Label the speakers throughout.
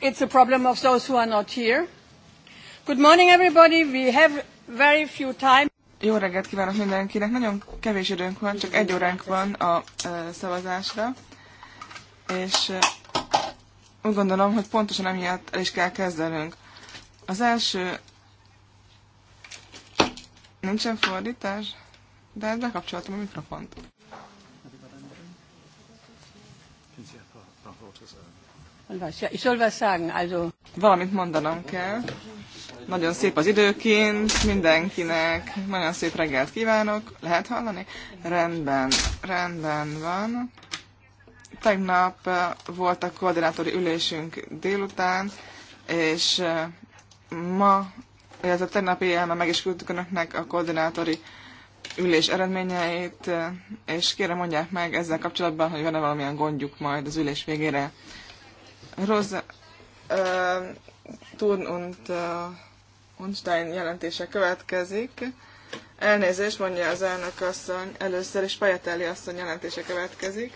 Speaker 1: It's a problem of those who are not here. Good morning, everybody. We have very few time. Jó
Speaker 2: reggelt kívánok mindenkinek. Nagyon kevés időnk van, csak egy óránk van a szavazásra. És úgy gondolom, hogy pontosan emiatt el is kell kezdenünk. Az első... Nincsen
Speaker 1: fordítás? De bekapcsoltam a mikrofont. Valamit mondanom kell. Nagyon szép
Speaker 2: az időként mindenkinek. Nagyon szép reggelt kívánok. Lehet hallani? Rendben, rendben van. Tegnap eh, volt a koordinátori ülésünk délután, és eh, ma, illetve tegnap éjjel meg is küldtük önöknek a koordinátori ülés eredményeit, eh, és kérem mondják meg ezzel kapcsolatban, hogy van-e valamilyen gondjuk majd az ülés végére. Rosa uh, Thun und uh, jelentése következik. Elnézést, mondja az elnök asszony, először is Pajatelli asszony jelentése következik.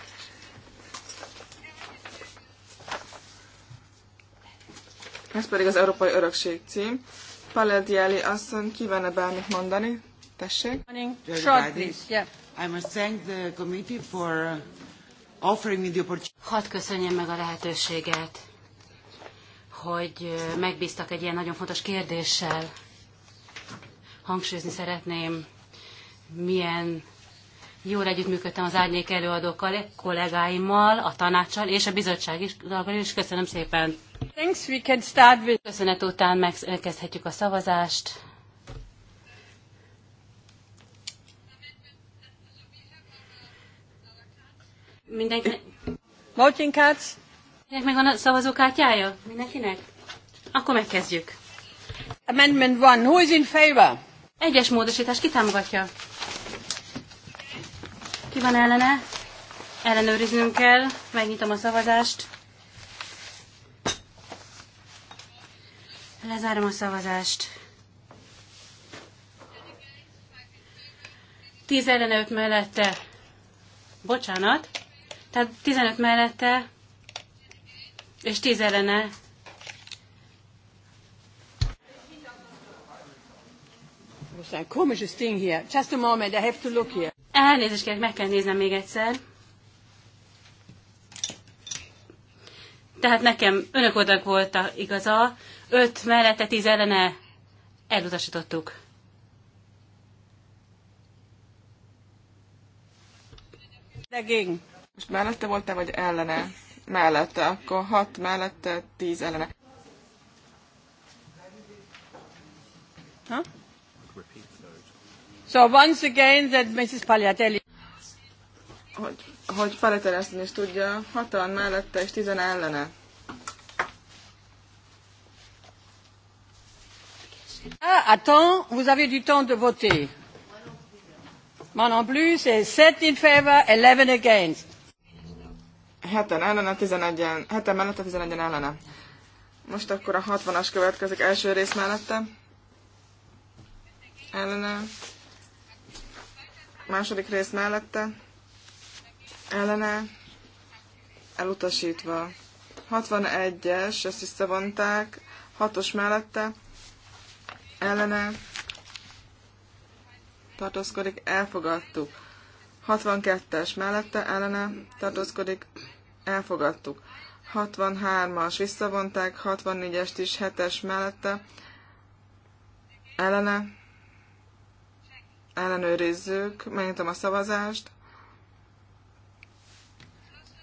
Speaker 2: Ez pedig az Európai Örökség cím. Paledieli asszony kívánna bármit mondani? Tessék.
Speaker 1: Short, please. Yeah.
Speaker 3: I must thank the committee for Hadd köszönjem meg a lehetőséget, hogy megbíztak egy ilyen nagyon fontos kérdéssel. Hangsúlyozni szeretném, milyen jól együttműködtem az árnyék előadókkal, kollégáimmal, a tanácssal és a bizottság is, is köszönöm szépen. Thanks, we can start with... Köszönet után megkezdhetjük a szavazást. Mindenkinek... Martin Mindenkinek megvan a szavazókártyája? Mindenkinek? Akkor megkezdjük. Amendment 1. Who is in favor? Egyes módosítás. Ki támogatja? Ki van ellene? Ellenőriznünk kell. Megnyitom a szavazást. Lezárom a szavazást. 10 ellen mellette. Bocsánat. Tehát 15 mellette és 10 ellene.
Speaker 1: Elnézést kérek, meg kell néznem még egyszer.
Speaker 3: Tehát nekem önök oldalak volt a igaza. 5 mellette 10 ellene elutasítottuk. Dagegen. Most mellette voltál,
Speaker 2: vagy ellene? Mellette, akkor 6 mellette, 10 ellene.
Speaker 1: Ha? So once again that Mrs. Pagliatelli... Hogy, hogy Pagliatelli is
Speaker 2: tudja, hatan mellette és tizen ellene.
Speaker 1: Ah, attends, vous avez du temps de voter. Moi non plus, c'est 7 in favor, 11 against
Speaker 2: heten ellene, 11 heten mellette, 11 ellene. Most akkor a 60-as következik első rész mellette. Ellene. Második rész mellette. Ellene. Elutasítva. 61-es, ezt szavonták. 6-os mellette. Ellene. Tartózkodik. Elfogadtuk. 62-es mellette ellene tartózkodik, elfogadtuk. 63-as visszavonták, 64-est is 7-es mellette ellene ellenőrizzük, megnyitom a szavazást,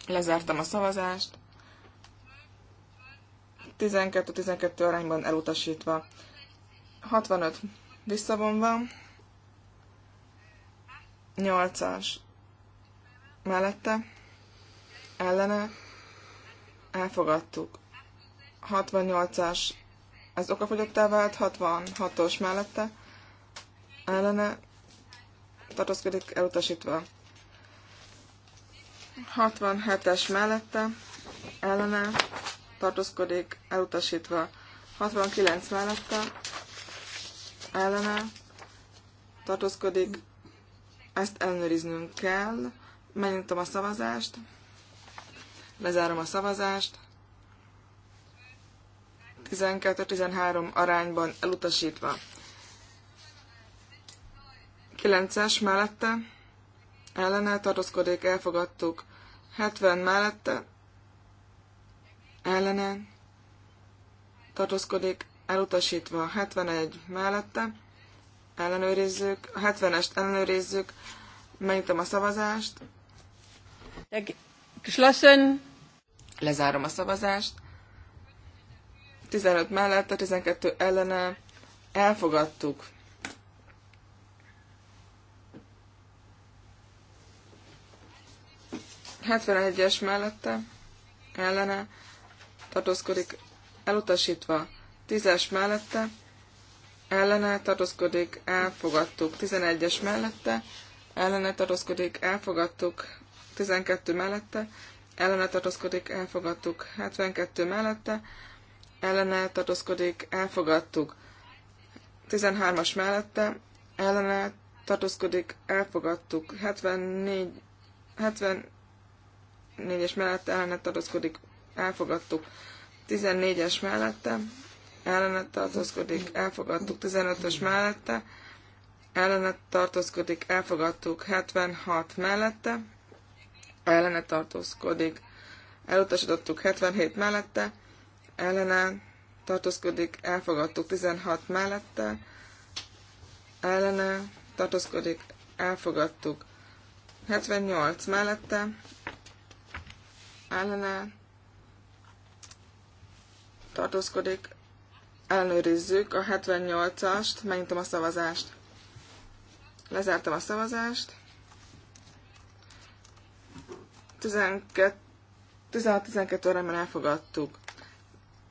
Speaker 2: lezártam a szavazást, 12-12 arányban elutasítva, 65 visszavonva, Nyolcas. Mellette. Ellene. Elfogadtuk. 68-as. Ez okafogyottá vált. 66-os mellette. Ellene. Tartózkodik elutasítva. 67-es mellette. Ellene. Tartózkodik elutasítva. 69 mellette. Ellene. Tartózkodik ezt ellenőriznünk kell. Megnyitom a szavazást. Lezárom a szavazást. 12-13 arányban elutasítva. 9-es mellette ellene tartózkodik, elfogadtuk. 70 mellette ellene tartózkodik, elutasítva. 71 mellette ellenőrizzük, a 70-est ellenőrizzük, megnyitom a szavazást. Geschlossen. Lezárom a szavazást. 15 mellette, 12 ellene. Elfogadtuk. es mellette, ellene, tartózkodik, elutasítva, 10-es mellette, ellene tartózkodik, elfogadtuk. 11-es mellette, ellene tartózkodik, elfogadtuk. 12 mellette, ellene tartózkodik, elfogadtuk. 72 mellette, ellene tartózkodik, elfogadtuk. 13-as mellette, ellene tartózkodik, elfogadtuk. 74, 74-es mellette, ellene tartózkodik, elfogadtuk. 14-es mellette, ellenet tartózkodik, elfogadtuk 15-ös mellette, ellenet tartózkodik, elfogadtuk 76 mellette, ellenet tartózkodik, elutasítottuk 77 mellette, ellenet tartózkodik, elfogadtuk 16 mellette, ellenet tartózkodik, elfogadtuk 78 mellette, ellenet tartózkodik, ellenőrizzük a 78-ast, megnyitom a szavazást. Lezártam a szavazást. 16-12 órában elfogadtuk.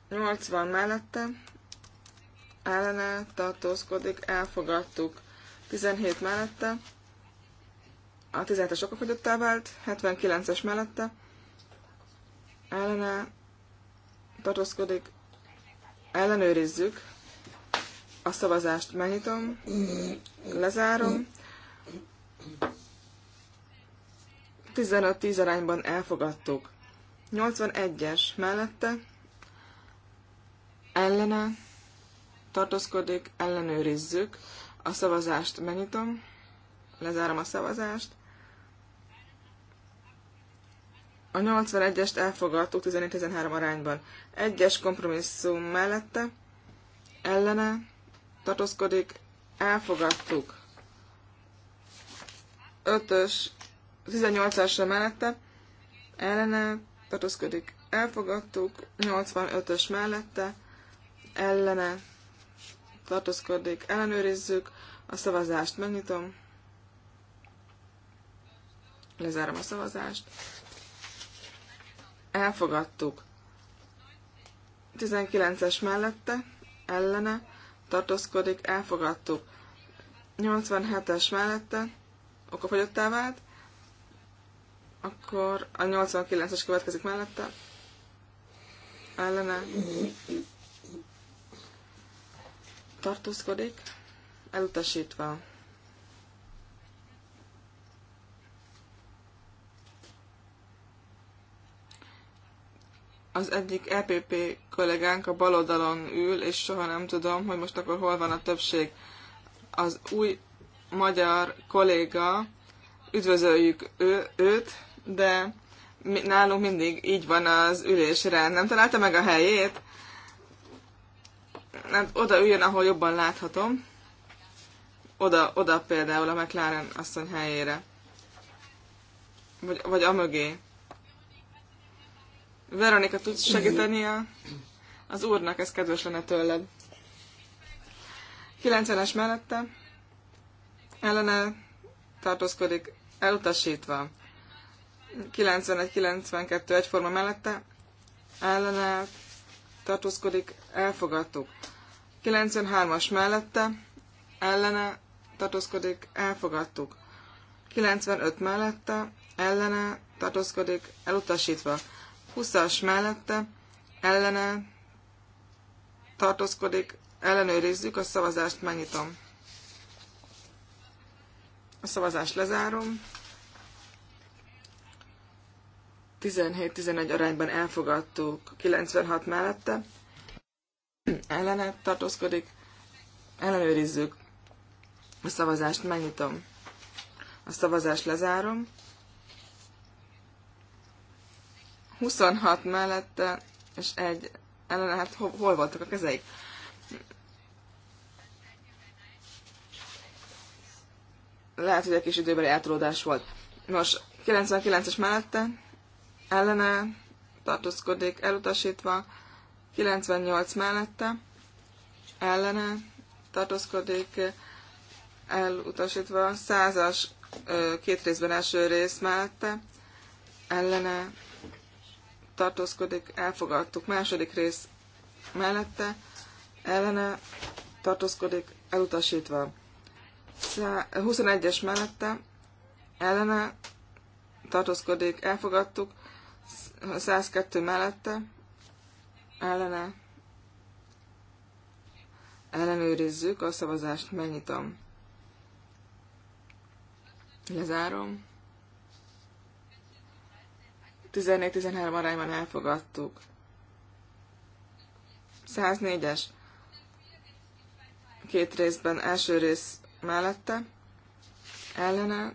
Speaker 2: 80 mellette ellene tartózkodik, elfogadtuk. 17 mellette a 17-es okafogyottá vált, 79-es mellette ellene tartózkodik, ellenőrizzük. A szavazást megnyitom, lezárom. 15-10 arányban elfogadtuk. 81-es mellette ellene tartózkodik, ellenőrizzük. A szavazást megnyitom, lezárom a szavazást. A 81-est elfogadtuk 11-13 arányban. Egyes kompromisszum mellette ellene tartózkodik, elfogadtuk. 5-ös, 18-asra mellette ellene tartózkodik, elfogadtuk. 85-ös mellette ellene tartózkodik, ellenőrizzük. A szavazást megnyitom. Lezárom a szavazást elfogadtuk. 19-es mellette, ellene, tartózkodik, elfogadtuk. 87-es mellette, okafogyottá vált, akkor a 89-es következik mellette, ellene, tartózkodik, elutasítva. az egyik EPP kollégánk a bal oldalon ül, és soha nem tudom, hogy most akkor hol van a többség. Az új magyar kolléga, üdvözöljük ő, őt, de mi, nálunk mindig így van az ülésre. Nem találta meg a helyét? Hát oda üljön, ahol jobban láthatom. Oda, oda például a McLaren asszony helyére. Vagy, vagy a mögé. Veronika, tudsz segíteni a, az úrnak? Ez kedves lenne tőled. 90-es mellette ellene tartózkodik elutasítva. 91-92 egyforma mellette ellene tartózkodik elfogadtuk. 93-as mellette ellene tartózkodik elfogadtuk. 95 mellette ellene tartózkodik elutasítva. 20-as mellette ellene tartózkodik, ellenőrizzük, a szavazást megnyitom. A szavazást lezárom. 17-11 arányban elfogadtuk 96 mellette. Ellene tartózkodik, ellenőrizzük. A szavazást megnyitom. A szavazást lezárom. 26 mellette, és egy ellen, hát hol, hol voltak a kezeik? Lehet, hogy egy kis időbeli eltolódás volt. Nos, 99-es mellette, ellene tartózkodik elutasítva, 98 mellette, ellene tartózkodik elutasítva, 100-as két részben első rész mellette, ellene tartózkodik, elfogadtuk. Második rész mellette, ellene tartózkodik, elutasítva. 21-es mellette, ellene tartózkodik, elfogadtuk. 102 mellette, ellene ellenőrizzük, a szavazást megnyitom. Lezárom. 14-13 arányban elfogadtuk. 104-es. Két részben, első rész mellette. Ellene.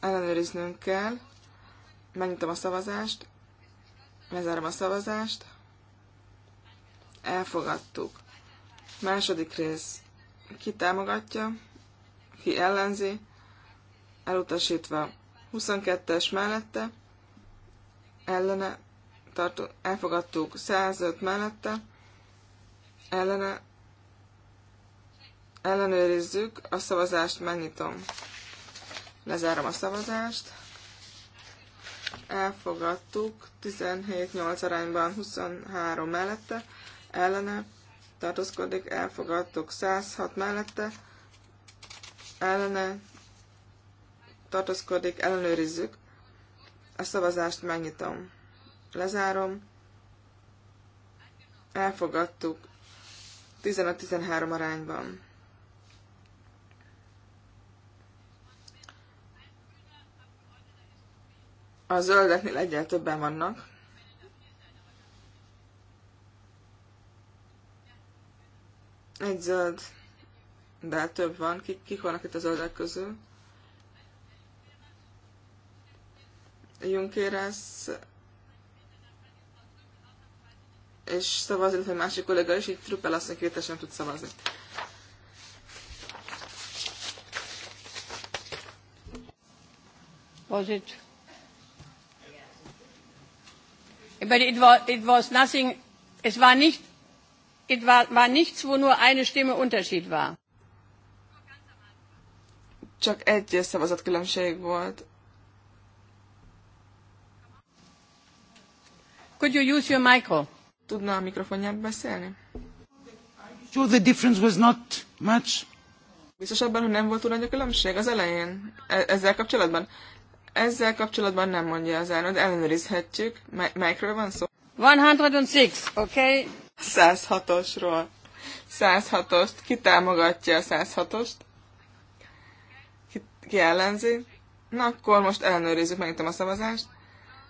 Speaker 2: Ellenőriznünk kell. Megnyitom a szavazást. Lezárom a szavazást. Elfogadtuk. Második rész. Ki támogatja? Ki ellenzi? Elutasítva. 22-es mellette ellene tartó, elfogadtuk 105 mellette, ellene ellenőrizzük, a szavazást megnyitom. Lezárom a szavazást. Elfogadtuk 17-8 arányban 23 mellette, ellene tartózkodik, elfogadtuk 106 mellette, ellene tartózkodik, ellenőrizzük. A szavazást megnyitom. Lezárom. Elfogadtuk. 15-13 arányban. A zöldeknél egyel többen vannak. Egy zöld, de több van. Kik, kik vannak itt a zöldek közül? Junkérez és szavazni, hogy másik kollega is, így Truppel azt mondja, sem tud szavazni.
Speaker 1: Was it? But it was, it was nothing, es war nicht, it war, war nichts, wo nur eine Stimme Unterschied war.
Speaker 2: Csak egy szavazatkülönbség volt. Could you use your micro? Tudna a mikrofonját beszélni?
Speaker 4: Sure, the difference was not much.
Speaker 2: Biztos abban, hogy nem volt túl nagy a különbség az elején, e- ezzel kapcsolatban? Ezzel kapcsolatban nem mondja az elnök, ellenőrizhetjük. melyikről van szó? 106, okay? 106-osról. 106-ost. Ki támogatja a 106-ost? Ki, ki ellenzi? Na akkor most ellenőrizzük, megintem a szavazást.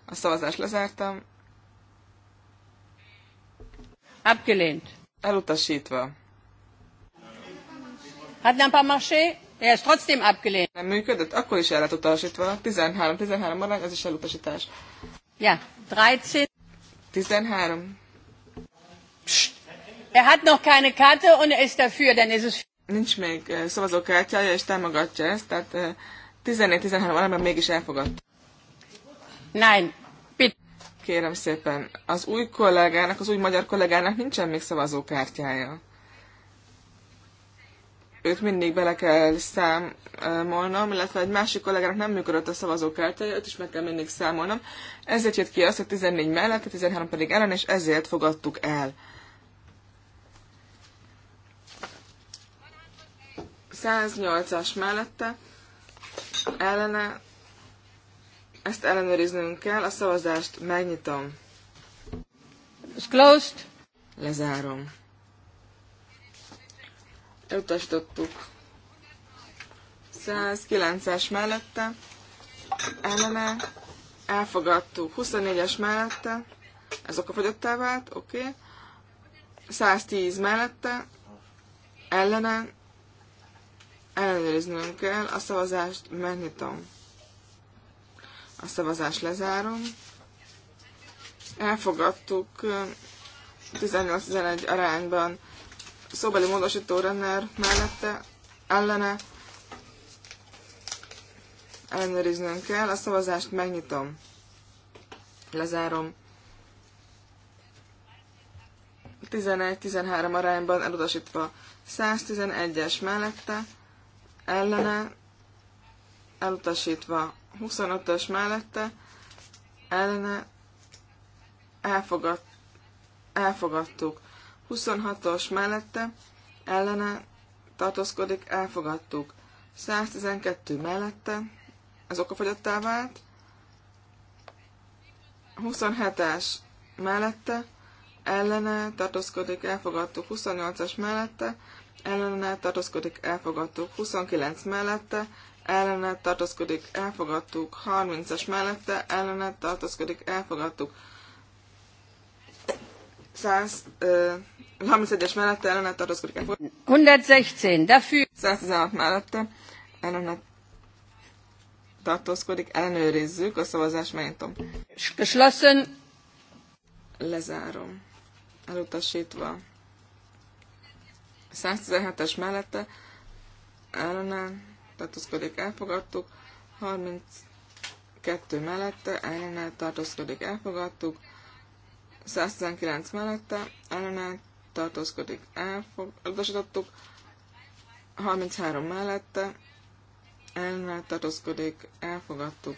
Speaker 2: A szavazást lezártam. Abgelehnt. Elutasítva. Hat nem pas marché? Er ist trotzdem abgelehnt. Nem működött? Akkor is el lett utasítva. 13, 13 marány, ez is elutasítás.
Speaker 1: Ja, 13. 13. Psst. Er hat noch keine Karte und er ist dafür, dann ist es...
Speaker 2: Nincs még eh, szavazókártyája, és támogatja ezt, tehát 14-13 eh, arányban mégis elfogadt. Nein, Kérem szépen, az új kollégának, az új magyar kollégának nincsen még szavazókártyája. Őt mindig bele kell számolnom, illetve egy másik kollégának nem működött a szavazókártyája, őt is meg kell mindig számolnom. Ezért jött ki az, hogy 14 mellett, a 13 pedig ellen, és ezért fogadtuk el. 108 mellette ellene ezt ellenőriznünk kell, a szavazást megnyitom. It's closed. Lezárom. Elutasítottuk. 109-es mellette, ellene, elfogadtuk. 24-es mellette, ez okafogyottá vált, oké. Okay. 110 mellette, ellene, ellenőriznünk kell, a szavazást megnyitom. A szavazás lezárom. Elfogadtuk 18-11 arányban szóbeli módosító Renner mellette ellene ellenőriznünk kell. A szavazást megnyitom. Lezárom. 11-13 arányban elutasítva 111-es mellette, ellene elutasítva 25-ös mellette ellene elfogad, elfogadtuk. 26-os mellette ellene tartózkodik, elfogadtuk. 112 mellette ez okafogyottá vált. 27-es mellette ellene tartózkodik, elfogadtuk. 28-as mellette ellene tartózkodik, elfogadtuk. 29 mellette ellene tartózkodik, elfogadtuk. 30-as mellette ellene tartózkodik, elfogadtuk. 100, 31-es mellette ellene tartózkodik, elfogadtuk.
Speaker 1: 116, fű. 116 mellette ellene
Speaker 2: tartózkodik, ellenőrizzük a szavazás megnyitom. Geschlossen. Lezárom. Elutasítva. 117-es mellette ellene tartózkodik, elfogadtuk. 32 mellette, ellene tartózkodik, elfogadtuk. 119 mellette, ellene tartózkodik, elfogadtuk. 33 mellette, ellene tartózkodik, elfogadtuk.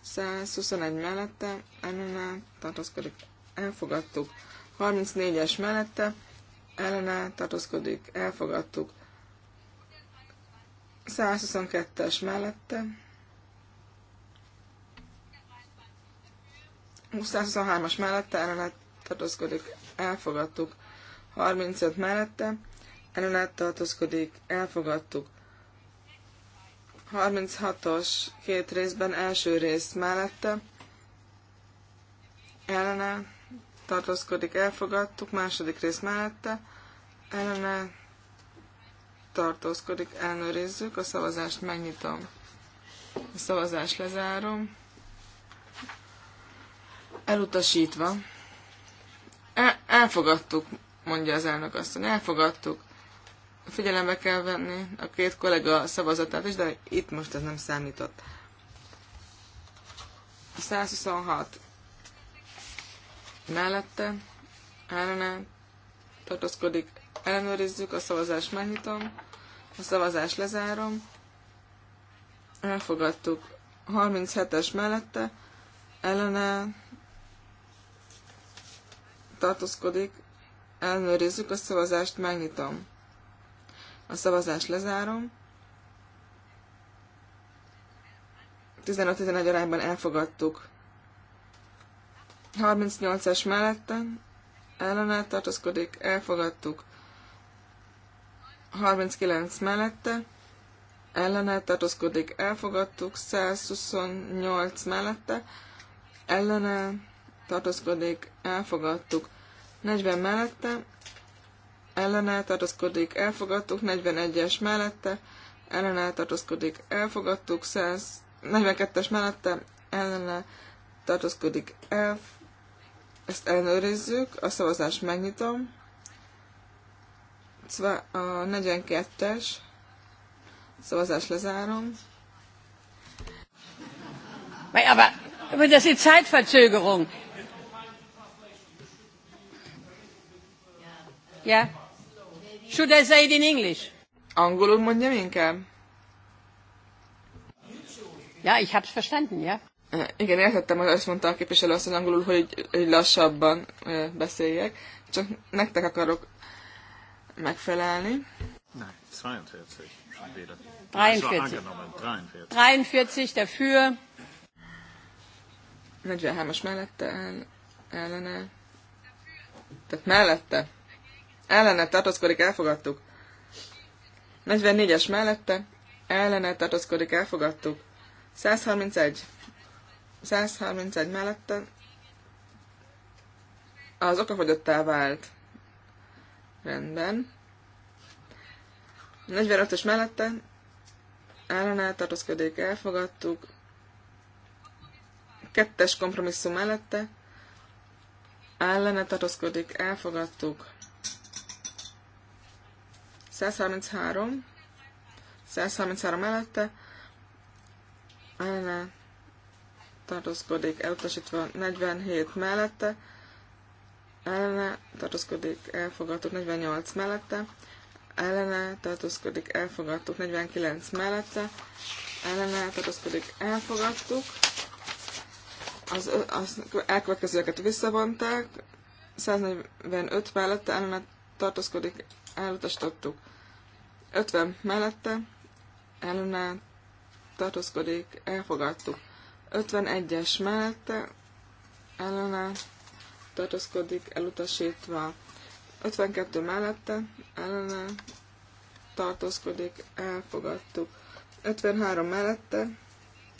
Speaker 2: 121 mellette, ellene tartózkodik, elfogadtuk. 34-es mellette, ellene tartózkodik, elfogadtuk. 122-es mellette. 123-as mellette ellenet tartozkodik, elfogadtuk. 35 mellette ellenet tartozkodik, elfogadtuk. 36-os két részben első rész mellette ellene tartozkodik, elfogadtuk, második rész mellette ellene tartózkodik, ellenőrizzük, a szavazást megnyitom. A szavazást lezárom. Elutasítva. El, elfogadtuk, mondja az elnök asszony, elfogadtuk. Figyelembe kell venni a két kollega szavazatát is, de itt most ez nem számított. 126 mellette ellene tartózkodik, ellenőrizzük, a szavazást megnyitom, a szavazást lezárom, elfogadtuk 37-es mellette, ellene tartózkodik, ellenőrizzük, a szavazást megnyitom. A szavazást lezárom. 15-11 arányban elfogadtuk. 38-es mellette ellene tartózkodik, elfogadtuk. 39 mellette, ellene tartózkodik, elfogadtuk, 128 mellette, ellene tartózkodik, elfogadtuk, 40 mellette, ellene tartózkodik, elfogadtuk, 41-es mellette, ellene tartózkodik, elfogadtuk, 142 es mellette, ellene tartózkodik, elf, ezt ellenőrizzük, a szavazást megnyitom, a 42-es szavazás lezárom.
Speaker 1: Aber, aber das ist Zeitverzögerung. Yeah. Should I say it in English? Angolul mondjam inkább. Ja, ich hab's verstanden, ja.
Speaker 2: Igen, értettem, hogy azt mondta a képviselő azt, hogy angolul, hogy, hogy lassabban beszéljek. Csak nektek akarok megfelelni. 42. 43.
Speaker 1: 43 dafür.
Speaker 2: 43-as mellette el, ellene. Tehát mellette. Ellene tartózkodik, elfogadtuk. 44-es mellette. Ellene tartózkodik, elfogadtuk. 131. 131 mellette. Az okafogyottá vált. Rendben. 45-ös mellette ellenállt tartózkodik, elfogadtuk. Kettes kompromisszum mellette ellene tartózkodik, elfogadtuk. 133, 133 mellette ellene tartózkodik, elutasítva 47 mellette ellene tartózkodik, elfogadtuk 48 mellette, ellene tartózkodik, elfogadtuk 49 mellette, ellene tartózkodik, elfogadtuk, az, az elkövetkezőeket visszavonták, 145 mellette ellene tartózkodik, elutasítottuk. 50 mellette ellene tartózkodik, elfogadtuk. 51-es mellette ellene tartózkodik, elutasítva. 52 mellette, ellene tartózkodik, elfogadtuk. 53 mellette,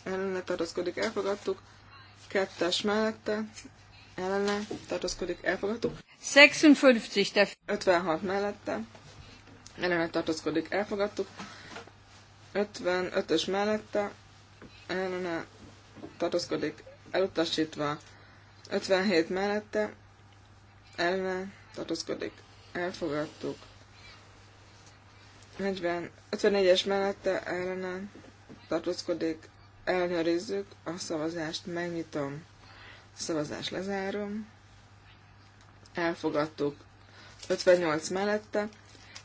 Speaker 2: ellene tartózkodik, elfogadtuk. 2-es mellette, ellene tartózkodik, elfogadtuk. 56 56 mellette, ellene tartózkodik, elfogadtuk. 55-ös mellette, ellene tartózkodik, elutasítva. 57 mellette ellene tartózkodik. Elfogadtuk. 40, 54-es mellette ellene tartózkodik. Elnőrizzük A szavazást megnyitom. A szavazást lezárom. Elfogadtuk. 58 mellette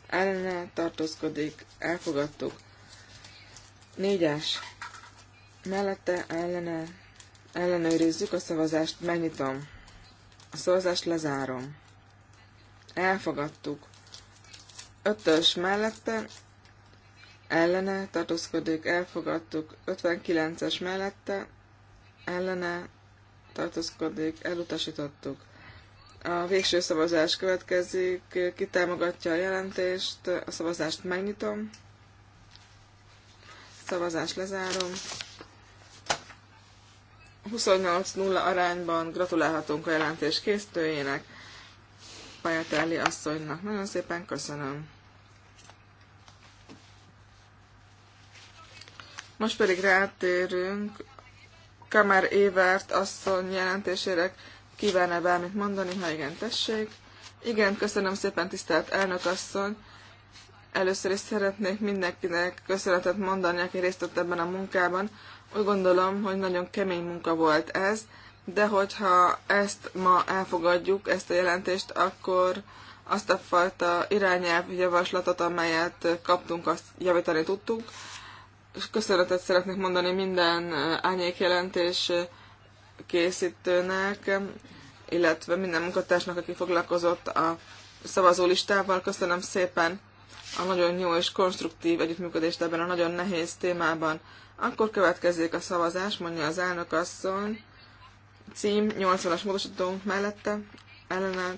Speaker 2: ellene tartózkodik. Elfogadtuk. 4-es mellette ellene Ellenőrizzük a szavazást, megnyitom. A szavazást lezárom. Elfogadtuk. Ötös mellette ellene tartózkodik, elfogadtuk. 59-es mellette ellene tartózkodik, elutasítottuk. A végső szavazás következik, Kitámogatja a jelentést, a szavazást megnyitom, szavazást lezárom, 28-0 arányban gratulálhatunk a jelentés készítőjének, Pajatelli asszonynak. Nagyon szépen köszönöm. Most pedig rátérünk Kamer Évert asszony jelentésére kívánna bármit mondani, ha igen, tessék. Igen, köszönöm szépen, tisztelt elnök asszony. Először is szeretnék mindenkinek köszönetet mondani, aki részt vett ebben a munkában. Úgy gondolom, hogy nagyon kemény munka volt ez, de hogyha ezt ma elfogadjuk, ezt a jelentést, akkor azt a fajta javaslatot amelyet kaptunk, azt javítani tudtuk. És köszönetet szeretnék mondani minden eh, jelentés eh, készítőnek, illetve minden munkatársnak, aki foglalkozott a szavazólistával. Köszönöm szépen a nagyon jó és konstruktív együttműködést ebben a nagyon nehéz témában. Akkor következzék a szavazás, mondja az elnök asszony. Cím 80-as módosítónk mellette, ellene.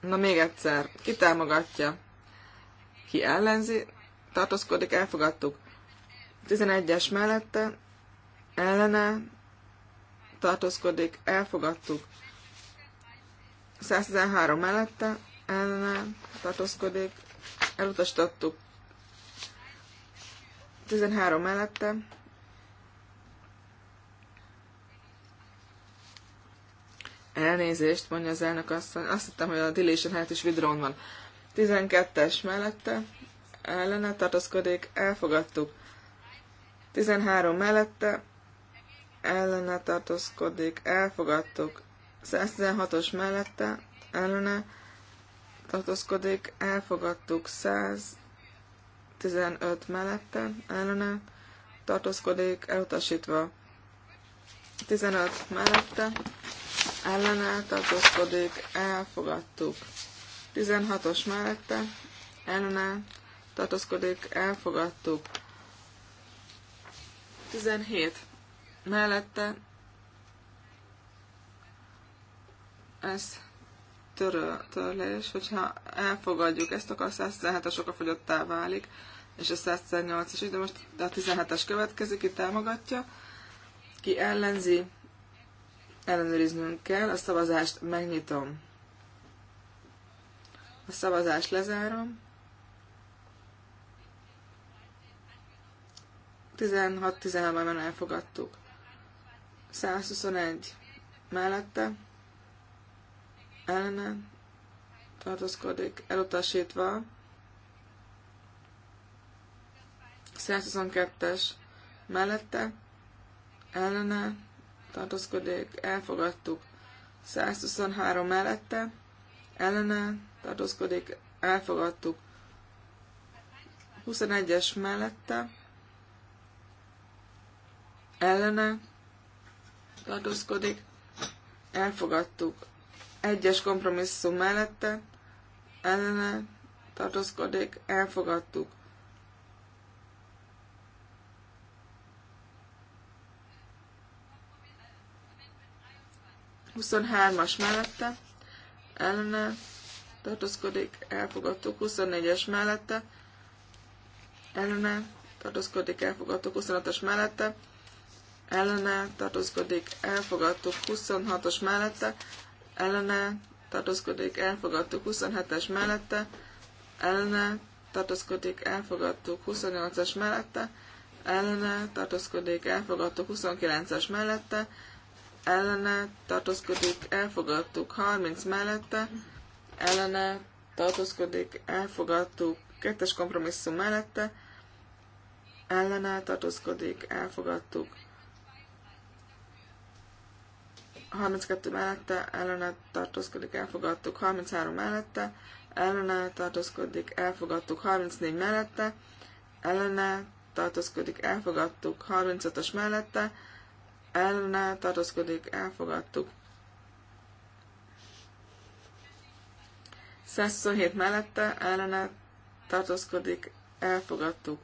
Speaker 2: Na még egyszer, ki támogatja? Ki ellenzi? Tartózkodik, elfogadtuk. 11-es mellette, ellene, tartózkodik, elfogadtuk. 113 mellette, ellene, tartózkodik, elutasítottuk. 13 mellette. Elnézést, mondja az elnök asszony. Azt hittem, hogy a deletion helyett is vidrón van. 12-es mellette. Ellene tartozkodik. Elfogadtuk. 13 mellette. Ellene tartozkodik. Elfogadtuk. 116-os mellette. Ellene tartozkodik. Elfogadtuk. 100 15 mellette ellene tartózkodik, elutasítva. 15 mellette ellene tartózkodik, elfogadtuk. 16-os mellette ellene tartózkodik, elfogadtuk. 17 mellette ez törő, törlés, hogyha elfogadjuk ezt, akkor a 117 a okafogyottá válik és a 118-as is, de most a 17-es következik, ki támogatja, ki ellenzi, ellenőriznünk kell, a szavazást megnyitom. A szavazást lezárom. 16 16 ban elfogadtuk. 121 mellette, ellene tartózkodik, elutasítva, 122-es mellette ellene tartózkodik, elfogadtuk. 123 mellette ellene tartózkodik, elfogadtuk. 21-es mellette ellene tartózkodik, elfogadtuk. Egyes kompromisszum mellette ellene tartózkodik, elfogadtuk. 23-as mellette, ellene tartózkodik, elfogadtuk. 24-es mellette, ellene tartózkodik, elfogadtuk. 25 as mellette, ellene tartózkodik, elfogadtuk. 26-os mellette, ellene tartózkodik, elfogadtuk. 27-es mellette, ellene tartózkodik, elfogadtuk. 28-as mellette, ellene tartózkodik, elfogadtuk. 29-es mellette, ellene, ellene tartózkodik, elfogadtuk 30 mellette, ellene tartózkodik, elfogadtuk kettes kompromisszum mellette, ellene tartózkodik, elfogadtuk 32 mellette, ellene tartózkodik, elfogadtuk 33 mellette, ellene tartózkodik, elfogadtuk 34 mellette, ellene tartózkodik, elfogadtuk 35-ös mellette, ellene tartózkodik, elfogadtuk. 127 mellette ellene tartózkodik, elfogadtuk.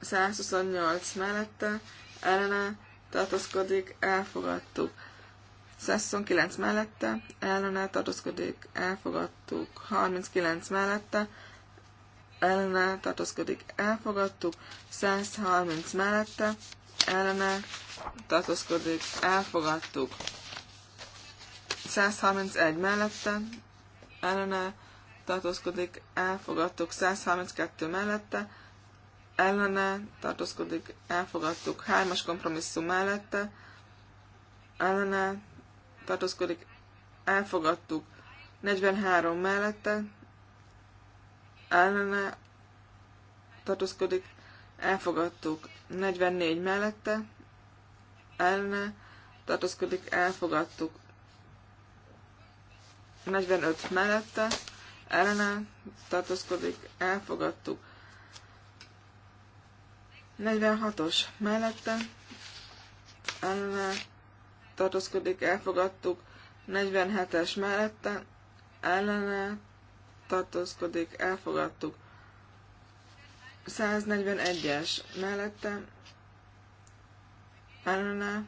Speaker 2: 128 mellette ellene tartózkodik, elfogadtuk. 129 mellette ellene tartózkodik, elfogadtuk. 39 mellette ellene tartózkodik, elfogadtuk. 130 mellette ellene tartózkodik, elfogadtuk. 131 mellette ellene tartózkodik, elfogadtuk. 132 mellette ellene tartózkodik, elfogadtuk. 3-as kompromisszum mellette ellene tartózkodik, elfogadtuk. 43 mellette ellene tartózkodik, elfogadtuk. 44 mellette elne tartózkodik, elfogadtuk. 45 mellette ellene tartózkodik, elfogadtuk. 46-os mellette ellene tartózkodik, elfogadtuk. 47-es mellette ellene tartózkodik, elfogadtuk. 141-es mellette ellene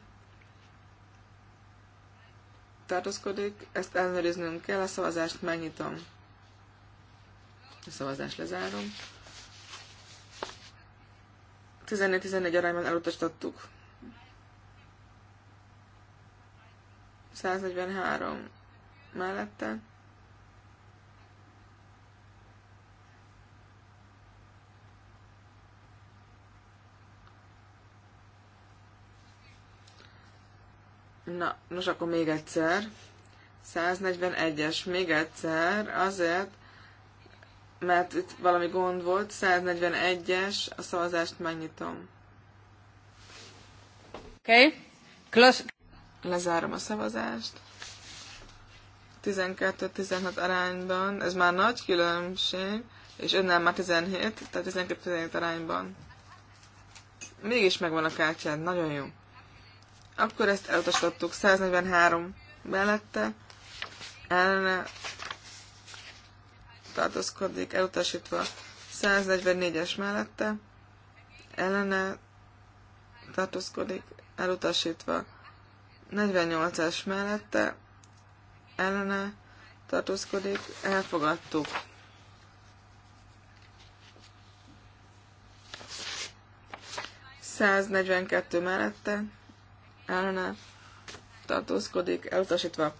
Speaker 2: tartózkodik, ezt ellenőriznünk kell, a szavazást megnyitom. A szavazást lezárom. 14 14 arányban elutasítottuk. 143 mellette Na, nos akkor még egyszer. 141-es, még egyszer, azért, mert itt valami gond volt. 141-es, a szavazást megnyitom. Oké. Okay. Lezárom a szavazást. 12-16 arányban, ez már nagy különbség, és önnel már 17, tehát 12-17 arányban. Mégis megvan a kártyád, nagyon jó. Akkor ezt elutasítottuk. 143 mellette ellene tartózkodik, elutasítva 144-es mellette ellene tartózkodik, elutasítva 48 es mellette ellene tartózkodik, elfogadtuk. negyvenkettő mellette ellene tartózkodik, elutasítva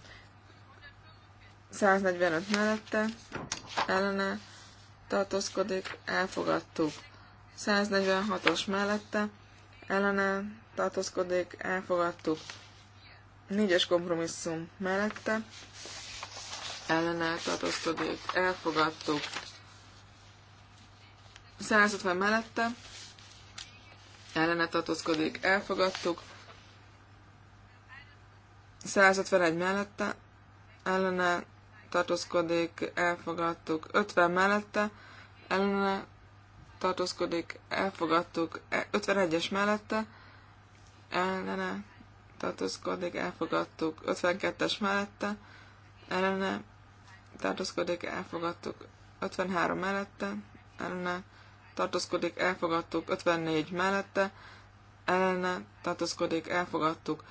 Speaker 2: 145 mellette, ellene tartózkodik, elfogadtuk. 146-os mellette, ellene tartózkodik, elfogadtuk. 4-es kompromisszum mellette, ellene tartózkodik, elfogadtuk. 150 mellette, ellene tartózkodik, elfogadtuk. 151 mellette, ellene tartózkodik, elfogadtuk. 50 mellette, ellene tartózkodik, elfogadtuk. 51-es e, mellette, ellene tartózkodik, elfogadtuk. 52-es mellette, ellene tartózkodik, elfogadtuk. 53 mellette, ellene tartózkodik, elfogadtuk. 54 mellette, ellene tartózkodik, elfogadtuk.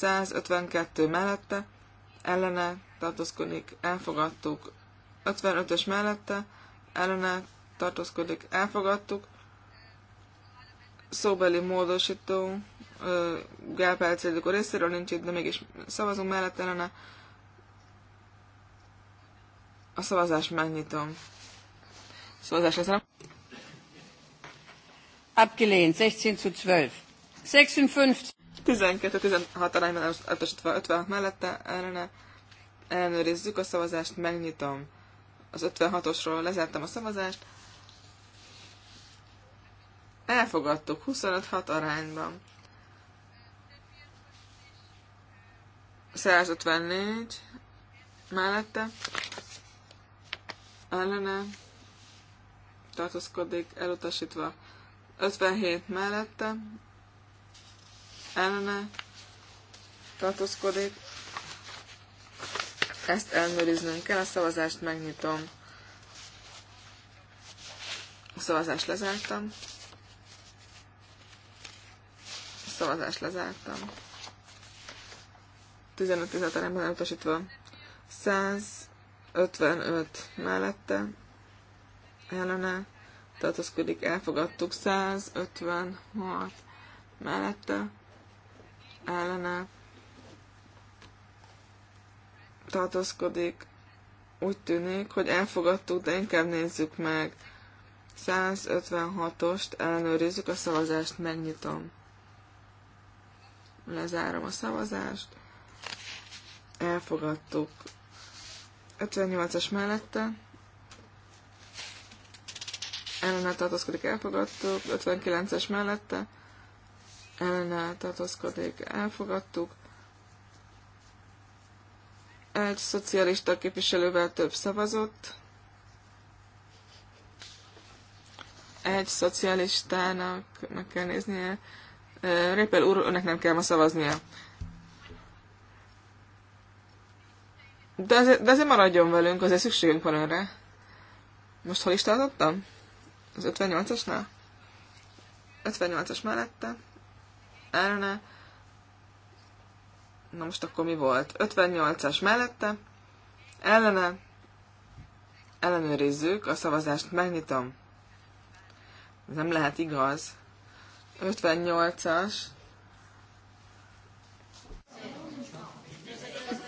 Speaker 2: 152 mellette, ellene tartózkodik, elfogadtuk. 55-ös mellette, ellene tartózkodik, elfogadtuk. Szóbeli módosító, Gál Pálcédikó részéről nincs itt, de mégis szavazunk mellette ellene. A szavazást megnyitom. Szavazás lesz, nem?
Speaker 1: Abgelehnt,
Speaker 2: 16 zu 12. 56. 12-16 arányban eltosítva 56 mellette ellene ellenőrizzük a szavazást, megnyitom az 56-osról, lezártam a szavazást. Elfogadtuk 25-6 arányban. 154 mellette ellene tartózkodik, elutasítva 57 mellette ellene tartózkodik. Ezt ellenőriznünk kell, a szavazást megnyitom. A szavazást lezártam. A szavazást lezártam. 15 15 arányban elutasítva. 155 mellette ellene tartózkodik, elfogadtuk 156 mellette ellene tartózkodik. Úgy tűnik, hogy elfogadtuk, de inkább nézzük meg. 156-ost ellenőrizzük, a szavazást megnyitom. Lezárom a szavazást. Elfogadtuk. 58-as mellette. Ellene tartózkodik, elfogadtuk. 59-es mellette ellenáll tartózkodik, elfogadtuk. Egy szocialista képviselővel több szavazott. Egy szocialistának meg kell néznie. Répel úr, önnek nem kell ma szavaznia. De azért, de azért maradjon velünk, azért szükségünk van önre. Most hol is tartottam? Az 58-asnál? 58-as mellette ellene. Na most akkor mi volt? 58-as mellette, ellene, ellenőrizzük, a szavazást megnyitom. Ez nem lehet igaz. 58-as.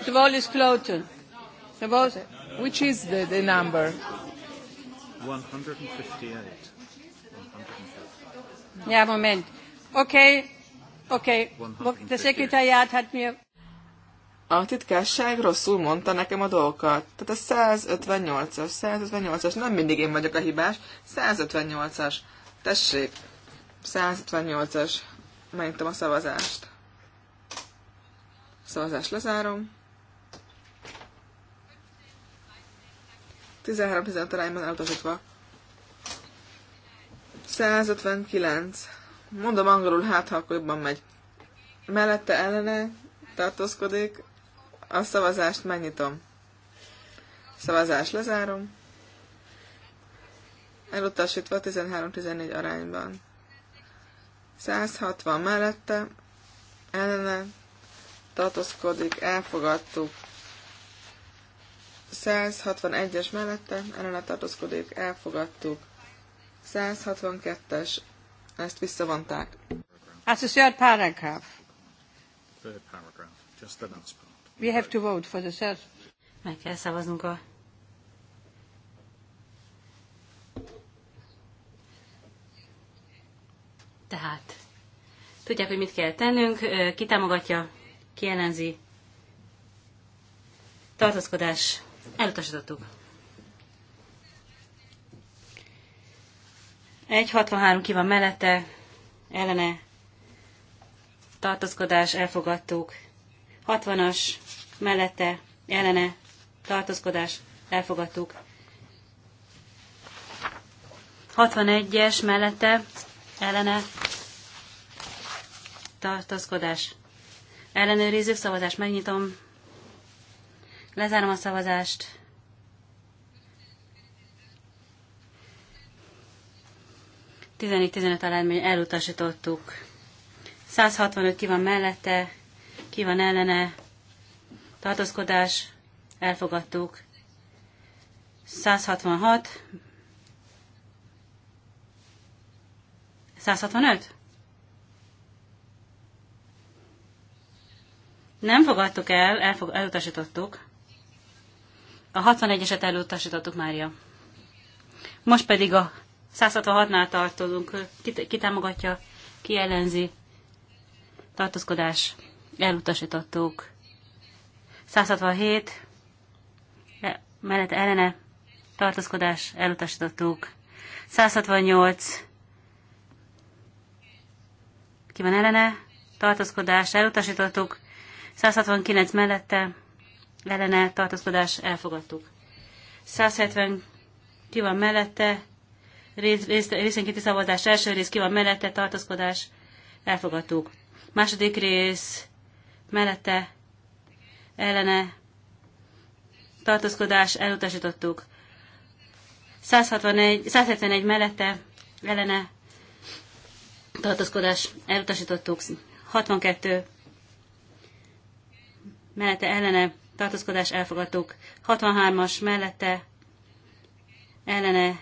Speaker 1: The vote is closed. The vote, which is the, the number?
Speaker 4: 158. 158.
Speaker 1: Yeah, moment. Okay, Okay. The secretariat had me...
Speaker 2: A titkárság rosszul mondta nekem a dolgokat. Tehát a 158-as, 158-as, nem mindig én vagyok a hibás. 158-as. Tessék, 158-as. Megnyitom a szavazást. Szavazást lezárom. 13-15 arányban elutasítva. 159. Mondom angolul, hát ha akkor jobban megy. Mellette ellene tartózkodik, a szavazást megnyitom. Szavazást lezárom. Elutasítva 13-14 arányban. 160 mellette, ellene tartózkodik, elfogadtuk. 161-es mellette, ellene tartózkodik, elfogadtuk. 162-es ezt visszavonták.
Speaker 1: Associate paragraph.
Speaker 2: Third paragraph, just the last part.
Speaker 1: We have to vote for the third. Meg kell szavaznunk a
Speaker 3: Tehát tudják, hogy mit kell tennünk, ki támogatja, ki Tartózkodás. Elutasítottuk. 163 ki van mellette, ellene tartózkodás elfogadtuk. 60-as mellette, ellene tartózkodás elfogadtuk. 61-es mellette, ellene tartózkodás. Ellenőrizzük, szavazást megnyitom. Lezárom a szavazást. 14-15 alány elutasítottuk. 165 ki van mellette, ki van ellene, tartózkodás, elfogadtuk. 166, 165? Nem fogadtuk el, elfog, elutasítottuk. A 61-eset elutasítottuk, Mária. Most pedig a 166-nál tartozunk. kitámogatja, ki ellenzi. Tartózkodás. Elutasítottuk. 167. E, mellett ellene. Tartózkodás. Elutasítottuk. 168. Ki van ellene? Tartózkodás. Elutasítottuk. 169 mellette. Ellene. Tartózkodás. Elfogadtuk. 170. Ki van mellette? rész, rész, részenkénti szavazás, első rész ki van mellette, tartózkodás, elfogadtuk. Második rész mellette, ellene, tartózkodás, elutasítottuk. 161, 171 mellette, ellene, tartózkodás, elutasítottuk. 62 mellette, ellene, tartózkodás, elfogadtuk. 63-as mellette, ellene,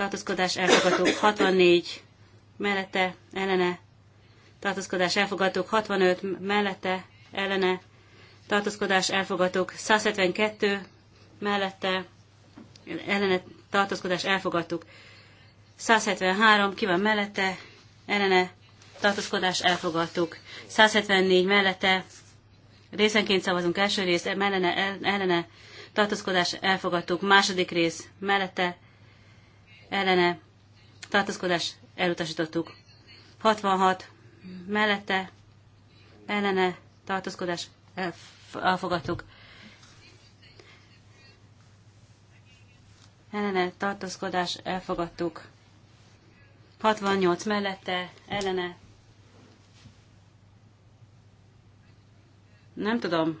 Speaker 3: tartózkodás elfogadók 64 mellette, ellene, tartózkodás elfogadók 65 mellette, ellene, tartózkodás elfogadók 172 mellette, ellene, tartózkodás elfogadók 173 ki van mellette, ellene, tartózkodás elfogadtuk. 174 mellette, részenként szavazunk első rész, mellene, ellene, tartózkodás elfogadtuk. Második rész mellette, ellene tartózkodás elutasítottuk. 66 mellette ellene tartózkodás elfogadtuk. Ellene tartózkodás elfogadtuk. 68 mellette ellene nem tudom.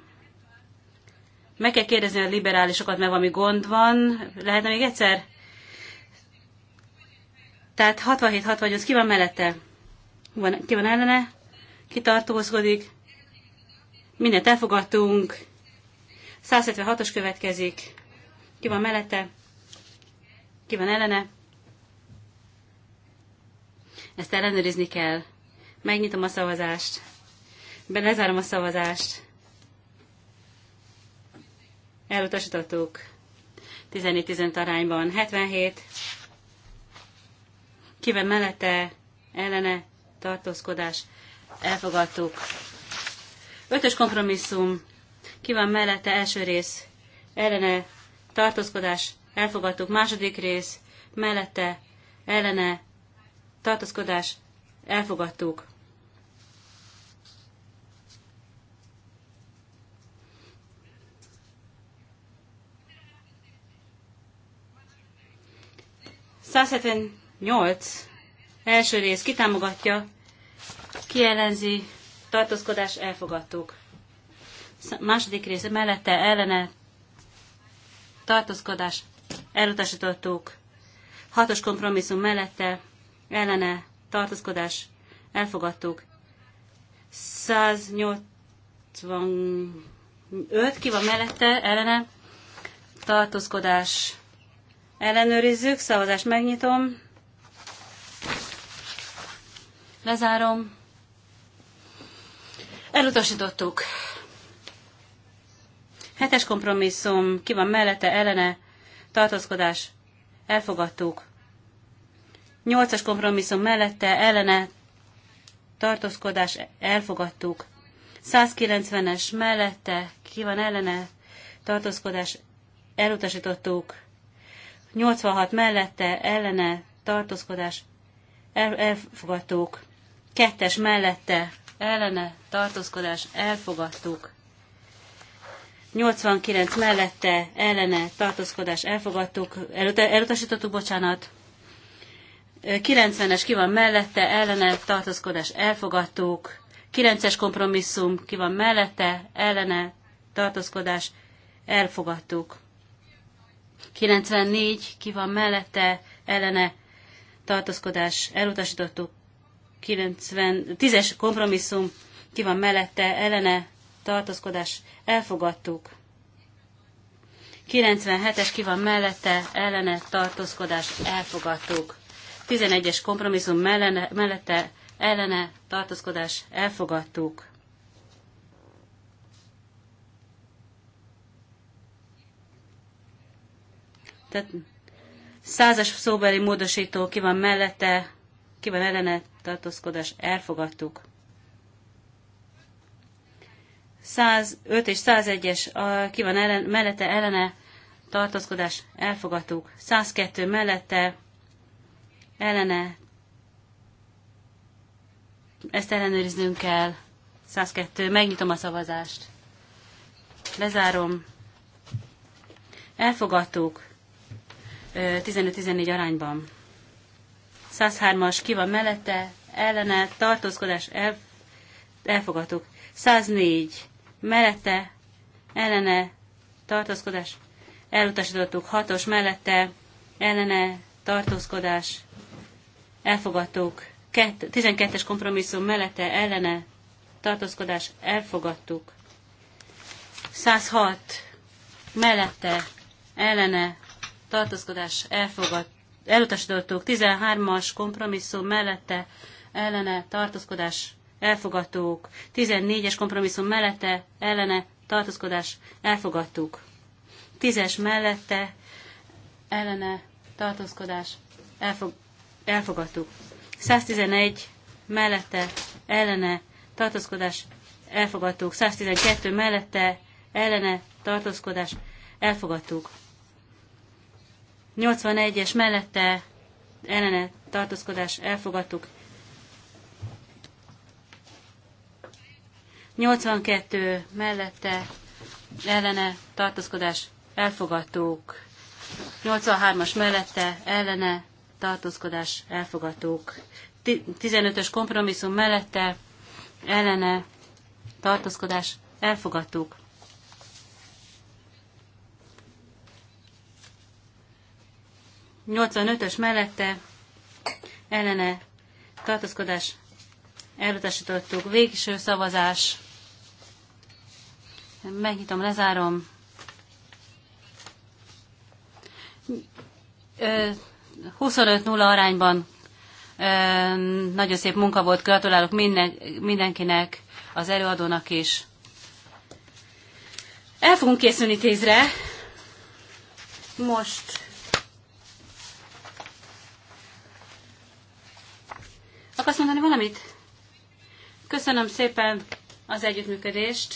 Speaker 3: Meg kell kérdezni a liberálisokat, mert valami gond van. Lehetne még egyszer? Tehát 67-68, ki van mellette? Van, ki van ellene? Ki tartózkodik? Mindent elfogadtunk. 176-os következik. Ki van mellette? Ki van ellene? Ezt ellenőrizni kell. Megnyitom a szavazást. Belezárom a szavazást. Elutasítottuk. 14-15 arányban. 77 kivel mellette ellene tartózkodás elfogadtuk. Ötös kompromisszum, kivel mellette első rész ellene tartózkodás elfogadtuk. Második rész mellette ellene tartózkodás elfogadtuk. Szászeten 8. Első rész kitámogatja, kielenzi, tartózkodás elfogadtuk. Második rész mellette ellene tartózkodás elutasítottuk. Hatos kompromisszum mellette ellene tartózkodás elfogadtuk. 185 ki van mellette ellene tartózkodás ellenőrizzük, szavazást megnyitom. Lezárom. Elutasítottuk. Hetes kompromisszum, ki van mellette, ellene, tartózkodás, elfogadtuk. Nyolcas kompromisszum mellette, ellene, tartózkodás, elfogadtuk. 190-es mellette, ki van ellene, tartózkodás, elutasítottuk. 86 mellette, ellene, tartózkodás, el, elfogadtuk. Kettes mellette ellene tartózkodás elfogadtuk. 89 mellette ellene tartózkodás elfogadtuk, elutasítottuk, bocsánat. 90-es ki van mellette, ellene tartózkodás elfogadtuk. 9-es kompromisszum ki van mellette, ellene tartózkodás elfogadtuk. 94 ki van mellette, ellene tartózkodás elutasítottuk. 90, 10-es kompromisszum, ki van mellette, ellene, tartózkodás, elfogadtuk. 97-es ki van mellette, ellene, tartózkodás, elfogadtuk. 11-es kompromisszum mellene, mellette, ellene, tartózkodás, elfogadtuk. 100 százas szóbeli módosító ki van mellette, ki van ellene tartózkodás elfogadtuk. 105 és 101-es ki van ellen, mellette ellene tartózkodás elfogadtuk. 102 mellette ellene ezt ellenőriznünk kell. 102. Megnyitom a szavazást. Lezárom. Elfogadtuk. 15-14 arányban. 103-as ki van mellette, ellene, tartózkodás, el, elfogadtuk. 104 mellette, ellene, tartózkodás, elutasítottuk. 6-os mellette, ellene, tartózkodás, elfogadtuk. 12-es kompromisszum mellette, ellene, tartózkodás, elfogadtuk. 106 mellette, ellene, tartózkodás, elfogadtuk elutasítottuk 13-as kompromisszum mellette ellene tartózkodás elfogadtuk, 14-es kompromisszum mellette ellene tartózkodás elfogadtuk, 10-es mellette ellene tartózkodás elfog, elfogadtuk, 111 mellette ellene tartózkodás elfogadtuk, 112 mellette ellene tartózkodás elfogadtuk. 81-es mellette ellene tartózkodás elfogadtuk. 82 mellette ellene tartózkodás elfogadtuk. 83-as mellette ellene tartózkodás elfogadtuk. 15-ös kompromisszum mellette ellene tartózkodás elfogadtuk. 85-ös mellette ellene tartózkodás elutasítottuk. Végső szavazás. Megnyitom, lezárom. Ö, 25-0 arányban ö, nagyon szép munka volt, gratulálok minden, mindenkinek, az előadónak is. El fogunk készülni tízre. Most Akarsz mondani valamit? Köszönöm szépen az együttműködést.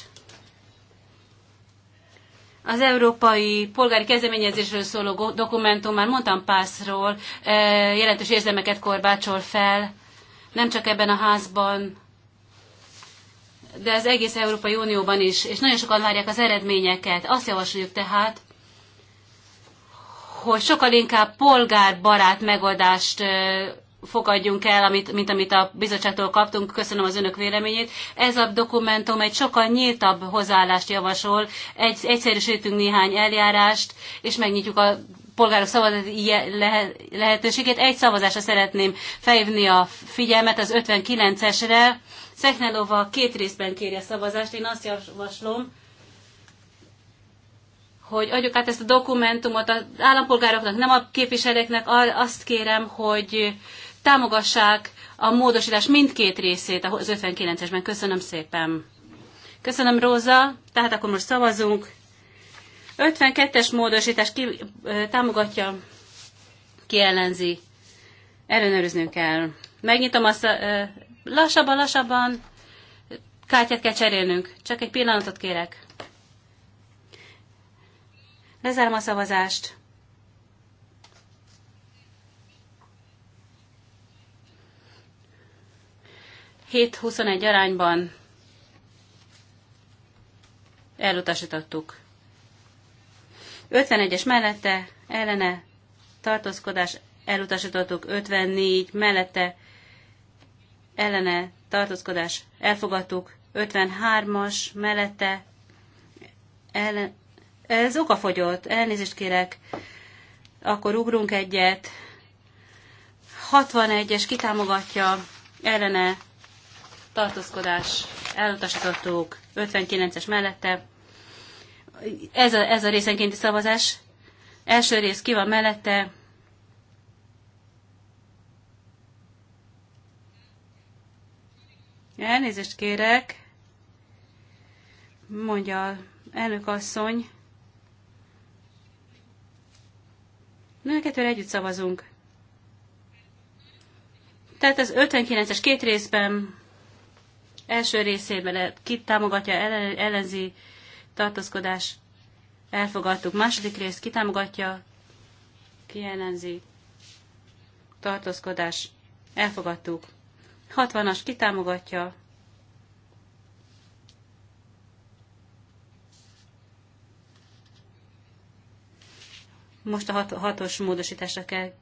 Speaker 3: Az európai polgári kezdeményezésről szóló dokumentum, már mondtam pászról, e, jelentős érzelmeket korbácsol fel, nem csak ebben a házban, de az egész Európai Unióban is, és nagyon sokan várják az eredményeket. Azt javasoljuk tehát, hogy sokkal inkább polgárbarát megoldást e, fogadjunk el, amit, mint amit a bizottságtól kaptunk. Köszönöm az önök véleményét. Ez a dokumentum egy sokkal nyíltabb hozzáállást javasol. Egy, egyszerűsítünk néhány eljárást, és megnyitjuk a polgárok szavazati lehetőségét. Egy szavazásra szeretném felhívni a figyelmet az 59-esre. Szeknelova két részben kéri a szavazást. Én azt javaslom, hogy adjuk át ezt a dokumentumot az állampolgároknak, nem a képviselőknek. Azt kérem, hogy támogassák a módosítás mindkét részét az 59-esben. Köszönöm szépen. Köszönöm, Róza. Tehát akkor most szavazunk. 52-es módosítás ki, ö, támogatja, ki ellenzi. Ellenőriznünk kell. Megnyitom azt, ö, lassabban, lassabban. Kártyát kell cserélnünk. Csak egy pillanatot kérek. Lezárom a szavazást. 7-21 arányban elutasítottuk. 51-es mellette ellene tartózkodás elutasítottuk, 54 mellette ellene tartózkodás elfogadtuk, 53-as mellette ellen... Ez okafogyott, elnézést kérek, akkor ugrunk egyet. 61-es kitámogatja ellene tartózkodás, elutasítottuk 59-es mellette. Ez a, ez a részenkénti szavazás. Első rész ki van mellette. Elnézést kérek, mondja elnök asszony. Mind kettőre együtt szavazunk. Tehát az 59-es két részben első részében e- ki támogatja, ellenzi, tartózkodás, elfogadtuk. Második rész ki támogatja, ki ellenzi, tartózkodás, elfogadtuk. 60-as ki támogatja, Most a hat, hatos módosításra kell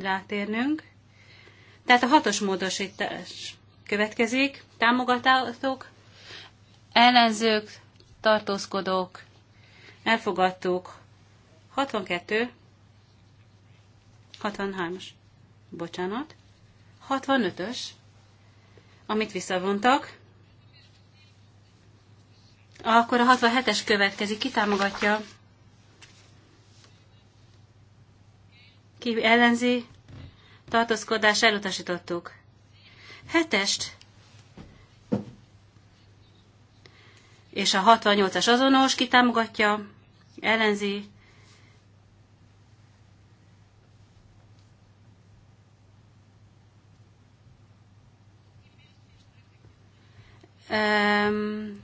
Speaker 3: rátérnünk. Tehát a hatos módosítás következik. Támogatók, ellenzők, tartózkodók, elfogadtuk. 62, 63-as, bocsánat, 65-ös, amit visszavontak. Akkor a 67-es következik, ki támogatja? Ki ellenzi? Tartózkodás elutasítottuk hetest és a 68-as azonos kitámogatja, ellenzi, Um,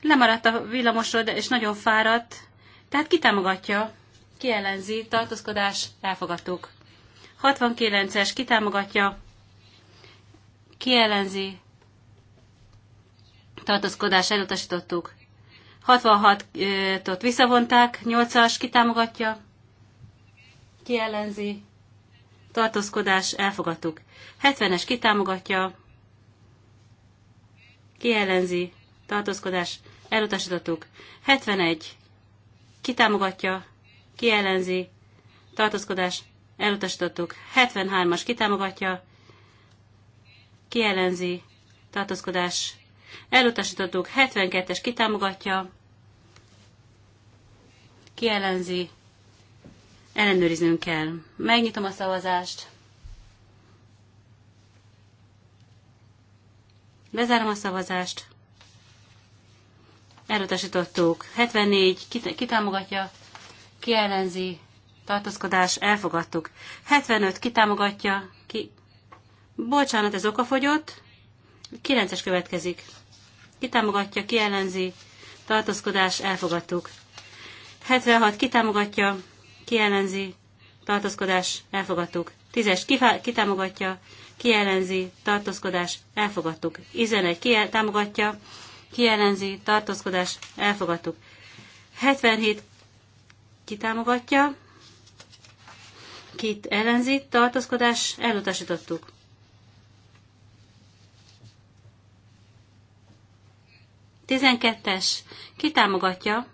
Speaker 3: lemaradt a villamosról, de, és nagyon fáradt. Tehát kitámogatja, kiellenzi, tartózkodás, elfogadtuk. 69-es kitámogatja, kielenzi, tartózkodás elutasítottuk. 66-ot visszavonták, 8-as kitámogatja, kielenzi, tartózkodás elfogadtuk. 70-es kitámogatja, kielenzi, tartózkodás elutasítottuk. 71 kitámogatja, kielenzi, tartózkodás elutasítottuk. 73-as kitámogatja, kielenzi, tartózkodás, elutasítottuk. 72-es kitámogatja, kielenzi, ellenőriznünk kell. Megnyitom a szavazást. Bezárom a szavazást. Elutasítottuk. 74 kitámogatja, kielenzi, tartózkodás, elfogadtuk. 75 kitámogatja, ki... Bocsánat, ez okafogyott. 9-es következik. Kitámogatja, kiellenzi, tartózkodás, elfogadtuk. 76 kitámogatja, kiellenzi, tartózkodás, elfogadtuk. 10-es kitámogatja, kiellenzi, tartózkodás, elfogadtuk. 11 kitámogatja, kiellenzi, tartózkodás, elfogadtuk. 77 kitámogatja, Két ellenzi, tartózkodás, elutasítottuk. Tizenkettes. Ki támogatja?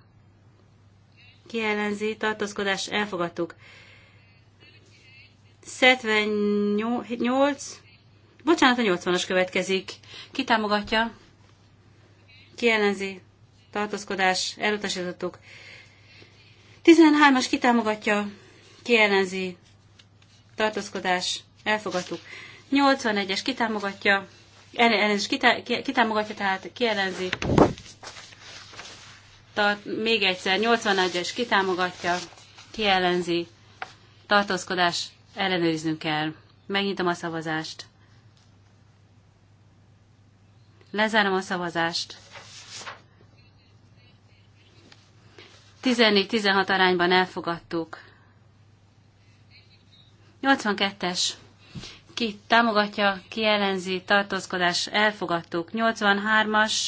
Speaker 3: Ki ellenzi, tartózkodás, elfogadtuk. 78, bocsánat, a 80-as következik. Ki támogatja? Ki ellenzi? Tartózkodás, elutasítottuk. 13-as támogatja? ki ellenzi? tartózkodás, elfogadtuk. 81-es kitámogatja, ellenőrzés kitá, kitámogatja, tehát kielenzi. Tart, még egyszer, 81-es kitámogatja, kielenzi. Tartózkodás, ellenőriznünk kell. Megnyitom a szavazást. Lezárom a szavazást. 14-16 arányban elfogadtuk. 82-es. Ki támogatja, ki ellenzi, tartózkodás, elfogadtuk. 83-as.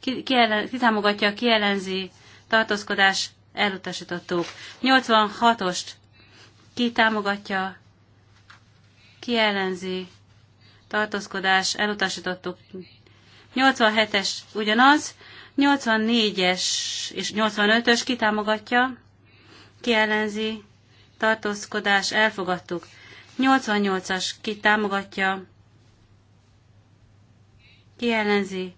Speaker 3: Ki, ki, ellen, ki támogatja, ki ellenzi, tartózkodás, elutasítottuk. 86-ost. Ki támogatja, ki ellenzi, tartózkodás, elutasítottuk. 87-es ugyanaz, 84-es és 85-ös kitámogatja, kiellenzi, tartózkodás, elfogadtuk. 88-as, ki támogatja, ki ellenzi,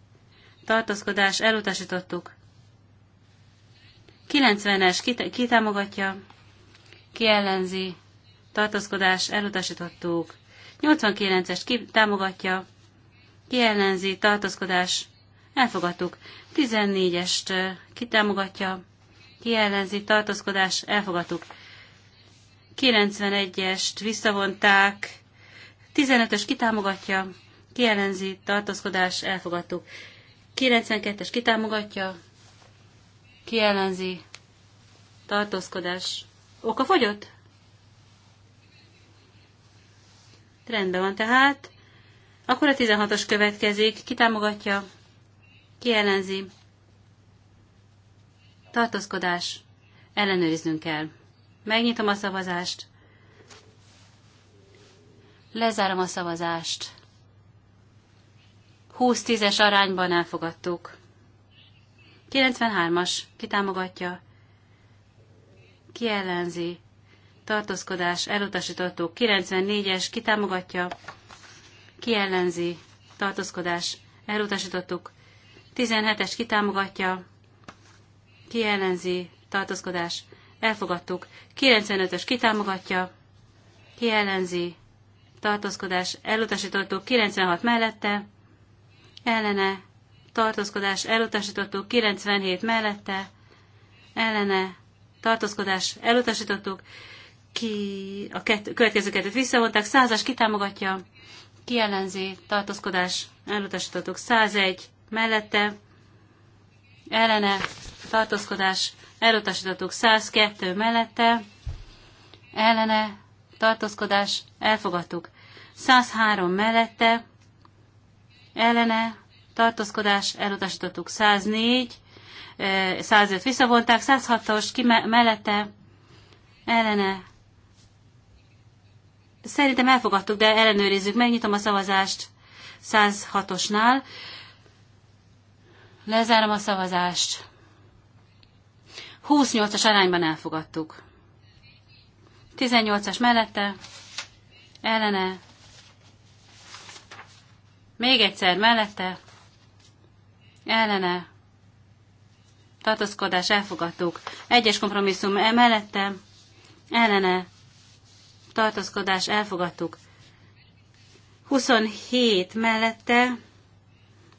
Speaker 3: tartózkodás, elutasítottuk. 90-es, ki, ki támogatja, ki ellenzi, tartózkodás, elutasítottuk. 89-es, ki támogatja, ki ellenzi, tartózkodás, elfogadtuk. 14-est, ki támogatja, ki ellenzi, tartózkodás, elfogadtuk. 91-est visszavonták, 15-ös kitámogatja, kielenzi, tartózkodás, elfogadtuk. 92-es kitámogatja, kielenzi, tartózkodás. Oka fogyott? Rendben van tehát. Akkor a 16-os következik, kitámogatja, kielenzi, tartózkodás, ellenőriznünk kell. Megnyitom a szavazást. Lezárom a szavazást. 20-10-es arányban elfogadtuk. 93-as. Ki támogatja? Ki ellenzi? Tartózkodás. Elutasítottuk. 94-es. Ki támogatja? Ki ellenzi? Tartózkodás. Elutasítottuk. 17-es. Ki támogatja? Ki ellenzi? Tartózkodás elfogadtuk. 95-ös kitámogatja, ki ellenzi, tartózkodás, elutasítottuk 96 mellette, ellene, tartózkodás, elutasítottuk 97 mellette, ellene, tartózkodás, elutasítottuk, ki a kett, következő kettőt visszavonták, százas kitámogatja, ki ellenzi, tartózkodás, elutasítottuk, 101 mellette, ellene, tartózkodás, elutasítottuk 102 mellette, ellene tartózkodás, elfogadtuk 103 mellette, ellene tartózkodás, elutasítottuk 104, 105 visszavonták, 106-os ki mellette, ellene Szerintem elfogadtuk, de ellenőrizzük. Megnyitom a szavazást 106-osnál. Lezárom a szavazást. 28-as arányban elfogadtuk. 18-as mellette, ellene, még egyszer mellette, ellene, tartózkodás elfogadtuk. Egyes kompromisszum e mellette, ellene, tartózkodás elfogadtuk. 27 mellette,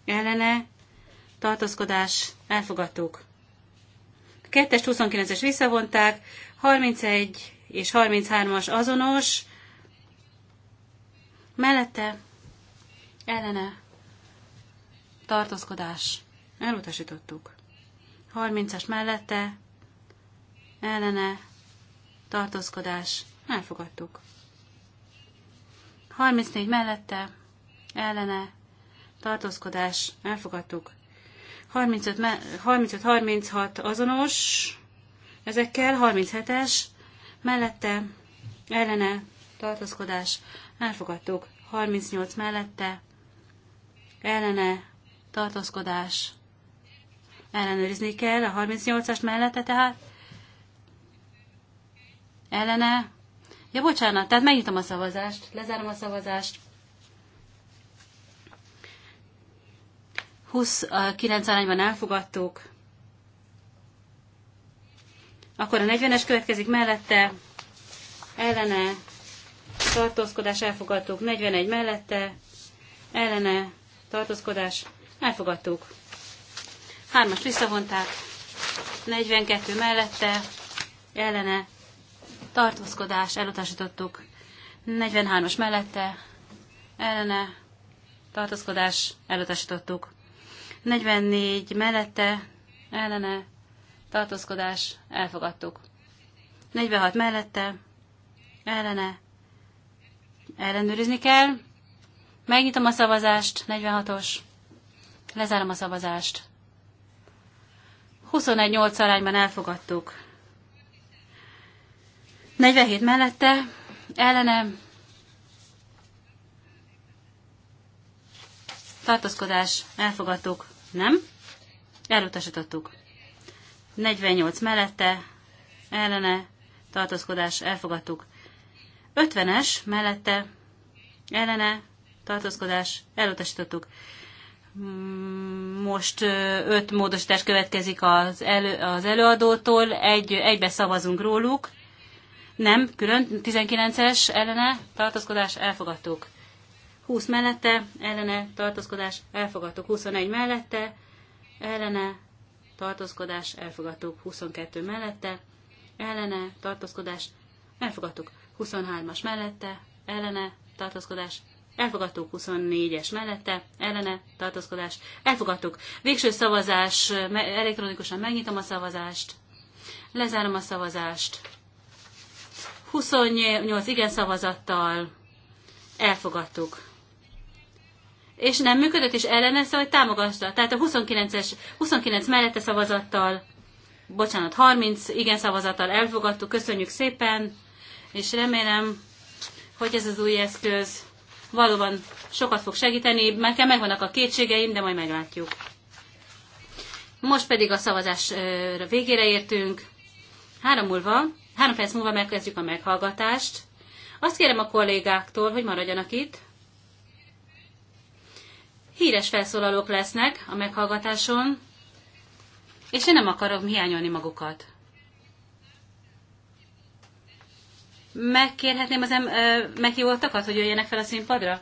Speaker 3: ellene, tartózkodás elfogadtuk. 2-es, 29-es visszavonták, 31 és 33-as azonos, mellette ellene tartózkodás. Elutasítottuk. 30-as mellette ellene tartózkodás. Elfogadtuk. 34 mellette ellene tartózkodás. Elfogadtuk. 35-36 azonos, ezekkel 37-es, mellette ellene tartózkodás elfogadtuk. 38 mellette ellene tartózkodás ellenőrizni kell, a 38-as mellette tehát ellene. Ja, bocsánat, tehát megnyitom a szavazást, lezárom a szavazást. 29 arányban elfogadtuk. Akkor a 40-es következik mellette, ellene, tartózkodás elfogadtuk, 41 mellette, ellene, tartózkodás elfogadtuk. Hármas visszavonták, 42 mellette, ellene, tartózkodás elutasítottuk, 43-as mellette, ellene, tartózkodás elutasítottuk. 44 mellette ellene tartózkodás elfogadtuk. 46 mellette ellene ellenőrizni kell. Megnyitom a szavazást, 46-os. Lezárom a szavazást. 21-8 arányban elfogadtuk. 47 mellette, ellene tartózkodás, elfogadtuk. Nem? Elutasítottuk. 48 mellette, ellene, tartózkodás, elfogadtuk. 50-es mellette, ellene, tartózkodás, elutasítottuk. Most öt módosítás következik az, elő, az előadótól, egy, egybe szavazunk róluk. Nem, külön, 19-es ellene, tartózkodás, elfogadtuk. 20 mellette, ellene tartózkodás elfogadtuk 21 mellette, ellene tartózkodás elfogadtuk 22 mellette, ellene tartózkodás elfogadtuk 23-as mellette, ellene tartózkodás elfogadtuk 24-es mellette, ellene tartózkodás elfogadtuk. Végső szavazás, elektronikusan megnyitom a szavazást, lezárom a szavazást. 28 igen szavazattal elfogadtuk és nem működött, és ellenezte, hogy támogassa. Tehát a 29-es, 29 mellette szavazattal, bocsánat, 30 igen szavazattal elfogadtuk, köszönjük szépen, és remélem, hogy ez az új eszköz valóban sokat fog segíteni. kell megvannak a kétségeim, de majd meglátjuk. Most pedig a szavazás végére értünk. Három, múlva, három perc múlva megkezdjük a meghallgatást. Azt kérem a kollégáktól, hogy maradjanak itt híres felszólalók lesznek a meghallgatáson, és én nem akarom hiányolni magukat. Megkérhetném az em- meghívottakat, hogy jöjjenek fel a színpadra?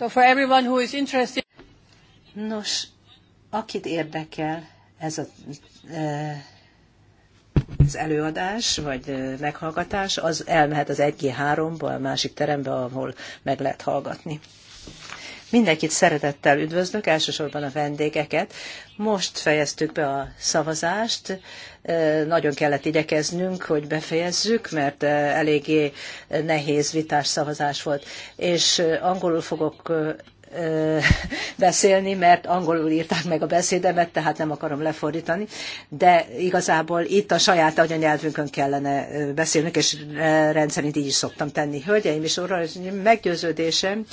Speaker 5: So for everyone who is interested... Nos, akit érdekel ez a, e, az előadás, vagy e, meghallgatás, az elmehet az 1G3-ba, a másik terembe, ahol meg lehet hallgatni. Mindenkit szeretettel üdvözlök, elsősorban a vendégeket. Most fejeztük be a szavazást. Nagyon kellett igyekeznünk, hogy befejezzük, mert eléggé nehéz vitás szavazás volt. És angolul fogok beszélni, mert angolul írták meg a beszédemet, tehát nem akarom lefordítani, de igazából itt a saját anyanyelvünkön kellene beszélnünk, és rendszerint így is szoktam tenni. Hölgyeim és uraim, meggyőződésem,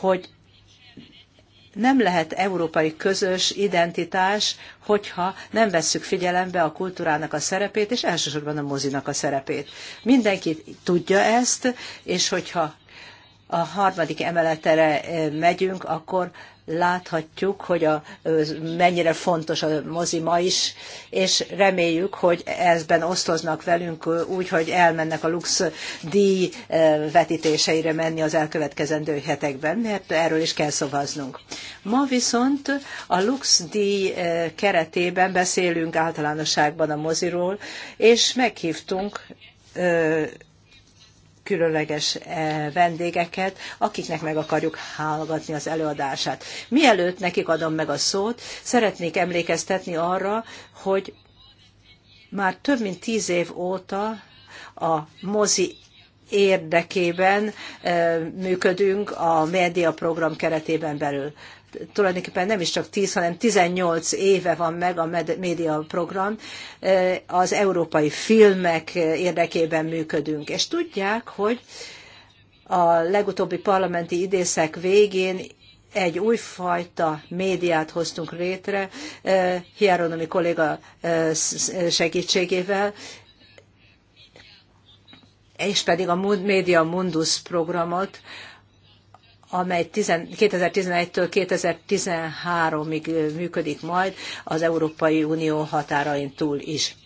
Speaker 5: hogy nem lehet európai közös identitás, hogyha nem vesszük figyelembe a kultúrának a szerepét, és elsősorban a mozinak a szerepét. Mindenki tudja ezt, és hogyha a harmadik emeletere eh, megyünk, akkor láthatjuk, hogy a, mennyire fontos a mozi ma is, és reméljük, hogy ezben osztoznak velünk úgy, hogy elmennek a Lux díj vetítéseire menni az elkövetkezendő hetekben, mert erről is kell szavaznunk. Ma viszont a Lux díj keretében beszélünk általánosságban a moziról, és meghívtunk különleges eh, vendégeket, akiknek meg akarjuk hallgatni az előadását. Mielőtt nekik adom meg a szót, szeretnék emlékeztetni arra, hogy már több mint tíz év óta a mozi érdekében eh, működünk a médiaprogram keretében belül tulajdonképpen nem is csak 10, hanem 18 éve van meg a média program, az európai filmek érdekében működünk. És tudják, hogy a legutóbbi parlamenti idészek végén egy újfajta médiát hoztunk létre, Hieronomi kolléga segítségével, és pedig a Média Mundus programot, amely 2011-től 2013-ig működik majd az Európai Unió határain túl is.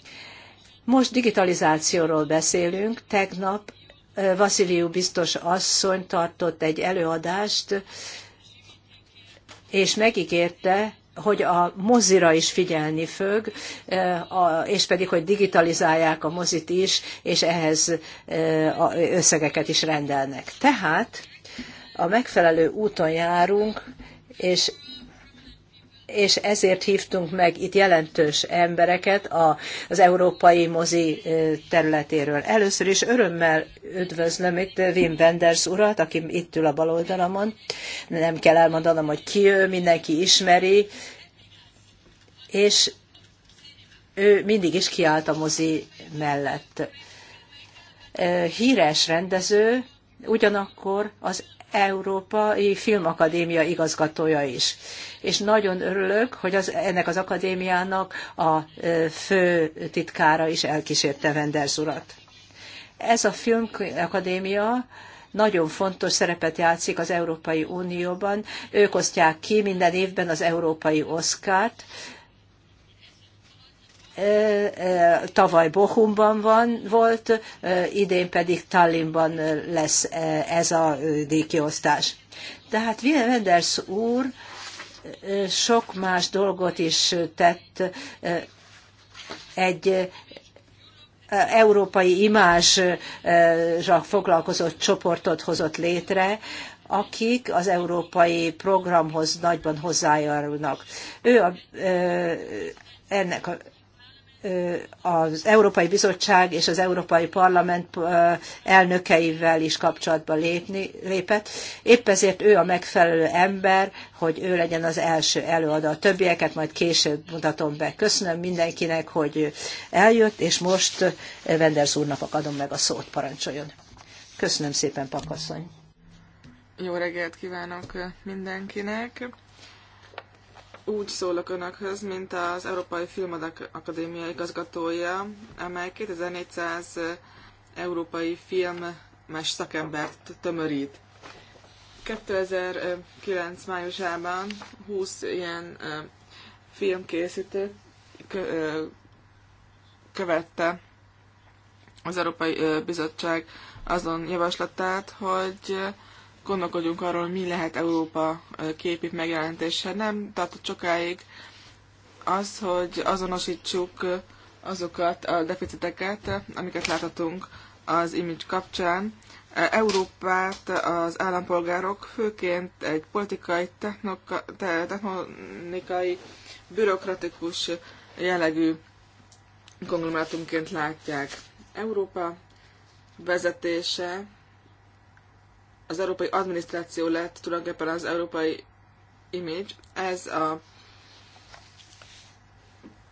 Speaker 5: Most digitalizációról beszélünk. Tegnap Vasziliu biztos asszony tartott egy előadást, és megígérte, hogy a mozira is figyelni fog, és pedig, hogy digitalizálják a mozit is, és ehhez összegeket is rendelnek. Tehát a megfelelő úton járunk, és és ezért hívtunk meg itt jelentős embereket a az európai mozi területéről. Először is örömmel üdvözlöm itt Wim Wenders urat, aki itt ül a bal oldalamon. Nem kell elmondanom, hogy ki ő, mindenki ismeri, és ő mindig is kiállt a mozi mellett. Híres rendező, ugyanakkor az Európai Filmakadémia igazgatója is. És nagyon örülök, hogy az, ennek az akadémiának a fő titkára is elkísérte Wenders urat. Ez a Filmakadémia nagyon fontos szerepet játszik az Európai Unióban. Ők osztják ki minden évben az Európai Oszkárt, tavaly Bochumban van, volt, idén pedig Tallinnban lesz ez a díjkiosztás. Tehát Wenders úr sok más dolgot is tett egy európai imázsra foglalkozott csoportot hozott létre, akik az európai programhoz nagyban hozzájárulnak. Ő a, ennek a az Európai Bizottság és az Európai Parlament elnökeivel is kapcsolatba lépni, lépett. Épp ezért ő a megfelelő ember, hogy ő legyen az első előadó. A többieket majd később mutatom be. Köszönöm mindenkinek, hogy eljött, és most Wenders úrnak adom meg a szót, parancsoljon. Köszönöm szépen, Pakasszony.
Speaker 2: Jó reggelt kívánok mindenkinek úgy szólok önökhöz, mint az Európai Filmadak Akadémia igazgatója, amely 2400 európai filmes szakembert tömörít. 2009 májusában 20 ilyen filmkészítő követte az Európai Bizottság azon javaslatát, hogy gondolkodjunk arról, hogy mi lehet Európa képét megjelentése. Nem tartott sokáig az, hogy azonosítsuk azokat a deficiteket, amiket láthatunk az image kapcsán. Európát az állampolgárok főként egy politikai, technikai, bürokratikus jellegű konglomerátumként látják. Európa vezetése az európai adminisztráció lett tulajdonképpen az európai image. Ez a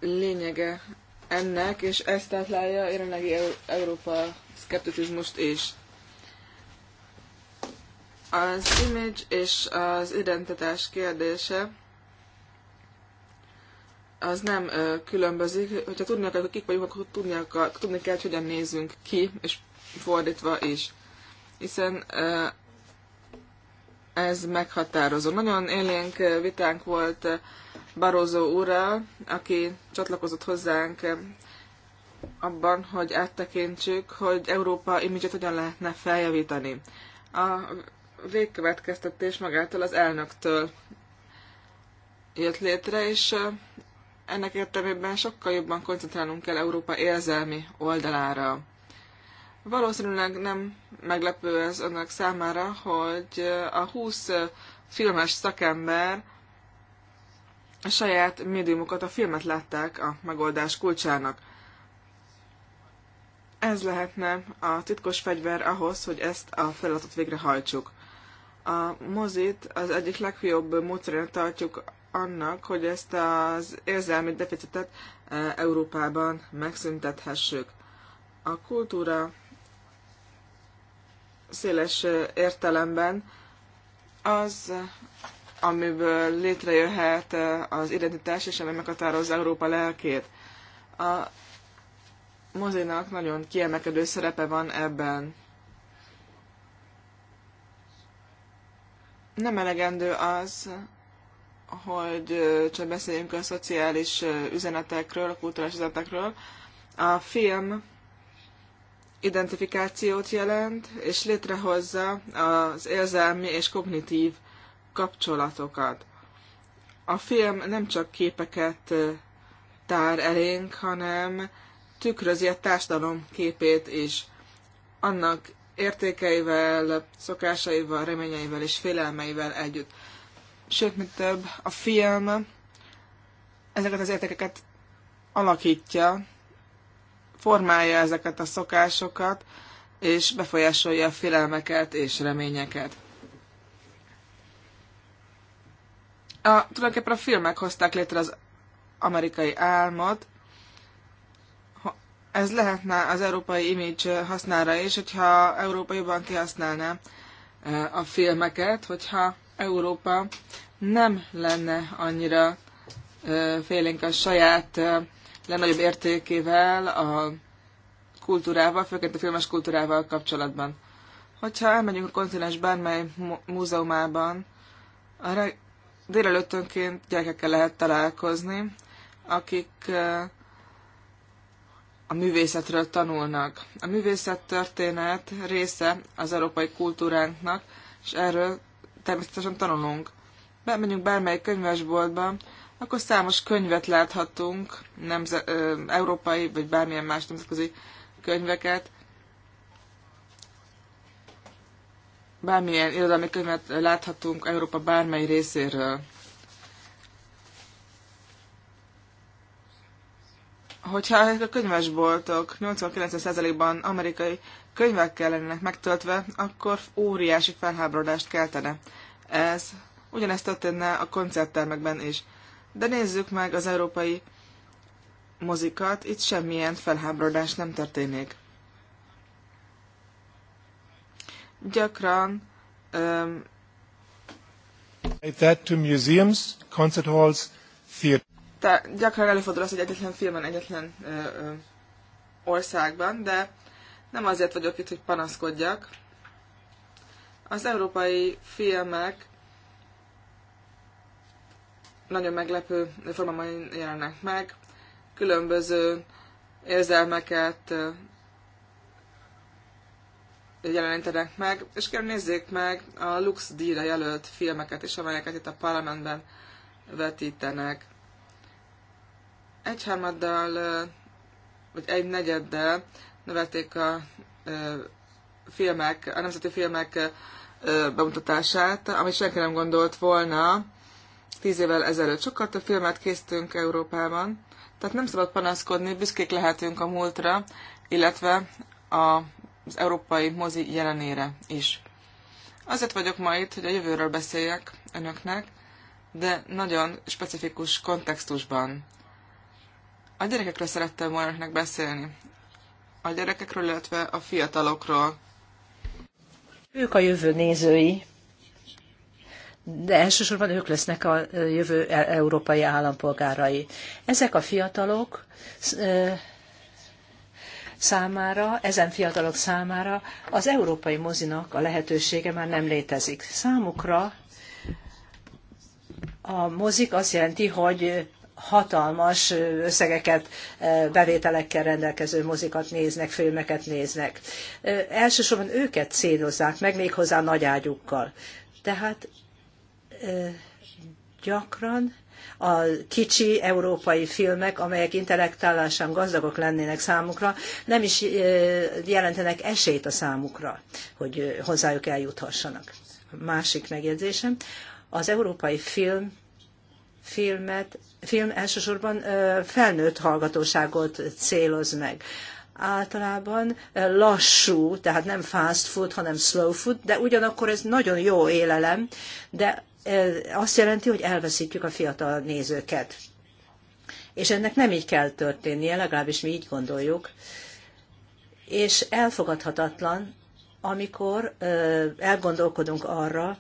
Speaker 2: lényege ennek, és ezt táplálja jelenlegi Európa szkepticizmust is. Az image és az identitás kérdése az nem ö, különbözik. Hogyha tudni akarjuk, kik vagyunk, akkor tudni, akar, tudni kell, hogy hogyan nézünk ki, és fordítva is. Hiszen ö, ez meghatározó. Nagyon élénk vitánk volt Barózó úrral, aki csatlakozott hozzánk abban, hogy áttekintsük, hogy Európa imidzset hogyan lehetne feljavítani. A végkövetkeztetés magától az elnöktől jött létre, és ennek értelmében sokkal jobban koncentrálnunk kell Európa érzelmi oldalára. Valószínűleg nem meglepő ez önök számára, hogy a 20 filmes szakember a saját médiumokat, a filmet látták a megoldás kulcsának. Ez lehetne a titkos fegyver ahhoz, hogy ezt a feladatot végrehajtsuk. A mozit az egyik legjobb módszerén tartjuk annak, hogy ezt az érzelmi deficitet eh, Európában megszüntethessük. A kultúra széles értelemben az, amiből létrejöhet az identitás, és ami meghatározza Európa lelkét. A mozinak nagyon kiemelkedő szerepe van ebben. Nem elegendő az, hogy csak beszéljünk a szociális üzenetekről, a kulturális üzenetekről. A film identifikációt jelent, és létrehozza az érzelmi és kognitív kapcsolatokat. A film nem csak képeket tár elénk, hanem tükrözi a társadalom képét is. Annak értékeivel, szokásaival, reményeivel és félelmeivel együtt. Sőt, mint több, a film ezeket az értékeket alakítja, formálja ezeket a szokásokat, és befolyásolja a félelmeket és reményeket. A, tulajdonképpen a filmek hozták létre az amerikai álmot. Ez lehetne az európai image hasznára is, hogyha Európa jobban kihasználná e, a filmeket, hogyha Európa nem lenne annyira e, félénk a saját e, legnagyobb értékével, a kultúrával, főként a filmes kultúrával kapcsolatban. Hogyha elmegyünk a kontinens bármely múzeumában, arra délelőttönként gyerekekkel lehet találkozni, akik a művészetről tanulnak. A művészet történet része az európai kultúránknak, és erről természetesen tanulunk. Bemegyünk bármely könyvesboltba, akkor számos könyvet láthatunk, nemze- ö, európai vagy bármilyen más nemzetközi könyveket, bármilyen irodalmi könyvet láthatunk Európa bármely részéről. Hogyha a könyvesboltok 89%-ban amerikai könyvekkel lennének megtöltve, akkor óriási felháborodást keltene. Ez ugyanezt történne a koncerttermekben is. De nézzük meg az európai mozikat, itt semmilyen felháborodás nem történik. Gyakran um,
Speaker 4: that to museums, concert halls,
Speaker 2: theater. gyakran előfordul az, hogy egyetlen filmen, egyetlen ö, ö, országban, de nem azért vagyok itt, hogy panaszkodjak. Az európai filmek nagyon meglepő formában jelennek meg, különböző érzelmeket jelenítenek meg, és kérem nézzék meg a Lux díjra jelölt filmeket és amelyeket itt a parlamentben vetítenek. Egyharmaddal, vagy egy negyeddel növelték a filmek, a nemzeti filmek bemutatását, amit senki nem gondolt volna, tíz évvel ezelőtt. Sokkal több filmet készítünk Európában, tehát nem szabad panaszkodni, büszkék lehetünk a múltra, illetve a, az európai mozi jelenére is. Azért vagyok ma itt, hogy a jövőről beszéljek önöknek, de nagyon specifikus kontextusban. A gyerekekről szerettem volna önöknek beszélni. A gyerekekről, illetve a fiatalokról.
Speaker 5: Ők a jövő nézői de elsősorban ők lesznek a jövő e, európai állampolgárai. Ezek a fiatalok számára, ezen fiatalok számára az európai mozinak a lehetősége már nem létezik. Számukra a mozik azt jelenti, hogy hatalmas összegeket, bevételekkel rendelkező mozikat néznek, filmeket néznek. Elsősorban őket célozzák meg, méghozzá nagy ágyukkal. Tehát gyakran a kicsi európai filmek, amelyek intellektuálisan gazdagok lennének számukra, nem is jelentenek esélyt a számukra, hogy hozzájuk eljuthassanak. Másik megjegyzésem, az európai film filmet, film elsősorban felnőtt hallgatóságot céloz meg. Általában lassú, tehát nem fast food, hanem slow food, de ugyanakkor ez nagyon jó élelem, de azt jelenti, hogy elveszítjük a fiatal nézőket. És ennek nem így kell történnie, legalábbis mi így gondoljuk. És elfogadhatatlan, amikor elgondolkodunk arra,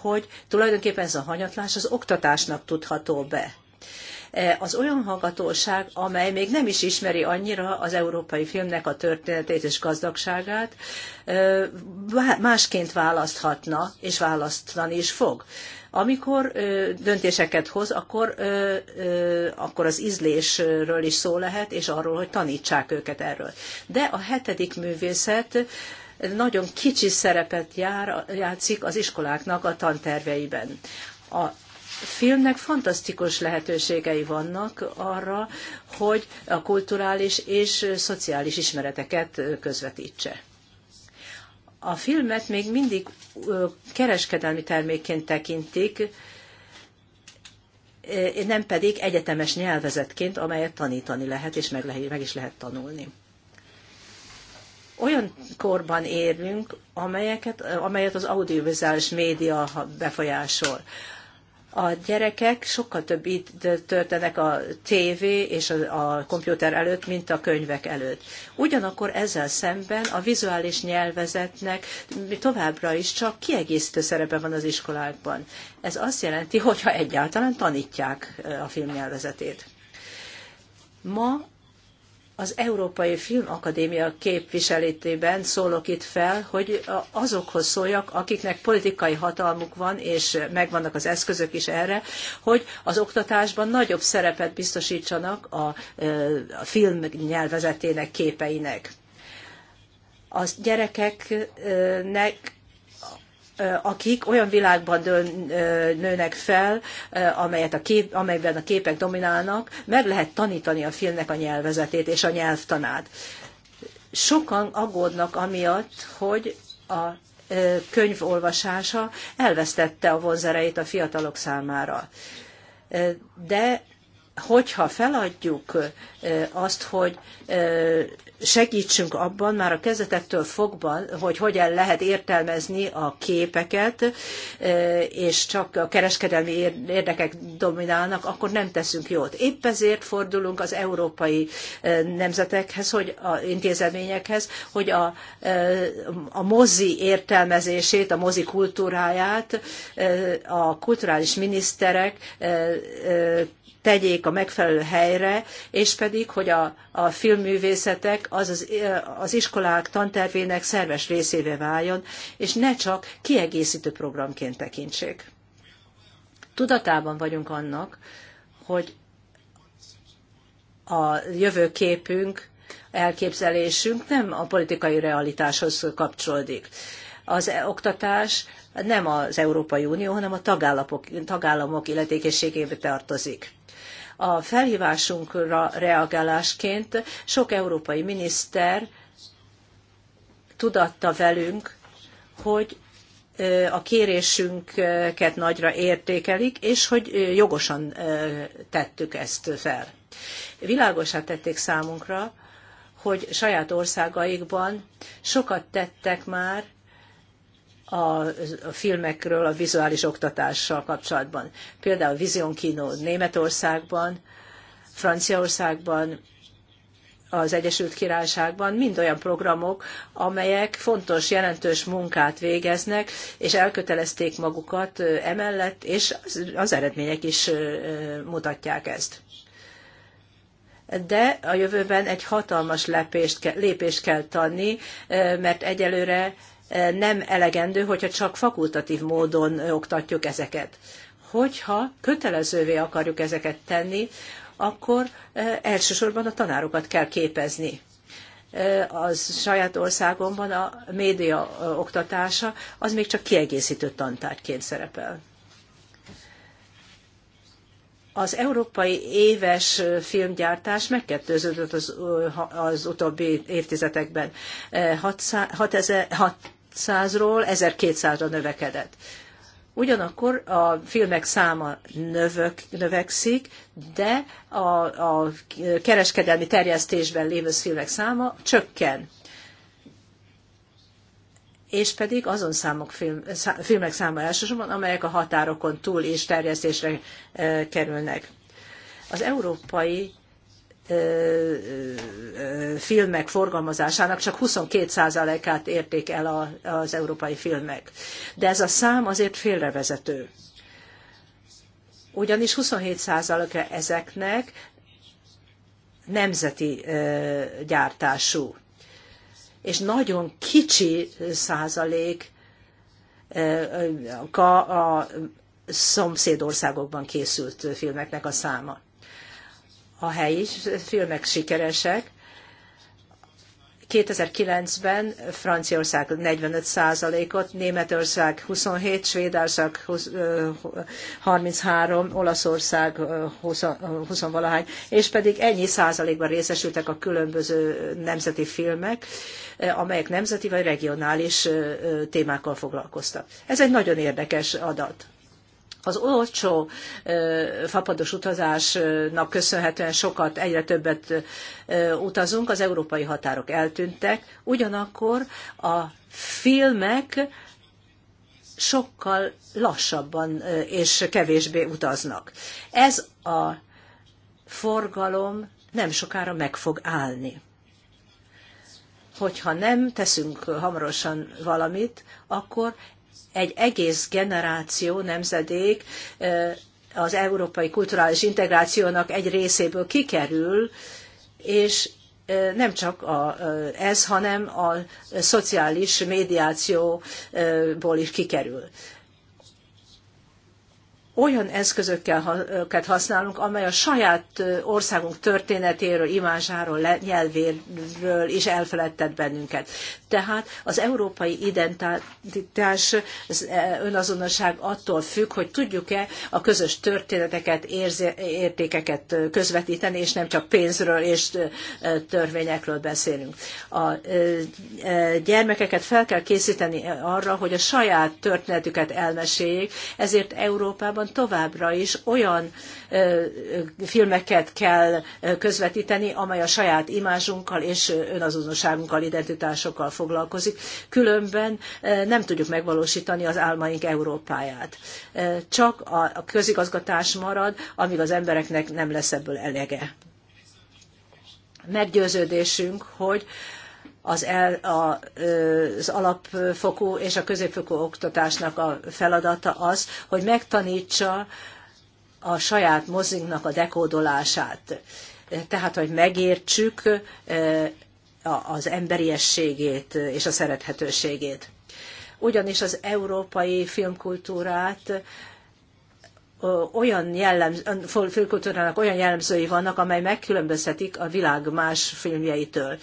Speaker 5: hogy tulajdonképpen ez a hanyatlás az oktatásnak tudható be. E, az olyan hallgatóság, amely még nem is ismeri annyira az európai filmnek a történetét és gazdagságát, másként választhatna, és választani is fog. Amikor döntéseket hoz, akkor, akkor az ízlésről is szó lehet, és arról, hogy tanítsák őket erről. De a hetedik művészet nagyon kicsi szerepet jár, játszik az iskoláknak a tanterveiben. A filmnek fantasztikus lehetőségei vannak arra, hogy a kulturális és szociális ismereteket közvetítse a filmet még mindig kereskedelmi termékként tekintik, nem pedig egyetemes nyelvezetként, amelyet tanítani lehet, és meg, lehet, meg is lehet tanulni. Olyan korban érünk, amelyeket, amelyet az audiovizuális média befolyásol a gyerekek sokkal több időt töltenek a tévé és a, a komputer előtt, mint a könyvek előtt. Ugyanakkor ezzel szemben a vizuális nyelvezetnek továbbra is csak kiegészítő szerepe van az iskolákban. Ez azt jelenti, hogyha egyáltalán tanítják a filmnyelvezetét. Ma az Európai Filmakadémia képviseletében szólok itt fel, hogy azokhoz szóljak, akiknek politikai hatalmuk van, és megvannak az eszközök is erre, hogy az oktatásban nagyobb szerepet biztosítsanak a, a film nyelvezetének, képeinek. Az gyerekeknek akik olyan világban dön, nőnek fel, amelyet a kép, amelyben a képek dominálnak, meg lehet tanítani a filmnek a nyelvezetét és a nyelvtanát. Sokan aggódnak amiatt, hogy a könyv olvasása elvesztette a vonzereit a fiatalok számára. De hogyha feladjuk azt, hogy segítsünk abban már a kezdetektől fogva, hogy hogyan lehet értelmezni a képeket, e, és csak a kereskedelmi érdekek dominálnak, akkor nem teszünk jót. Épp ezért fordulunk az európai e, nemzetekhez, hogy a intézményekhez, hogy a, e, a mozi értelmezését, a mozi kultúráját a kulturális miniszterek tegyék a megfelelő helyre, és pedig, hogy a, a filmművészetek az, az, az iskolák tantervének szerves részévé váljon, és ne csak kiegészítő programként tekintsék. Tudatában vagyunk annak, hogy a jövőképünk, elképzelésünk nem a politikai realitáshoz kapcsolódik. Az oktatás Hát nem az Európai Unió, hanem a tagállamok, tagállamok illetékességébe tartozik. A felhívásunkra reagálásként sok európai miniszter tudatta velünk, hogy a kérésünket nagyra értékelik, és hogy jogosan tettük ezt fel. Világosá tették számunkra, hogy saját országaikban sokat tettek már a, filmekről a vizuális oktatással kapcsolatban. Például Vision Kino Németországban, Franciaországban, az Egyesült Királyságban mind olyan programok, amelyek fontos, jelentős munkát végeznek, és elkötelezték magukat emellett, és az eredmények is mutatják ezt. De a jövőben egy hatalmas lépést, lépést kell tenni, mert egyelőre nem elegendő, hogyha csak fakultatív módon oktatjuk ezeket. Hogyha kötelezővé akarjuk ezeket tenni, akkor e, elsősorban a tanárokat kell képezni e, az saját országomban a média e, oktatása, az még csak kiegészítő tantárgyként szerepel. Az európai éves filmgyártás megkettőződött az, az utóbbi évtizedekben. 6000, 600-ról 1200-ra növekedett. Ugyanakkor a filmek száma növök, növekszik, de a, a kereskedelmi terjesztésben lévő filmek száma csökken. És pedig azon számok film, szá, filmek száma elsősorban, amelyek a határokon túl is terjesztésre e, kerülnek. Az európai filmek forgalmazásának csak 22%-át érték el az európai filmek. De ez a szám azért félrevezető. Ugyanis 27%-a ezeknek nemzeti gyártású. És nagyon kicsi százalék a szomszédországokban készült filmeknek a száma a helyi filmek sikeresek. 2009-ben Franciaország 45%-ot, Németország 27, Svédország 33, Olaszország 20-valahány, és pedig ennyi százalékban részesültek a különböző nemzeti filmek, amelyek nemzeti vagy regionális témákkal foglalkoztak. Ez egy nagyon érdekes adat. Az olcsó fapados utazásnak köszönhetően sokat, egyre többet utazunk, az európai határok eltűntek, ugyanakkor a filmek sokkal lassabban és kevésbé utaznak. Ez a forgalom nem sokára meg fog állni. Hogyha nem teszünk hamarosan valamit, akkor egy egész generáció, nemzedék eh, az európai kulturális integrációnak egy részéből kikerül, és eh, nem csak a, eh, ez, hanem a szociális médiációból is kikerül. Olyan eszközöket használunk, amely a saját országunk történetéről, imázsáról, nyelvéről is elfeledtett bennünket. Tehát az európai identitás az e, önazonosság attól függ, hogy tudjuk-e a közös történeteket, értékeket közvetíteni, és nem csak pénzről és e, törvényekről beszélünk. A e, gyermekeket fel kell készíteni arra, hogy a saját történetüket elmeséljék, ezért Európában továbbra is olyan filmeket kell közvetíteni, amely a saját imázsunkkal és önazonosságunkkal, identitásokkal foglalkozik, különben eh, nem tudjuk megvalósítani az álmaink Európáját. Eh, csak a közigazgatás marad, amíg az embereknek nem lesz ebből elege. Meggyőződésünk, hogy az, el, a, eh, az alapfokú és a középfokú oktatásnak a feladata az, hogy megtanítsa a saját mozinknak a dekódolását. Tehát, hogy megértsük az emberiességét és a szerethetőségét. Ugyanis az európai filmkultúrát olyan jellemző, filmkultúrának olyan jellemzői vannak, amely megkülönböztetik a világ más filmjeitől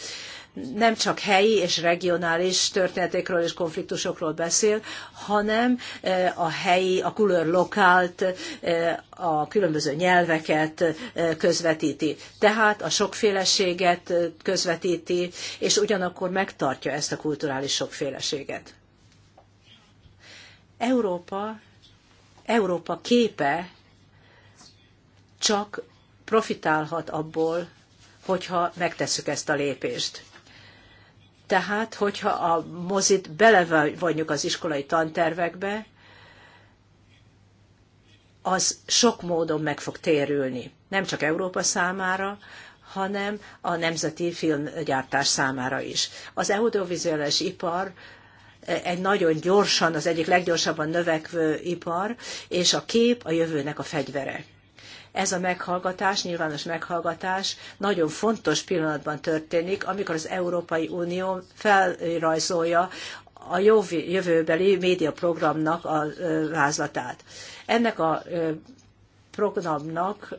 Speaker 5: nem csak helyi és regionális történetekről és konfliktusokról beszél, hanem e, a helyi, a kulör lokált, e, a különböző nyelveket e, közvetíti. Tehát a sokféleséget közvetíti, és ugyanakkor megtartja ezt a kulturális sokféleséget. Európa, Európa képe csak profitálhat abból, hogyha megtesszük ezt a lépést. Tehát, hogyha a mozit belevonjuk az iskolai tantervekbe, az sok módon meg fog térülni. Nem csak Európa számára, hanem a nemzeti filmgyártás számára is. Az audiovizuális ipar e, egy nagyon gyorsan, az egyik leggyorsabban növekvő ipar, és a kép a jövőnek a fegyvere. Ez a meghallgatás, nyilvános meghallgatás nagyon fontos pillanatban történik, amikor az Európai Unió felrajzolja a jövőbeli médiaprogramnak a vázlatát. Ennek a programnak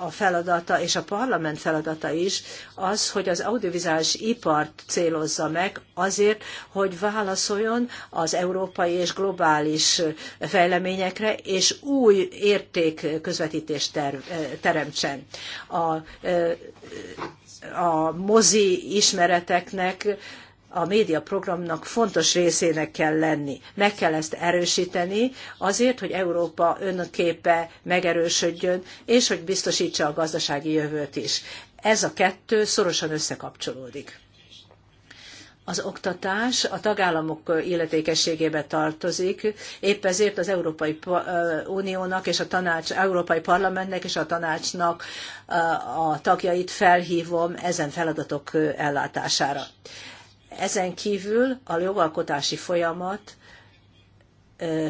Speaker 5: a feladata és a parlament feladata is az, hogy az audiovizuális ipart célozza meg azért, hogy válaszoljon az európai és globális fejleményekre, és új érték közvetítést teremtsen. A, a mozi ismereteknek a médiaprogramnak fontos részének kell lenni. Meg kell ezt erősíteni azért, hogy Európa önképe megerősödjön, és hogy biztosítsa a gazdasági jövőt is. Ez a kettő szorosan összekapcsolódik. Az oktatás a tagállamok illetékességébe tartozik, épp ezért az Európai Uniónak és a tanács, Európai Parlamentnek és a tanácsnak a tagjait felhívom ezen feladatok ellátására. Ezen kívül a jogalkotási folyamat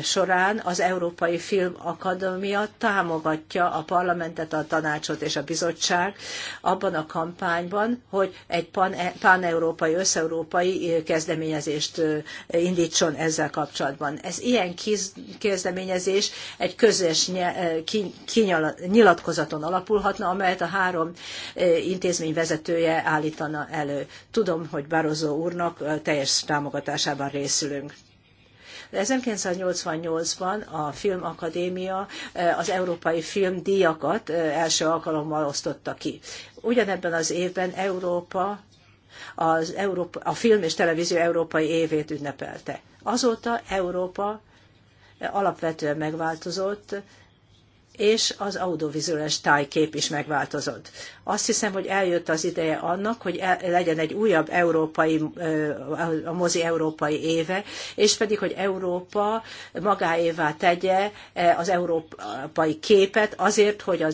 Speaker 5: során az Európai Film Akadémia támogatja a parlamentet, a tanácsot és a bizottság abban a kampányban, hogy egy pan európai összeurópai kezdeményezést indítson ezzel kapcsolatban. Ez ilyen kezdeményezés egy közös nyilatkozaton alapulhatna, amelyet a három intézmény vezetője állítana elő. Tudom, hogy Barozó úrnak teljes támogatásában részülünk. 1988-ban a Filmakadémia eh, az Európai film Díjakat eh, első alkalommal osztotta ki. Ugyanebben az évben Európa az Európa, a film és televízió európai évét ünnepelte. Azóta Európa eh, alapvetően megváltozott, és az audiovizuális tájkép is megváltozott. Azt hiszem, hogy eljött az ideje annak, hogy e- legyen egy újabb európai, a mozi európai éve, és pedig, hogy Európa magáévá tegye e, az európai képet azért, hogy a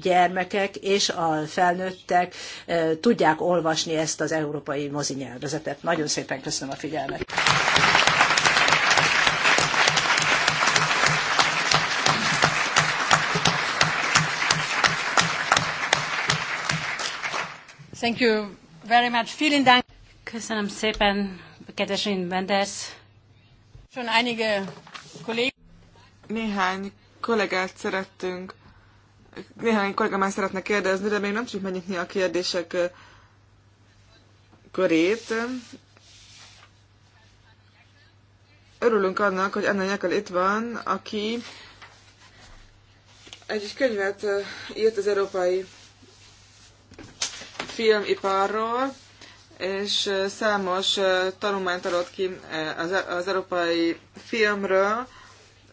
Speaker 5: gyermekek és a felnőttek e, tudják olvasni ezt az európai mozi nyelvezetet. Nagyon szépen köszönöm a figyelmet.
Speaker 1: Thank you very much. Vielen Dank. Köszönöm szépen, kedves Benders. Schon einige Kollegen. Néhány kollégát
Speaker 2: szerettünk, néhány kollégám már szeretne kérdezni, de még nem tudjuk megnyitni a kérdések körét. Örülünk annak, hogy Anna Nyakal itt van, aki egy könyvet írt az Európai filmiparról, és számos tanulmányt adott ki az, e- az európai filmről.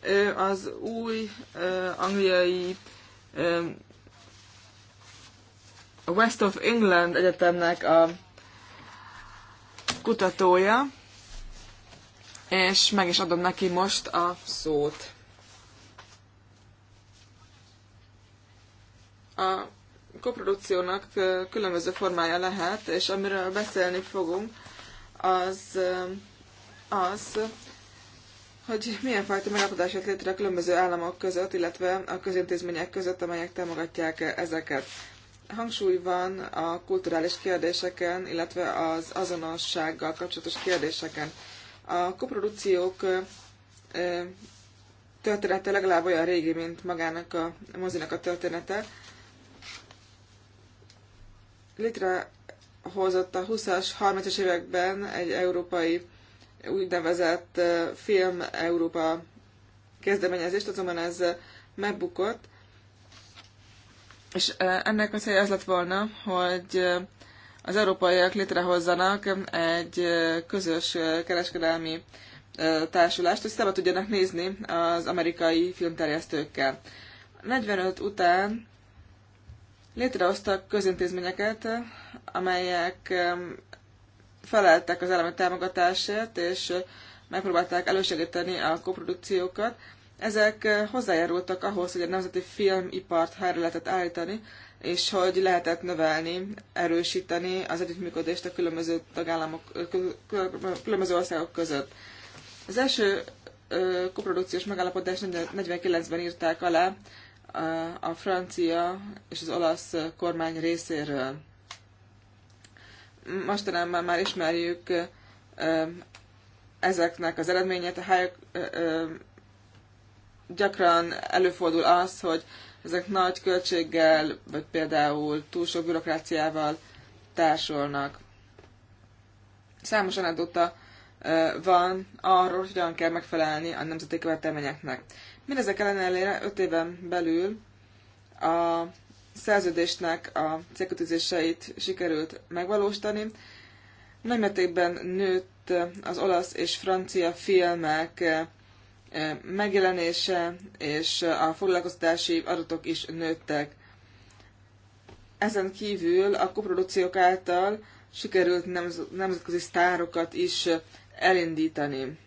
Speaker 2: Ő az új angliai West of England Egyetemnek a kutatója, és meg is adom neki most a szót. A koprodukciónak különböző formája lehet, és amiről beszélni fogunk, az az, hogy milyen fajta megállapodás jött létre a különböző államok között, illetve a közintézmények között, amelyek támogatják -e ezeket. Hangsúly van a kulturális kérdéseken, illetve az azonossággal kapcsolatos kérdéseken. A koprodukciók története legalább olyan régi, mint magának a mozinak a története, létrehozott a 20-as, 30-as években egy európai úgynevezett Film Európa kezdeményezést, azonban ez megbukott, és ennek a célja az lett volna, hogy az európaiak létrehozzanak egy közös kereskedelmi társulást, hogy szabad tudjanak nézni az amerikai filmterjesztőkkel. 45 után Létrehoztak közintézményeket, amelyek feleltek az elemi támogatásért, és megpróbálták elősegíteni a koprodukciókat. Ezek hozzájárultak ahhoz, hogy a nemzeti filmipart helyre lehetett állítani, és hogy lehetett növelni, erősíteni az együttműködést a különböző tagállamok, különböző országok között. Az első koprodukciós megállapodást 49-ben írták alá a francia és az olasz kormány részéről. Mostanában már ismerjük ezeknek az eredményét. Gyakran előfordul az, hogy ezek nagy költséggel, vagy például túl sok bürokráciával társolnak. Számos anekdota van arról, hogy hogyan kell megfelelni a nemzeti követelményeknek. Mindezek ellenére 5 éven belül a szerződésnek a célkötőzéseit sikerült megvalósítani. mértékben nőtt az olasz és francia filmek eh, megjelenése, és a foglalkoztatási adatok is nőttek. Ezen kívül a koprodukciók által sikerült nemzetközi sztárokat is elindítani.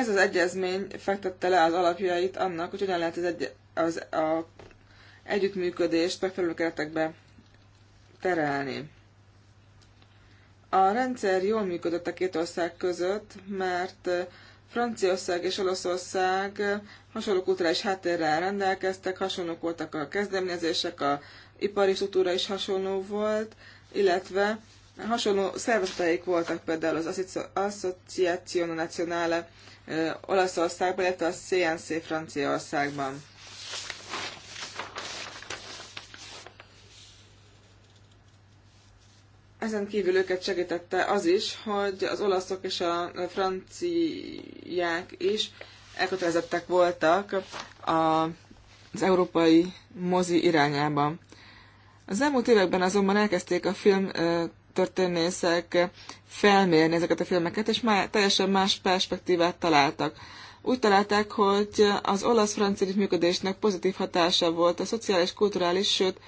Speaker 2: Ez az egyezmény fektette le az alapjait annak, hogy hogyan lehet az, egy, az a együttműködést megfelelő keretekbe terelni. A rendszer jól működött a két ország között, mert Franciaország és Olaszország hasonló kulturális háttérrel rendelkeztek, hasonlók voltak a kezdeményezések, a ipari struktúra is hasonló volt, illetve hasonló szervezeteik voltak például az Associazione Nazionale Olaszországban, illetve a CNC Franciaországban. Ezen kívül őket segítette az is, hogy az olaszok és a franciák is elkötelezettek voltak az európai mozi irányába. Az elmúlt években azonban elkezdték a film filmtörténészek felmérni ezeket a filmeket, és már teljesen más perspektívát találtak. Úgy találták, hogy az olasz-francia működésnek pozitív hatása volt a szociális, kulturális, sőt,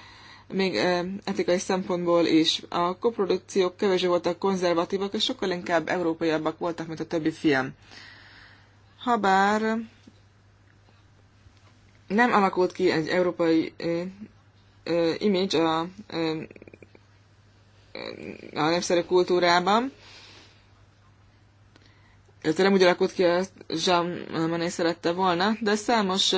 Speaker 2: még eh, etikai szempontból is. A koprodukciók kevésbé voltak konzervatívak, és sokkal inkább európaiabbak voltak, mint a többi film. Habár nem alakult ki egy európai eh, eh, image a a népszerű kultúrában. Ez nem úgy alakult ki, hogy Jean Monnet szerette volna, de számos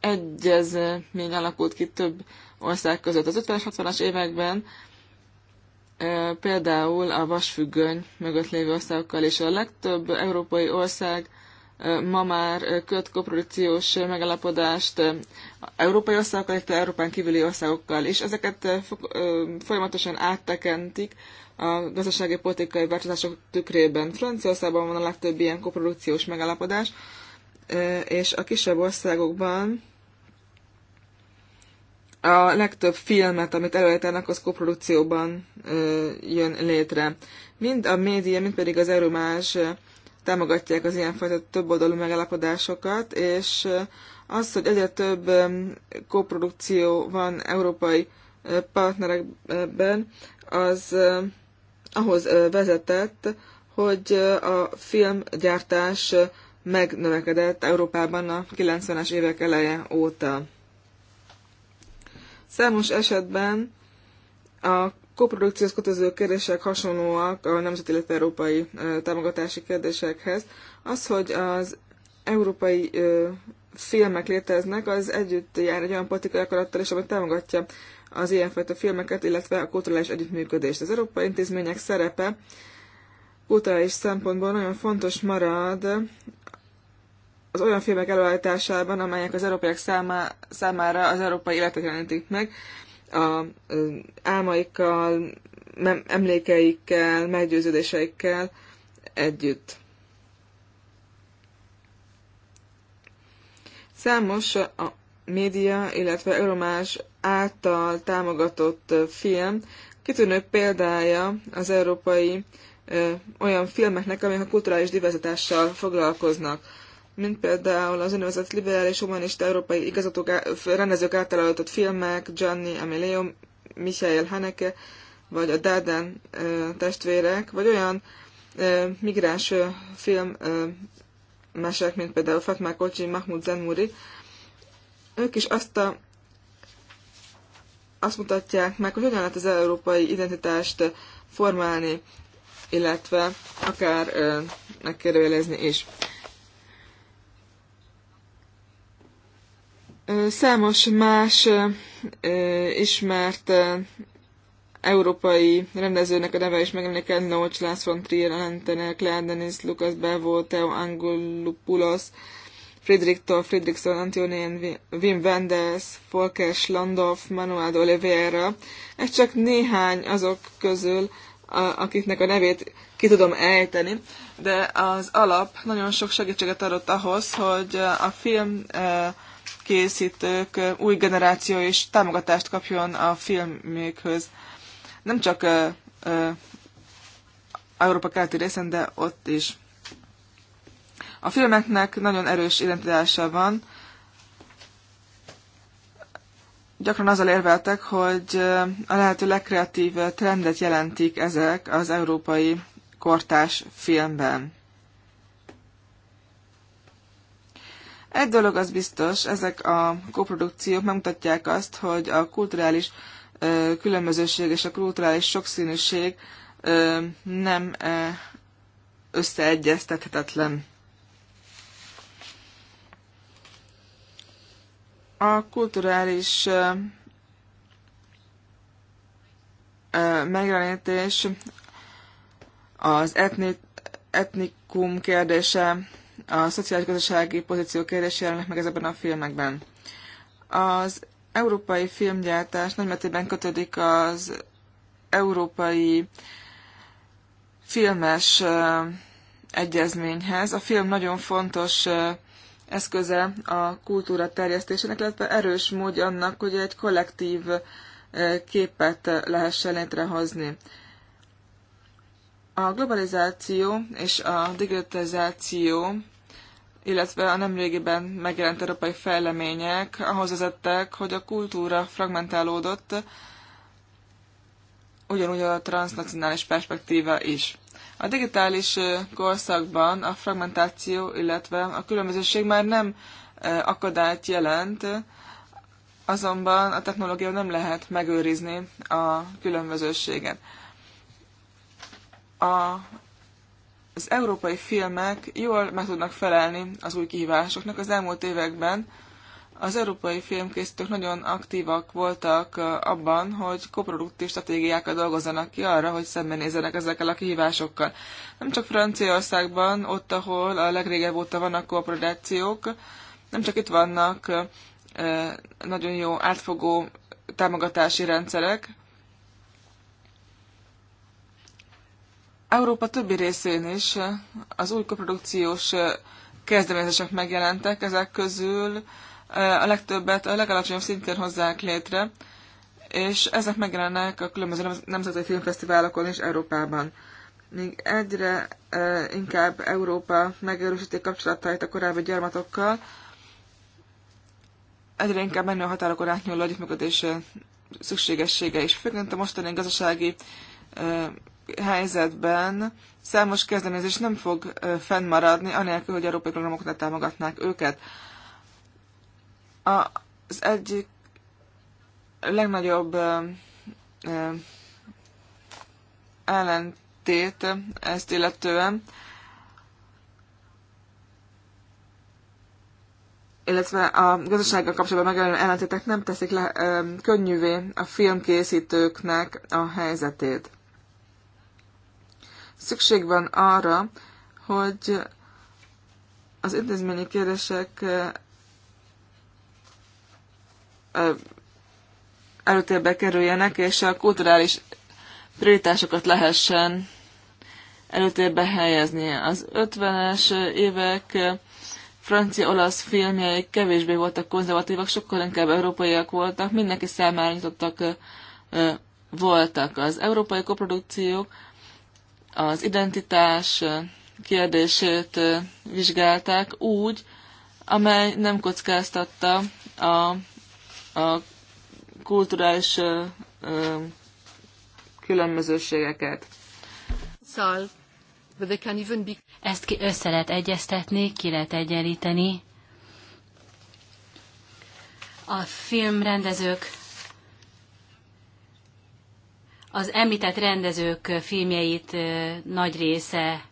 Speaker 2: egyezmény alakult ki több ország között. Az 50-es, 60-as években például a vasfüggöny mögött lévő országokkal, és a legtöbb európai ország ma már köt koprodukciós megalapodást európai országokkal, illetve Európán kívüli országokkal és Ezeket folyamatosan áttekentik a gazdasági politikai változások tükrében. Franciaországban van a legtöbb ilyen koprodukciós megalapodás, és a kisebb országokban a legtöbb filmet, amit előállítanak, az koprodukcióban jön létre. Mind a média, mind pedig az erőmás támogatják az ilyenfajta többoldalú megállapodásokat, és az, hogy egyre több koprodukció van európai partnerekben, az ahhoz vezetett, hogy a filmgyártás megnövekedett Európában a 90-es évek eleje óta. Számos esetben a koprodukciós kötöző kérdések hasonlóak a nemzeti, illetve európai támogatási kérdésekhez. Az, hogy az európai filmek léteznek, az együtt jár egy olyan politikai akarattal is, amely támogatja az ilyenfajta filmeket, illetve a kulturális együttműködést. Az európai intézmények szerepe kulturális szempontból nagyon fontos marad az olyan filmek előállításában, amelyek az európaiak számá, számára az európai életet jelentik meg, a álmaikkal, emlékeikkel, meggyőződéseikkel együtt. Számos a média, illetve Euromás által támogatott film kitűnő példája az európai ö, olyan filmeknek, amelyek a kulturális diverzitással foglalkoznak mint például az úgynevezett liberális humanista európai igazatok, rendezők által adott filmek, Gianni Amelio, Michael Haneke, vagy a Darden testvérek, vagy olyan migráns film mesek, mint például Fatma Kocsi, Mahmoud Zenmuri, ők is azt a azt mutatják meg, hogy hogyan lehet az európai identitást formálni, illetve akár megkérdőjelezni is. Számos más ismert európai rendezőnek a neve is megjelenik el, Nocs, Lász von Trier, Antenek, Lárdenis, Lukas Bevo, Theo Angulopoulos, Friedrichtól, Friedrichson, Antonin, Wim Wenders, Volker Schlandorf, Manuel de Oliveira. Ez csak néhány azok közül, akiknek a nevét ki tudom ejteni, de az alap nagyon sok segítséget adott ahhoz, hogy a film eh, készítők új generáció is támogatást kapjon a filmjékhöz. Nem csak uh, uh, Európa keleti részen, de ott is. A filmeknek nagyon erős identitása van. Gyakran azzal érveltek, hogy a lehető legkreatív trendet jelentik ezek az európai kortás filmben. Egy dolog az biztos, ezek a koprodukciók megmutatják azt, hogy a kulturális ö, különbözőség és a kulturális sokszínűség ö, nem ö, összeegyeztethetetlen. A kulturális ö, ö, megjelenítés az etni, etnikum kérdése a szociális gazdasági pozíció kérdés jelennek meg ezekben a filmekben. Az európai filmgyártás nagymértékben kötődik az európai filmes egyezményhez. A film nagyon fontos eszköze a kultúra terjesztésének, illetve erős módja annak, hogy egy kollektív képet lehessen létrehozni. A globalizáció és a digitalizáció illetve a nemrégiben megjelent európai fejlemények ahhoz vezettek, hogy a kultúra fragmentálódott, ugyanúgy a transnacionális perspektíva is. A digitális korszakban a fragmentáció, illetve a különbözőség már nem akadályt jelent, azonban a technológia nem lehet megőrizni a különbözőséget. A az európai filmek jól meg tudnak felelni az új kihívásoknak. Az elmúlt években az európai filmkészítők nagyon aktívak voltak abban, hogy koproduktív stratégiákat dolgozzanak ki arra, hogy szembenézzenek ezekkel a kihívásokkal. Nem csak Franciaországban, ott, ahol a legrégebb óta vannak kooperációk, nem csak itt vannak nagyon jó átfogó támogatási rendszerek, Európa többi részén is eh, az új koprodukciós eh, kezdeményezések megjelentek, ezek közül eh, a legtöbbet a legalacsonyabb szintén hozzák létre, és ezek megjelennek a különböző nemzeti filmfesztiválokon is Európában. Míg egyre inkább Európa megerősíti kapcsolatait a korábbi gyarmatokkal, egyre inkább menő a határokon átnyúló együttműködés szükségessége is, főként a mostani gazdasági helyzetben számos kezdeményezés nem fog fennmaradni, anélkül, hogy európai programok ne támogatnák őket. Az egyik legnagyobb ellentét ezt illetően, illetve a gazdasággal kapcsolatban megjelenő ellentétek nem teszik le, ö, könnyűvé a filmkészítőknek a helyzetét. Szükség van arra, hogy az intézményi kérdések előtérbe kerüljenek, és a kulturális prioritásokat lehessen előtérbe helyezni. Az 50-es évek francia-olasz filmjei kevésbé voltak konzervatívak, sokkal inkább európaiak voltak, mindenki számára nyitottak voltak. Az európai koprodukciók az identitás kérdését vizsgálták úgy, amely nem kockáztatta a, a kulturális ö, ö, különbözőségeket.
Speaker 1: Szóval,
Speaker 3: Ezt ki össze lehet egyeztetni, ki lehet egyenlíteni. A filmrendezők az említett rendezők filmjeit nagy része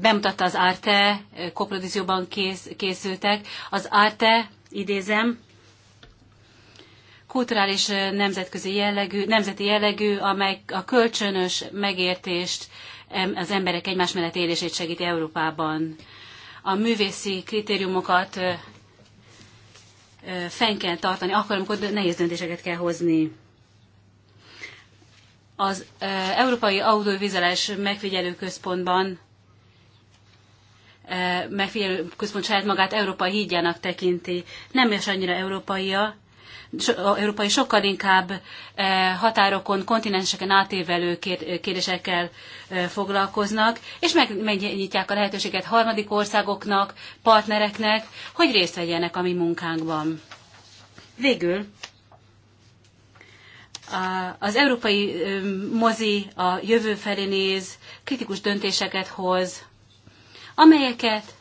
Speaker 3: bemutatta az Arte, koprodizióban kész, készültek. Az Arte, idézem, kulturális nemzetközi jellegű, nemzeti jellegű, amely a kölcsönös megértést, az emberek egymás mellett élését segíti Európában. A művészi kritériumokat fenn kell tartani, akkor, amikor nehéz döntéseket kell hozni az Európai Audiovizuális Megfigyelő Központban megfigyelő központ saját magát európai hídjának tekinti. Nem is annyira európaia, so, európai sokkal inkább határokon, kontinenseken átévelő kérdésekkel foglalkoznak, és megnyitják a lehetőséget harmadik országoknak, partnereknek, hogy részt vegyenek a mi munkánkban. Végül az európai mozi a jövő felé néz, kritikus döntéseket hoz, amelyeket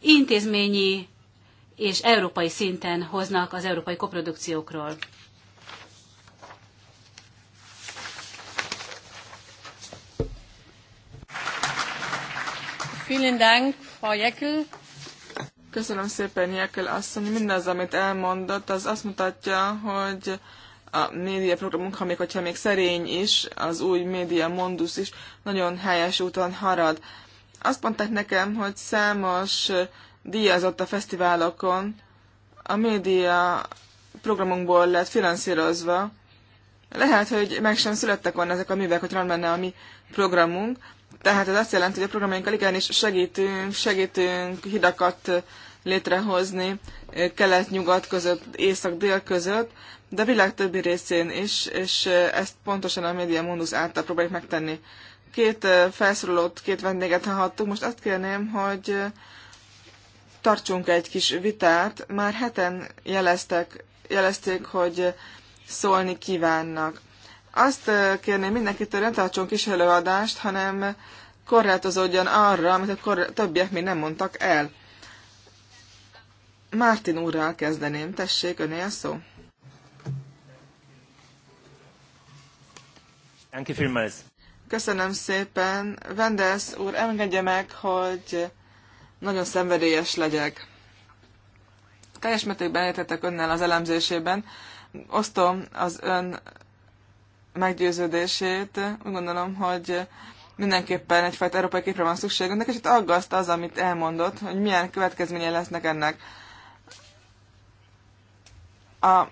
Speaker 3: intézményi és európai szinten hoznak az európai koprodukciókról.
Speaker 1: Vielen Dank, Frau Jekyll.
Speaker 2: Köszönöm szépen, Jekyll asszony. Mindaz, amit elmondott, az azt mutatja, hogy a média programunk, ha még, hogyha még szerény is, az új média mondus is nagyon helyes úton harad. Azt mondták nekem, hogy számos díjazott a fesztiválokon a média programunkból lett finanszírozva. Lehet, hogy meg sem születtek volna ezek a művek, hogy rám lenne a mi programunk. Tehát ez azt jelenti, hogy a programjainkkal igenis segítünk, segítünk hidakat létrehozni kelet-nyugat között, észak-dél között, de a világ többi részén is, és ezt pontosan a Media Mundus által próbáljuk megtenni. Két felszólalót, két vendéget hallhattuk, most azt kérném, hogy tartsunk egy kis vitát. Már heten jeleztek, jelezték, hogy szólni kívánnak. Azt kérném mindenkitől, ne tartsunk kis előadást, hanem korlátozódjon arra, amit a kor- többiek még nem mondtak el. Mártin úrral kezdeném. Tessék, öné a szó. Danke vielmals. Köszönöm szépen. Vendes úr, engedje meg, hogy nagyon szenvedélyes legyek. Teljes mértékben értetek önnel az elemzésében. Osztom az ön meggyőződését. Úgy gondolom, hogy mindenképpen egyfajta európai képre van szükségünk, de kicsit aggaszt az, amit elmondott, hogy milyen következményei lesznek ennek. A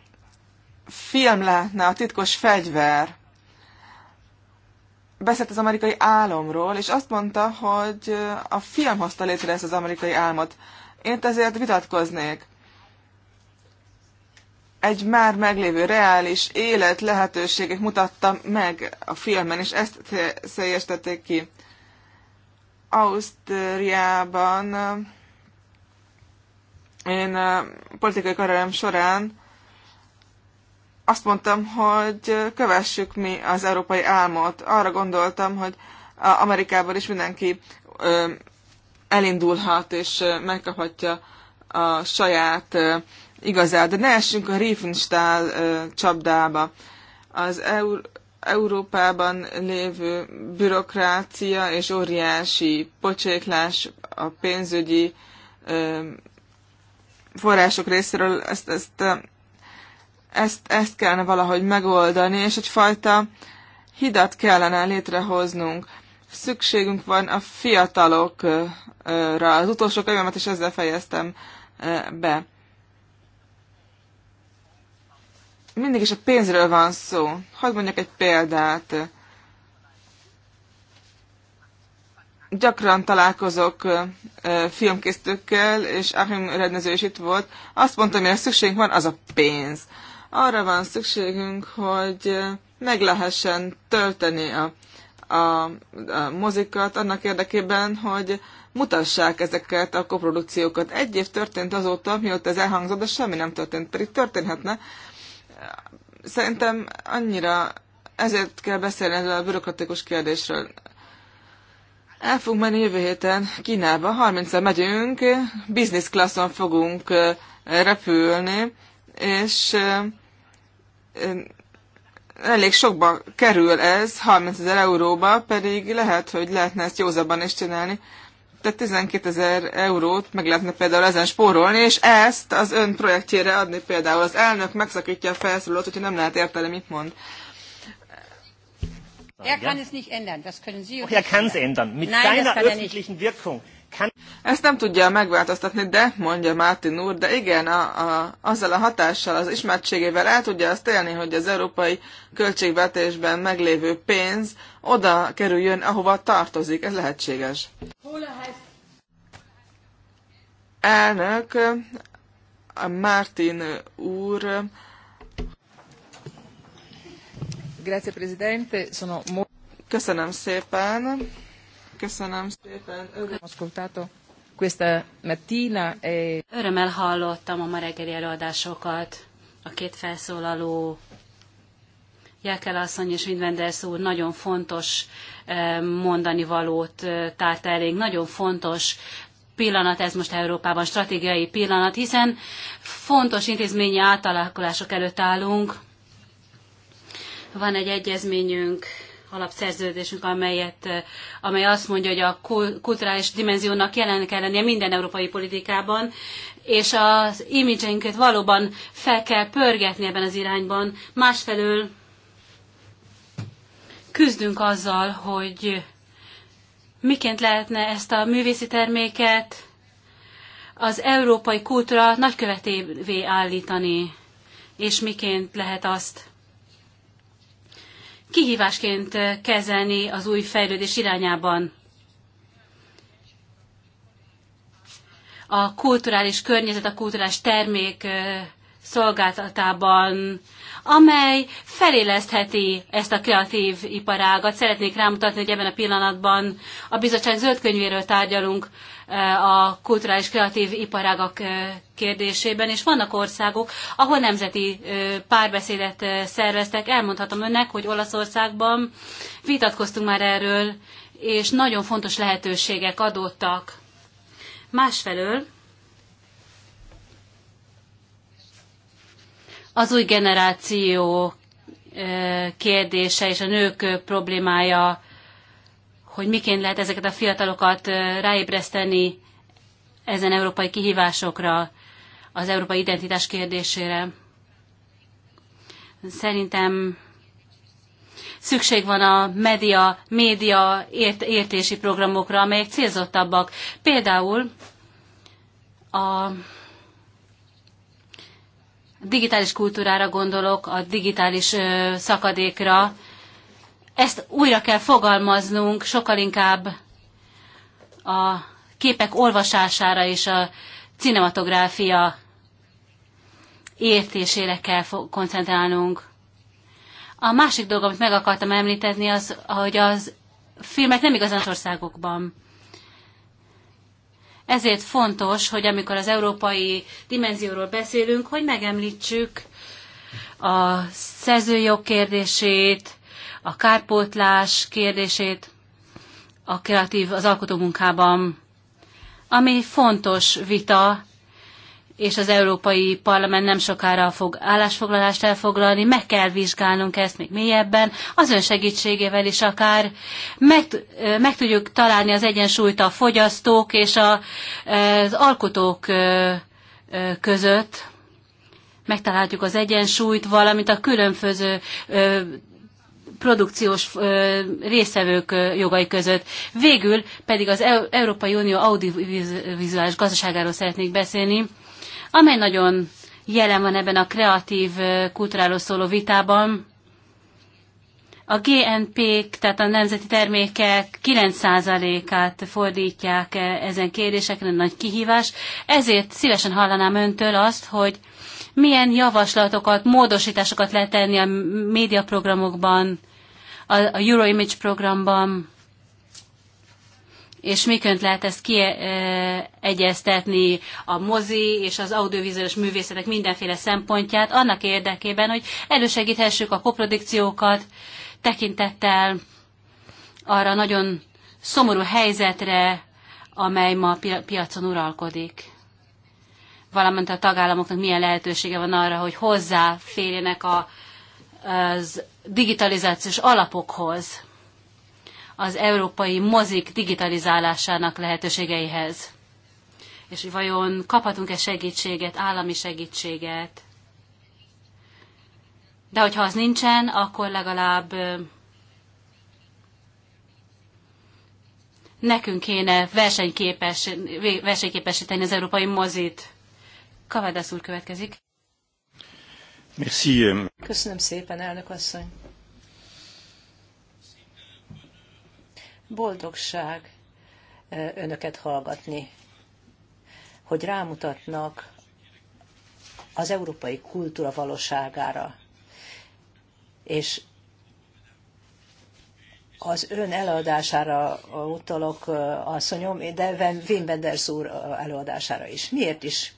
Speaker 2: film lehetne a titkos fegyver, beszélt az amerikai álomról, és azt mondta, hogy a film hozta létre ezt az amerikai álmot. Én ezért vitatkoznék. Egy már meglévő reális élet lehetőségek mutatta meg a filmen, és ezt szélyestették ki. Ausztriában én politikai karrierem során azt mondtam, hogy kövessük mi az európai álmot. Arra gondoltam, hogy Amerikában is mindenki elindulhat és megkaphatja a saját igazát, de ne essünk a Riefenstahl csapdába. Az Eur- Európában lévő bürokrácia és óriási pocséklás a pénzügyi források részéről ezt, ezt ezt, ezt kellene valahogy megoldani, és egyfajta hidat kellene létrehoznunk. Szükségünk van a fiatalokra. Az utolsó könyvemet is ezzel fejeztem e, be. Mindig is a pénzről van szó. Hadd mondjak egy példát. gyakran találkozok e, filmkészítőkkel, és Achim rendező is itt volt, azt hogy a szükségünk van, az a pénz. Arra van szükségünk, hogy meg lehessen tölteni a, a, a mozikat annak érdekében, hogy mutassák ezeket a koprodukciókat. Egy év történt azóta, mióta ez elhangzott, de semmi nem történt, pedig történhetne. Szerintem annyira ezért kell beszélni ezzel a bürokratikus kérdésről. El fogunk menni jövő héten Kínába, 30 megyünk, business classon fogunk eh, repülni, és eh, elég sokba kerül ez, 30 ezer euróba, pedig lehet, hogy lehetne ezt józabban is csinálni. Tehát 12 ezer eurót meg lehetne például ezen spórolni, és ezt az ön projektjére adni például. Az elnök megszakítja a felszólalót, hogyha nem lehet érteni, mit mond.
Speaker 1: Er kann es nicht ändern, das können Sie. Oh, er kann
Speaker 2: es ändern, mit Nein, seiner er öffentlichen Wirkung. Ezt nem tudja megváltoztatni, de, mondja Martin úr, de igen, a, a, azzal a hatással, az ismertségével el tudja azt élni, hogy az európai költségvetésben meglévő pénz oda kerüljön, ahova tartozik. Ez lehetséges. Elnök, a Martin úr. Grazie, Presidente. Sono... Köszönöm szépen. Köszönöm szépen. Ascoltato questa mattina e...
Speaker 3: Örömmel hallottam a ma reggeli előadásokat. A két felszólaló Jekel asszony és Windwenders úr nagyon fontos eh, mondani valót eh, tárt elég Nagyon fontos pillanat, ez most Európában stratégiai pillanat, hiszen fontos intézményi átalakulások előtt állunk. Van egy egyezményünk alapszerződésünk, amelyet, eh, amely azt mondja, hogy a kulturális dimenziónak jelen kell lennie minden európai politikában, és az imidzseinket valóban fel kell pörgetni ebben az irányban. Másfelől küzdünk azzal, hogy miként lehetne ezt a művészi terméket az európai kultúra nagykövetévé állítani, és miként lehet azt kihívásként kezelni az új fejlődés irányában. A kulturális környezet, a kulturális termék szolgáltatában, amely felélesztheti ezt a kreatív iparágat. Szeretnék rámutatni, hogy ebben a pillanatban a bizottság zöld könyvéről tárgyalunk eh, a kulturális kreatív iparágak eh, kérdésében, és vannak országok, ahol nemzeti eh, párbeszédet szerveztek. Elmondhatom önnek, hogy Olaszországban vitatkoztunk már erről, és nagyon fontos lehetőségek adottak. Másfelől az új generáció kérdése és a nők problémája, hogy miként lehet ezeket a fiatalokat ráébreszteni ezen európai kihívásokra, az európai identitás kérdésére. Szerintem szükség van a media, média ért, értési programokra, amelyek célzottabbak. Például a digitális kultúrára gondolok, a digitális szakadékra. Ezt újra kell fogalmaznunk, sokkal inkább a képek olvasására és a cinematográfia értésére kell koncentrálnunk. A másik dolog, amit meg akartam említeni, az, hogy az filmek nem igazán országokban ezért fontos, hogy amikor az európai dimenzióról beszélünk, hogy megemlítsük a szerzőjog kérdését, a kárpótlás kérdését a kreatív, az alkotómunkában, ami fontos vita és az Európai Parlament nem sokára fog állásfoglalást elfoglalni, meg kell vizsgálnunk ezt még mélyebben, az ön segítségével is akár meg, meg tudjuk találni az egyensúlyt a fogyasztók és a, az alkotók között, megtaláljuk az egyensúlyt, valamint a különböző produkciós részevők jogai között. Végül pedig az Európai Unió audiovizuális gazdaságáról szeretnék beszélni amely nagyon jelen van ebben a kreatív kultúráról szóló vitában. A GNP, tehát a nemzeti termékek 9%-át fordítják ezen kérdésekre, nagy kihívás. Ezért szívesen hallanám öntől azt, hogy milyen javaslatokat, módosításokat lehet tenni a médiaprogramokban, a Euroimage programban, és miként lehet ezt kiegyeztetni a mozi és az audiovizuális művészetek mindenféle szempontját, annak érdekében, hogy elősegíthessük a koprodukciókat tekintettel arra nagyon szomorú helyzetre, amely ma piacon uralkodik. Valamint a tagállamoknak milyen lehetősége van arra, hogy hozzáférjenek a, az digitalizációs alapokhoz az európai mozik digitalizálásának lehetőségeihez. És vajon kaphatunk-e segítséget, állami segítséget. De hogyha az nincsen, akkor legalább nekünk kéne versenyképes, versenyképesíteni az európai mozit.
Speaker 5: Kavadász úr következik. Merci. Köszönöm szépen, elnök asszony. boldogság önöket hallgatni, hogy rámutatnak az európai kultúra valóságára. És az ön előadására utalok, asszonyom, de Wim Wenders úr előadására is. Miért is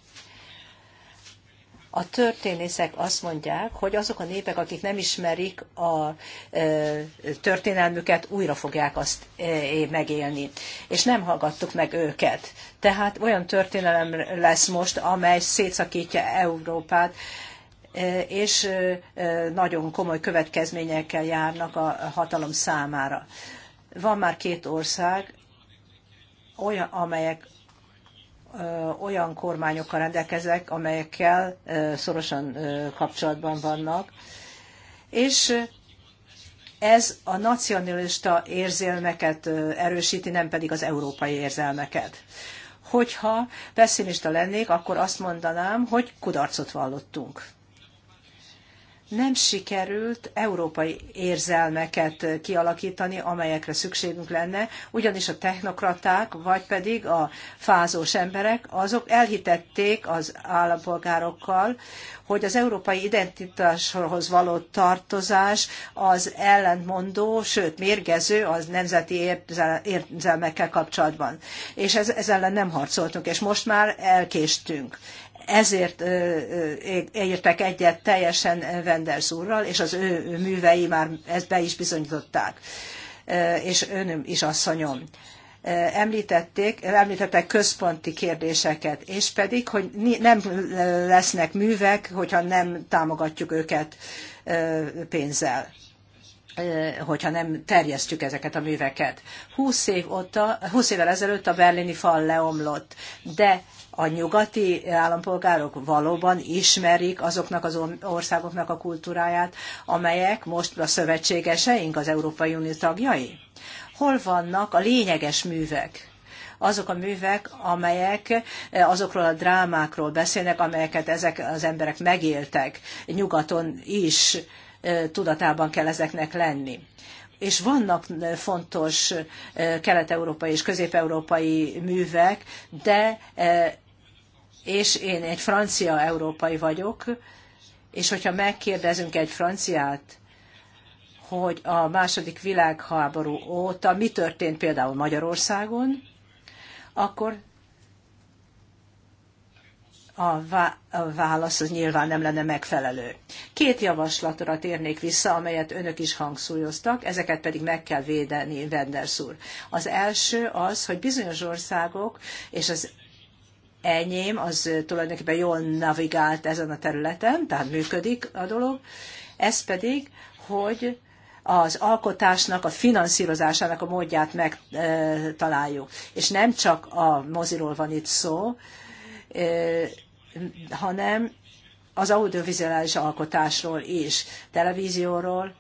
Speaker 5: a történészek azt mondják, hogy azok a népek, akik nem ismerik a történelmüket, újra fogják azt megélni. És nem hallgattuk meg őket. Tehát olyan történelem lesz most, amely szétszakítja Európát, és nagyon komoly következményekkel járnak a hatalom számára. Van már két ország, olyan, amelyek olyan kormányokkal rendelkeznek, amelyekkel szorosan kapcsolatban vannak, és ez a nacionalista érzelmeket erősíti, nem pedig az európai érzelmeket. Hogyha pessimista lennék, akkor azt mondanám, hogy kudarcot vallottunk nem sikerült európai érzelmeket kialakítani, amelyekre szükségünk lenne, ugyanis a technokraták, vagy pedig a fázós emberek, azok elhitették az állampolgárokkal, hogy az európai identitáshoz való tartozás az ellentmondó, sőt mérgező az nemzeti érzelmekkel kapcsolatban. És ez, ez ellen nem harcoltunk, és most már elkéstünk ezért értek egyet teljesen Wenders úrral, és az ő művei már ezt be is bizonyították, és ön is asszonyom említették, említettek központi kérdéseket, és pedig, hogy nem lesznek művek, hogyha nem támogatjuk őket pénzzel hogyha nem terjesztjük ezeket a műveket. 20, év óta, 20 évvel ezelőtt a berlini fal leomlott, de a nyugati állampolgárok valóban ismerik azoknak az országoknak a kultúráját, amelyek most a szövetségeseink, az Európai Unió tagjai? Hol vannak a lényeges művek? azok a művek, amelyek eh, azokról a drámákról beszélnek, amelyeket ezek az emberek megéltek nyugaton is, eh, tudatában kell ezeknek lenni és vannak eh, fontos kelet-európai és közép-európai művek, de és én egy francia európai vagyok, és hogyha megkérdezünk egy franciát, hogy a második világháború óta mi történt például Magyarországon, akkor a, válasz az nyilván nem lenne megfelelő. Két javaslatra térnék vissza, amelyet önök is hangsúlyoztak, ezeket pedig meg kell védeni, Wenders úr. Az első az, hogy bizonyos országok és az enyém, az tulajdonképpen jól navigált ezen a területen, tehát működik a dolog. Ez pedig, hogy az alkotásnak, a finanszírozásának a módját megtaláljuk. És nem csak a moziról van itt szó, hanem az audiovizuális alkotásról is, televízióról,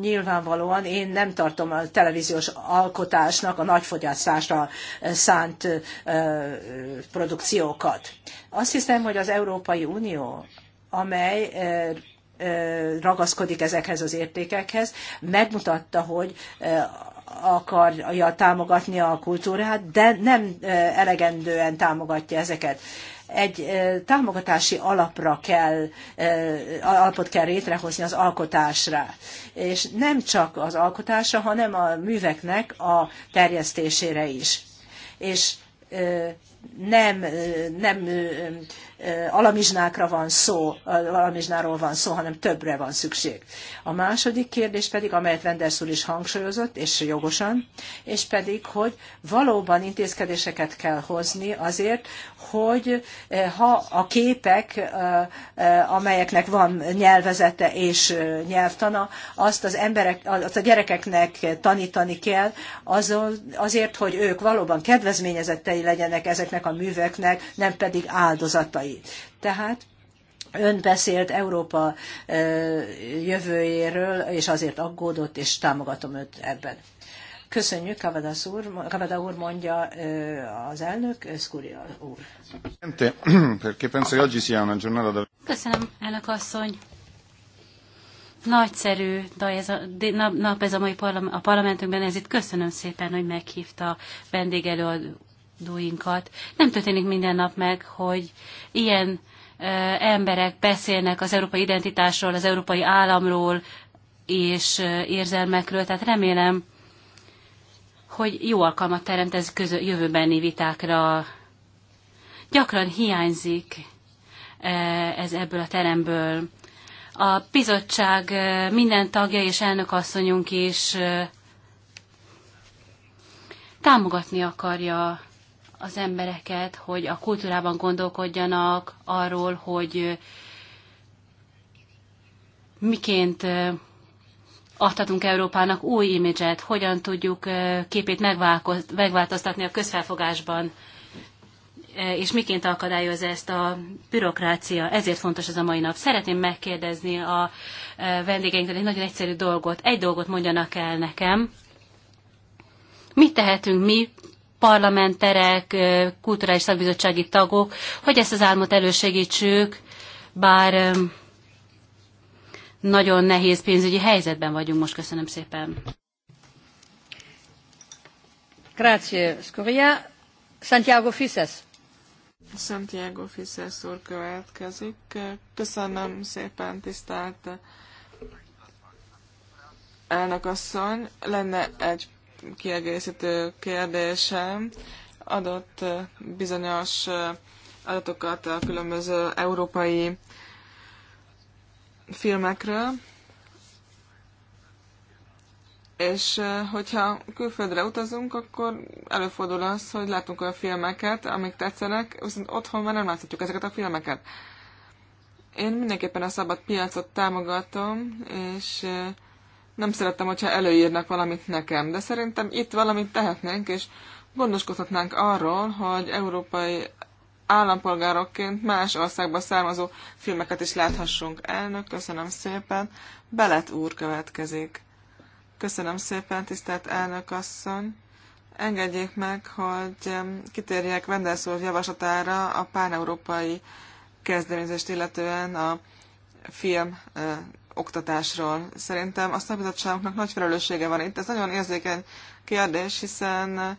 Speaker 5: nyilvánvalóan én nem tartom a televíziós alkotásnak a nagyfogyasztásra szánt produkciókat. Azt hiszem, hogy az Európai Unió, amely ragaszkodik ezekhez az értékekhez, megmutatta, hogy akarja támogatni a kultúrát, de nem elegendően támogatja ezeket egy támogatási alapra kell, alapot kell létrehozni az alkotásra. És nem csak az alkotásra, hanem a műveknek a terjesztésére is. És nem, nem alamizsnákra van szó, alamizsnáról van szó, hanem többre van szükség. A második kérdés pedig, amelyet Wenders úr is hangsúlyozott, és jogosan, és pedig, hogy valóban intézkedéseket kell hozni azért, hogy ha a képek, amelyeknek van nyelvezete és nyelvtana, azt az emberek, azt a gyerekeknek tanítani kell azért, hogy ők valóban kedvezményezettei legyenek ezeknek a műveknek, nem pedig áldozatai tehát Ön beszélt Európa jövőjéről, és azért aggódott, és támogatom őt ebben. Köszönjük, Kavadasz úr, Kavada úr mondja az elnök, Szkúria úr.
Speaker 3: Köszönöm, elnök asszony. Nagyszerű de ez a, nap ez a mai parlament, a parlamentünkben, ezért köszönöm szépen, hogy meghívta vendégelő előadóinkat. Nem történik minden nap meg, hogy ilyen emberek beszélnek az európai identitásról, az európai államról és érzelmekről, tehát remélem, hogy jó alkalmat teremt ez közö, jövőbeni vitákra. Gyakran hiányzik ez ebből a teremből. A bizottság minden tagja és elnökasszonyunk is támogatni akarja az embereket, hogy a kultúrában gondolkodjanak arról, hogy miként adhatunk Európának új imidzset, hogyan tudjuk képét megváltoztatni a közfelfogásban, és miként akadályoz ezt a bürokrácia. Ezért fontos ez a mai nap. Szeretném megkérdezni a vendégeinktől egy nagyon egyszerű dolgot. Egy dolgot mondjanak el nekem. Mit tehetünk mi parlamenterek, kulturális szakbizottsági tagok, hogy ezt az álmot elősegítsük, bár nagyon nehéz pénzügyi helyzetben vagyunk most.
Speaker 1: Köszönöm szépen. Grazie, Scoria. Santiago Fises.
Speaker 2: Santiago Fises úr következik. Köszönöm szépen, tisztelt elnök asszony. Lenne egy kiegészítő kérdésem. Adott eh, bizonyos eh, adatokat a különböző európai filmekről, és eh, hogyha külföldre utazunk, akkor előfordul az, hogy látunk olyan filmeket, amik tetszenek, viszont otthon már nem láthatjuk ezeket a filmeket. Én mindenképpen a szabad piacot támogatom, és nem szerettem, hogyha előírnak valamit nekem, de szerintem itt valamit tehetnénk, és gondoskodhatnánk arról, hogy európai állampolgárokként más országba származó filmeket is láthassunk. Elnök, köszönöm szépen. Belet úr következik. Köszönöm szépen, tisztelt elnök asszony. Engedjék meg, hogy kitérjek Vendelsz javaslatára a páneurópai kezdeményezést illetően a film oktatásról. Szerintem a szabadságoknak nagy felelőssége van itt. Ez nagyon érzékeny kérdés, hiszen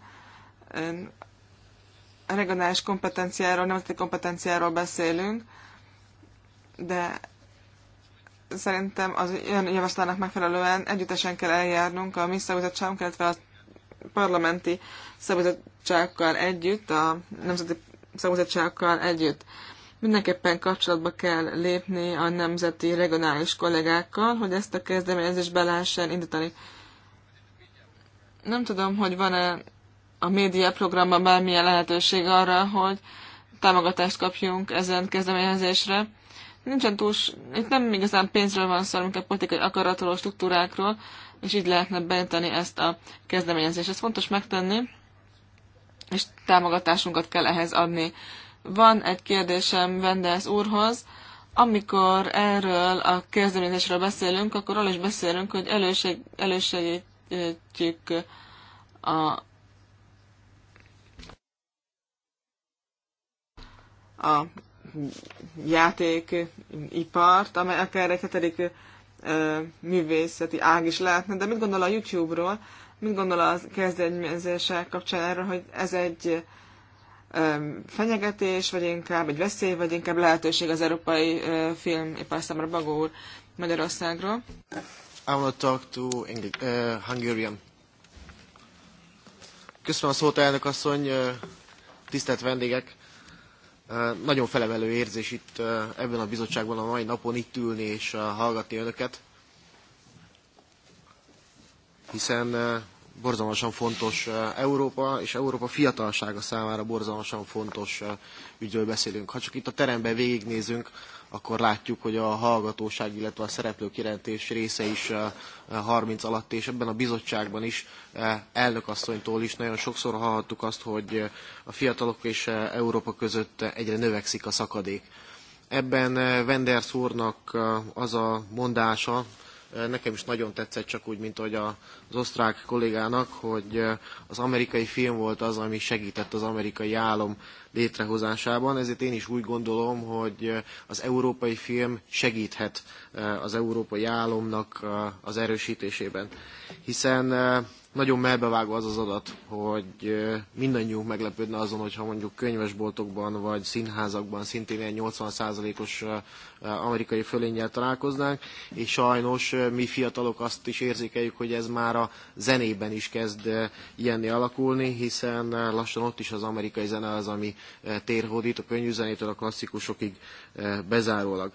Speaker 2: regionális kompetenciáról, nemzeti kompetenciáról beszélünk, de szerintem az ön javaslának megfelelően együttesen kell eljárnunk a mi szabadságunk, illetve a parlamenti szabadságokkal együtt, a nemzeti szabadságokkal együtt. Mindenképpen kapcsolatba kell lépni a nemzeti regionális kollégákkal, hogy ezt a kezdeményezést be lehessen indítani. Nem tudom, hogy van-e a média programban bármilyen lehetőség arra, hogy támogatást kapjunk ezen kezdeményezésre. Nincsen túl, itt nem igazán pénzről van szó, inkább politikai akaratoló struktúrákról, és így lehetne beinteni ezt a kezdeményezést. Ez fontos megtenni, és támogatásunkat kell ehhez adni. Van egy kérdésem Vendelsz úrhoz. Amikor erről a kezdeményezésről beszélünk, akkor arról is beszélünk, hogy előség, elősegítjük a a játékipart, amely akár egy hetedik ö, művészeti ág is lehetne, de mit gondol a YouTube-ról, mit gondol a kezdeményezéssel kapcsán erről, hogy ez egy fenyegetés, vagy inkább egy veszély, vagy inkább lehetőség az európai filmipar számára Bagó úr Magyarországról?
Speaker 6: I want to talk to English, uh, Hungarian. Köszönöm a szót, elnök asszony, tisztelt vendégek! Nagyon felemelő érzés itt ebben a bizottságban a mai napon itt ülni és hallgatni önöket, hiszen borzalmasan fontos eh, Európa, és Európa fiatalsága számára borzalmasan fontos eh, ügyről beszélünk. Ha csak itt a teremben végignézünk, akkor látjuk, hogy a hallgatóság, illetve a szereplők jelentés része is 30 eh, alatt, és ebben a bizottságban is elnökasszonytól is nagyon sokszor hallhattuk azt, hogy a fiatalok és Európa között egyre növekszik a szakadék. Ebben Wenders úrnak az a mondása, Nekem is nagyon tetszett, csak úgy, mint hogy az osztrák kollégának, hogy az amerikai film volt az, ami segített az amerikai álom létrehozásában, ezért én is úgy gondolom, hogy az európai film segíthet az európai álomnak az erősítésében. Hiszen nagyon melbevágó az az adat, hogy mindannyiunk meglepődne azon, hogyha mondjuk könyvesboltokban vagy színházakban szintén ilyen 80%-os amerikai fölénnyel találkoznánk, és sajnos mi fiatalok azt is érzékeljük, hogy ez már a zenében is kezd ilyenni alakulni, hiszen lassan ott is az amerikai zene az, ami Eh, térhódít, a könyvzenétől a klasszikusokig eh, bezárólag.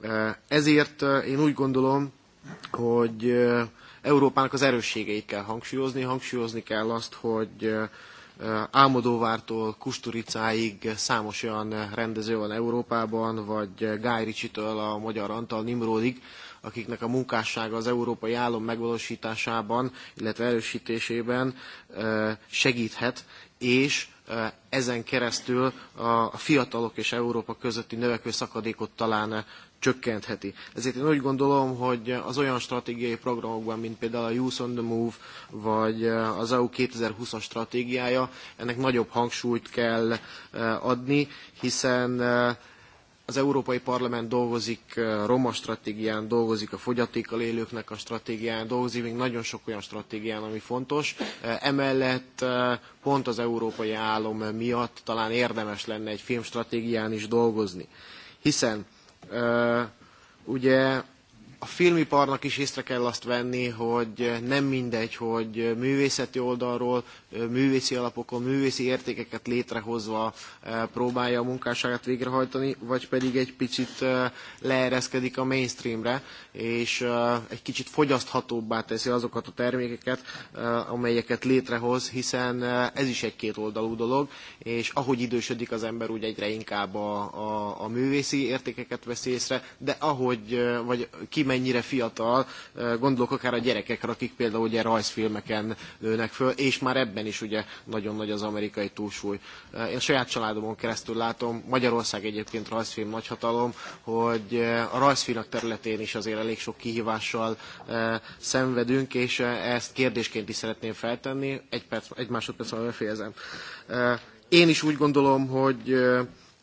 Speaker 6: Eh, ezért én úgy gondolom, hogy Európának az erősségeit kell hangsúlyozni, hangsúlyozni kell azt, hogy Álmodóvártól Kusturicáig számos olyan rendező van Európában, vagy Guy Ritchie-től a Magyar Antal Nimródig, akiknek a munkássága az európai állam megvalósításában, illetve erősítésében segíthet, és ezen keresztül a fiatalok és Európa közötti növekvő szakadékot talán csökkentheti. Ezért én úgy gondolom, hogy az olyan stratégiai programokban, mint például a Youth on the Move, vagy az EU 2020-as stratégiája, ennek nagyobb hangsúlyt kell adni, hiszen az Európai Parlament dolgozik eh, roma stratégián, dolgozik a fogyatékkal élőknek a stratégián, dolgozik még nagyon sok olyan stratégián, ami fontos. Eh, Emellett eh, pont az európai álom miatt talán érdemes lenne egy filmstratégián is dolgozni. Hiszen ugye a filmiparnak is észre kell azt venni, hogy nem mindegy, hogy művészeti oldalról, művészi alapokon, művészi értékeket létrehozva eh, próbálja a munkásságát végrehajtani, vagy pedig egy picit eh, leereszkedik a mainstreamre, és eh, egy kicsit fogyaszthatóbbá teszi azokat a termékeket, amelyeket létrehoz, hiszen ez is egy kétoldalú dolog, és ahogy idősödik az ember, úgy egyre inkább a, a, a művészi értékeket veszi észre, de ahogy, vagy kimegy Mennyire fiatal, gondolok akár a gyerekekre, akik például ugye rajzfilmeken nőnek föl, és már ebben is ugye nagyon nagy az amerikai túlsúly. Én a saját családomon keresztül látom, Magyarország egyébként rajzfilm nagyhatalom, hogy a rajzfilmek területén is azért elég sok kihívással szenvedünk, és ezt kérdésként is szeretném feltenni. Egy, perc, egy másodperc, befejezem. Én is úgy gondolom, hogy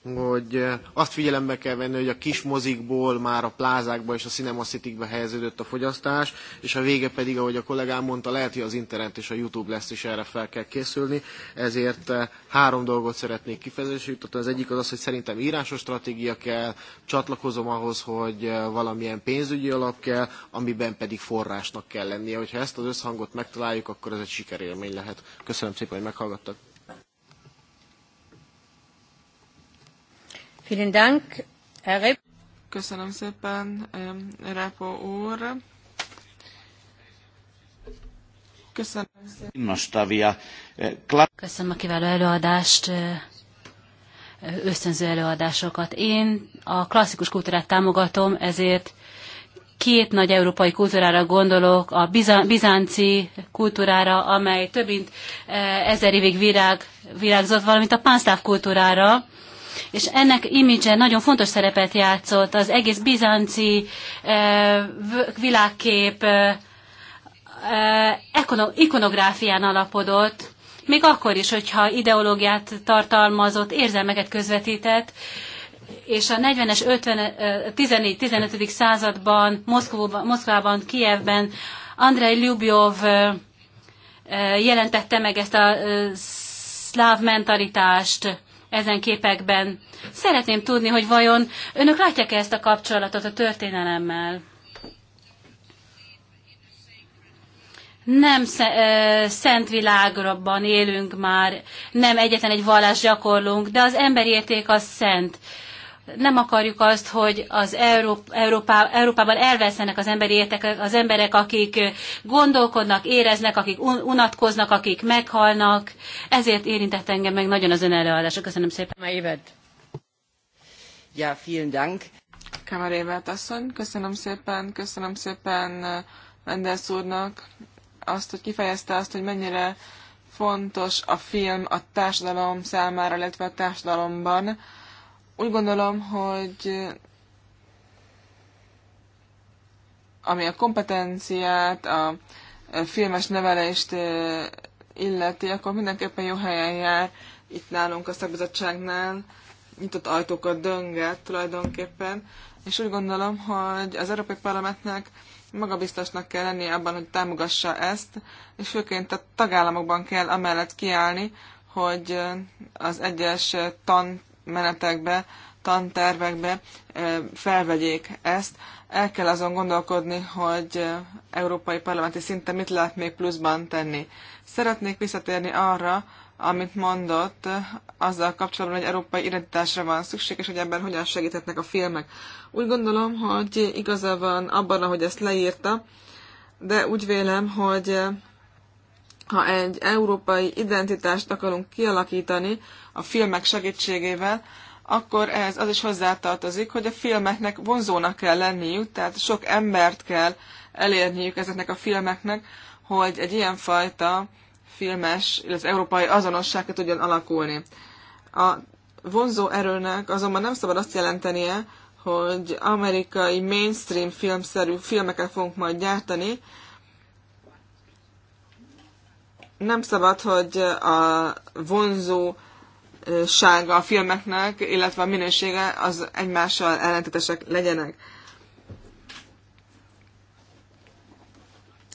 Speaker 6: hogy eh, azt figyelembe kell venni, hogy a kis mozikból már a plázákba és a Cinema city helyeződött a fogyasztás, és a vége pedig, ahogy a kollégám mondta, lehet, hogy az internet és a YouTube lesz is erre fel kell készülni, ezért eh, három dolgot szeretnék kifejezésre jutatni. Az egyik az az, hogy szerintem írásos stratégia kell, csatlakozom ahhoz, hogy eh, valamilyen pénzügyi alap kell, amiben pedig forrásnak kell lennie. Hogyha ezt az összhangot megtaláljuk, akkor ez egy sikerélmény lehet. Köszönöm szépen, hogy meghallgattak.
Speaker 1: Vielen Dank, Herr Rep.
Speaker 2: Köszönöm szépen, Repo úr.
Speaker 3: Köszönöm
Speaker 6: szépen. E,
Speaker 3: Köszönöm a kiváló előadást, e, e, ösztönző előadásokat. Én a klasszikus kultúrát támogatom, ezért két nagy európai kultúrára gondolok, a bizánci kultúrára, amely több mint ezer évig virág, virágzott, valamint a pánszláv kultúrára, és ennek imidzse nagyon fontos szerepet játszott. Az egész bizánci eh, világkép eh, eh, ikonográfián alapodott, még akkor is, hogyha ideológiát tartalmazott, érzelmeket közvetített, és a 40-es, 50, 14-15. században, Moszkvában, Moszkvában Kijevben Andrei Lyubjov jelentette meg ezt a szláv mentalitást, ezen képekben. Szeretném tudni, hogy vajon önök látják-e ezt a kapcsolatot a történelemmel? nem szent világban élünk már, nem egyetlen egy vallás gyakorlunk, de az emberi érték az szent nem akarjuk azt, hogy az Európa, Európa, Európában elvesztenek az emberi értek, az emberek, akik gondolkodnak, éreznek, akik unatkoznak, akik meghalnak. Ezért érintett engem meg nagyon az ön előadása. Köszönöm szépen. Évet.
Speaker 2: Ja, vielen Dank. Kamar Évet asszony, köszönöm szépen, köszönöm szépen Mendes uh, úrnak azt, hogy kifejezte azt, hogy mennyire fontos a film a társadalom számára, illetve a társadalomban úgy gondolom, hogy ami a kompetenciát, a filmes nevelést illeti, akkor mindenképpen jó helyen jár itt nálunk a szakbizottságnál, nyitott ajtókat dönget tulajdonképpen, és úgy gondolom, hogy az Európai Parlamentnek magabiztosnak kell lennie abban, hogy támogassa ezt, és főként a tagállamokban kell amellett kiállni, hogy az egyes tan menetekbe, tantervekbe felvegyék ezt. El kell azon gondolkodni, hogy európai parlamenti szinten mit lehet még pluszban tenni. Szeretnék visszatérni arra, amit mondott, azzal kapcsolatban, hogy európai identitásra van szükség, és hogy ebben hogyan segíthetnek a filmek. Úgy gondolom, hogy igaza van abban, ahogy ezt leírta, de úgy vélem, hogy ha egy európai identitást akarunk kialakítani, a filmek segítségével, akkor ez az is hozzátartozik, hogy a filmeknek vonzónak kell lenniük, tehát sok embert kell elérniük ezeknek a filmeknek, hogy egy ilyenfajta filmes, illetve európai azonosság tudjon alakulni. A vonzó erőnek azonban nem szabad azt jelentenie, hogy amerikai mainstream filmszerű filmeket fogunk majd gyártani. Nem szabad, hogy a vonzó sága a filmeknek, illetve a minősége az egymással ellentétesek legyenek.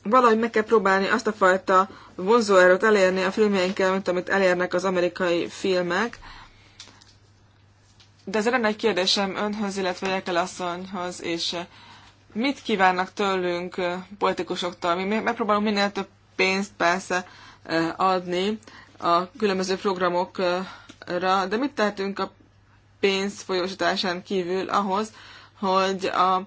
Speaker 2: Valahogy meg kell próbálni azt a fajta vonzóerőt elérni a filmjeinkkel, mint amit elérnek az amerikai filmek. De ez lenne egy kérdésem önhöz, illetve Jekel asszonyhoz, és mit kívánnak tőlünk politikusoktól? Mi megpróbálunk minél több pénzt persze adni a különböző programok piacra, de mit tehetünk a pénz folyósításán kívül ahhoz, hogy a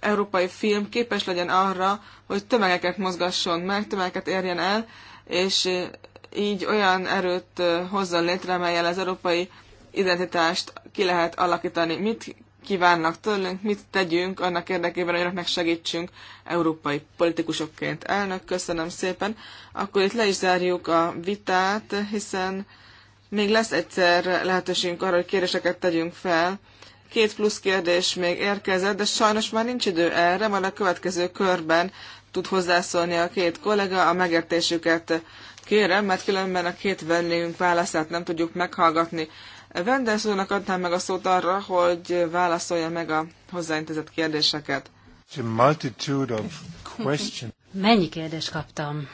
Speaker 2: európai film képes legyen arra, hogy tömegeket mozgasson meg, tömegeket érjen el, és eh, így olyan erőt eh, hozzon létre, amelyel az európai identitást ki lehet alakítani. Mit kívánnak tőlünk, mit tegyünk annak érdekében, hogy önöknek segítsünk európai politikusokként. Elnök, köszönöm szépen. Akkor itt le is zárjuk a vitát, hiszen még lesz egyszer lehetőségünk arra, hogy kérdéseket tegyünk fel. Két plusz kérdés még érkezett, de sajnos már nincs idő erre, majd a következő körben tud hozzászólni a két kollega, a megértésüket kérem, mert különben a két vendégünk válaszát nem tudjuk meghallgatni. Vendelszónak úrnak adnám meg a szót arra, hogy válaszolja meg a hozzáintézett kérdéseket.
Speaker 3: Mennyi kérdést kaptam?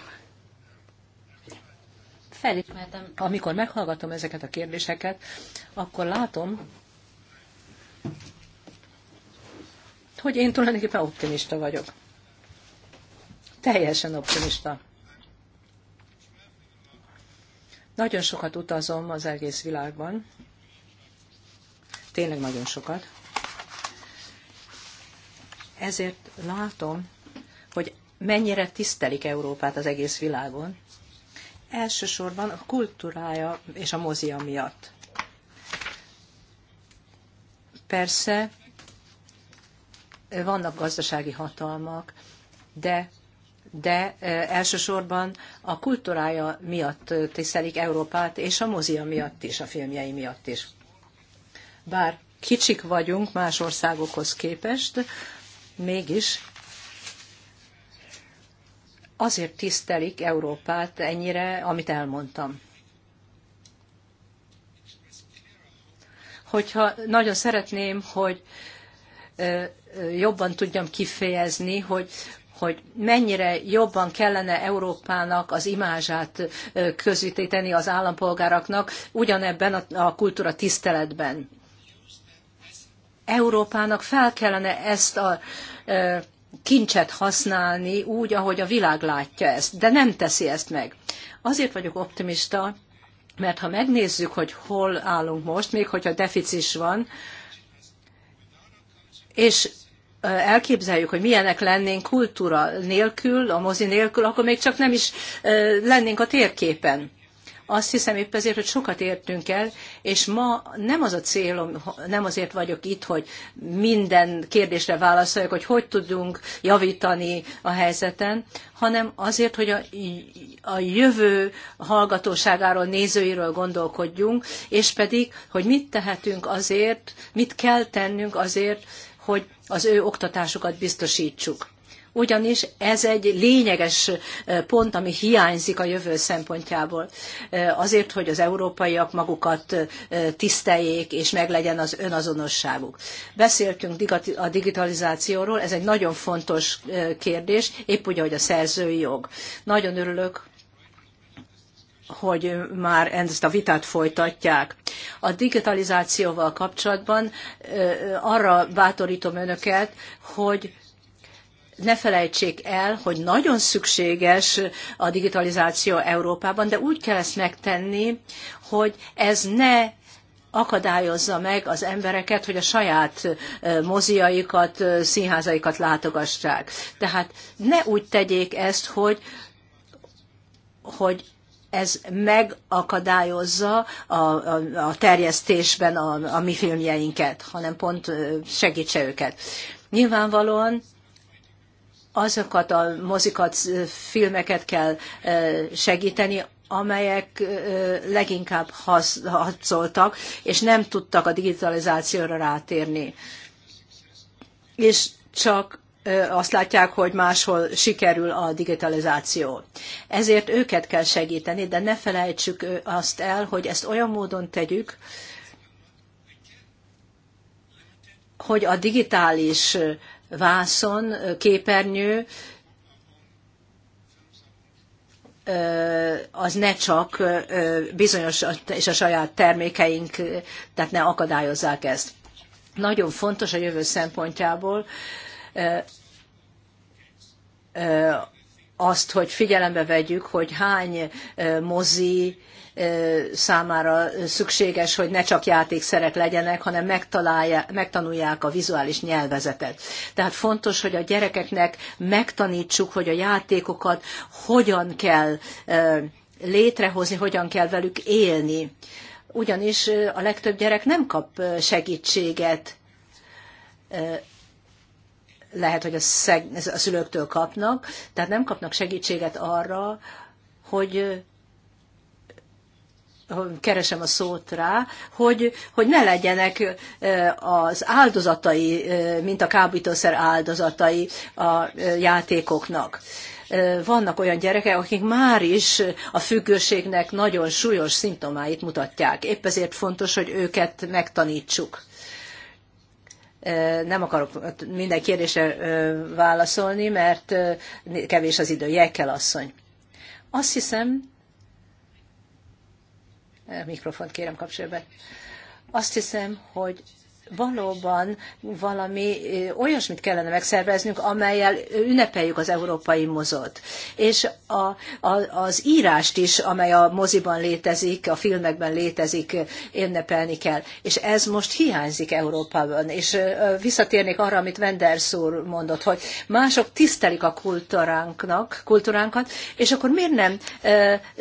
Speaker 3: felismertem. Amikor
Speaker 5: meghallgatom ezeket a kérdéseket, akkor látom, hogy én tulajdonképpen optimista vagyok. Teljesen optimista. Nagyon sokat utazom az egész világban. Tényleg nagyon sokat. Ezért látom, hogy mennyire tisztelik Európát az egész világon, elsősorban a kultúrája és a mozia miatt. Persze vannak gazdasági hatalmak, de de elsősorban a kultúrája miatt tisztelik Európát, és a mozia miatt is, a filmjei miatt is. Bár kicsik vagyunk más országokhoz képest, mégis azért tisztelik Európát ennyire, amit elmondtam. Hogyha nagyon szeretném, hogy jobban tudjam kifejezni, hogy, hogy mennyire jobban kellene Európának az imázsát közvetíteni az állampolgáraknak ugyanebben a, kultúra tiszteletben. Európának fel kellene ezt a kincset használni úgy, ahogy a világ látja ezt, de nem teszi ezt meg. Azért vagyok optimista, mert ha megnézzük, hogy hol állunk most, még hogyha deficis van, és elképzeljük, hogy milyenek lennénk kultúra nélkül, a mozi nélkül, akkor még csak nem is lennénk a térképen. Azt hiszem épp ezért, hogy sokat értünk el, és ma nem az a célom, nem azért vagyok itt, hogy minden kérdésre válaszoljak, hogy hogy tudunk javítani a helyzeten, hanem azért, hogy a, a jövő hallgatóságáról, nézőiről gondolkodjunk, és pedig, hogy mit tehetünk azért, mit kell tennünk azért, hogy az ő oktatásukat biztosítsuk ugyanis ez egy lényeges pont, ami hiányzik a jövő szempontjából. Azért, hogy az európaiak magukat tiszteljék, és meglegyen az önazonosságuk. Beszéltünk a digitalizációról, ez egy nagyon fontos kérdés, épp úgy, ahogy a szerzői jog. Nagyon örülök, hogy már ezt a vitát folytatják. A digitalizációval kapcsolatban arra bátorítom önöket, hogy ne felejtsék el, hogy nagyon szükséges a digitalizáció Európában, de úgy kell ezt megtenni, hogy ez ne akadályozza meg az embereket, hogy a saját moziaikat, színházaikat látogassák. Tehát ne úgy tegyék ezt, hogy, hogy ez megakadályozza a, a, a terjesztésben a, a mi filmjeinket, hanem pont segítse őket. Nyilvánvalóan azokat a mozikat, filmeket kell segíteni, amelyek leginkább harcoltak, és nem tudtak a digitalizációra rátérni. És csak azt látják, hogy máshol sikerül a digitalizáció. Ezért őket kell segíteni, de ne felejtsük azt el, hogy ezt olyan módon tegyük, hogy a digitális vászon, képernyő, az ne csak bizonyos és a saját termékeink, tehát ne akadályozzák ezt. Nagyon fontos a jövő szempontjából azt, hogy figyelembe vegyük, hogy hány mozi számára szükséges, hogy ne csak játékszerek legyenek, hanem megtanulják a vizuális nyelvezetet. Tehát fontos, hogy a gyerekeknek megtanítsuk, hogy a játékokat hogyan kell létrehozni, hogyan kell velük élni. Ugyanis a legtöbb gyerek nem kap segítséget lehet, hogy a, szeg, a szülőktől kapnak, tehát nem kapnak segítséget arra, hogy keresem a szót rá, hogy, hogy ne legyenek az áldozatai, mint a kábítószer áldozatai a játékoknak. Vannak olyan gyerekek, akik már is a függőségnek nagyon súlyos szimptomáit mutatják. Épp ezért fontos, hogy őket megtanítsuk nem akarok minden kérdésre válaszolni, mert kevés az idő. Jekkel asszony. Azt hiszem, mikrofont kérem kapcsolatban. Azt hiszem, hogy valóban valami olyasmit kellene megszerveznünk, amelyel ünnepeljük az európai mozot. És a, a, az írást is, amely a moziban létezik, a filmekben létezik, ünnepelni kell. És ez most hiányzik Európában. És visszatérnék arra, amit Wenders úr mondott, hogy mások tisztelik a kultúránknak, kultúránkat, és akkor miért nem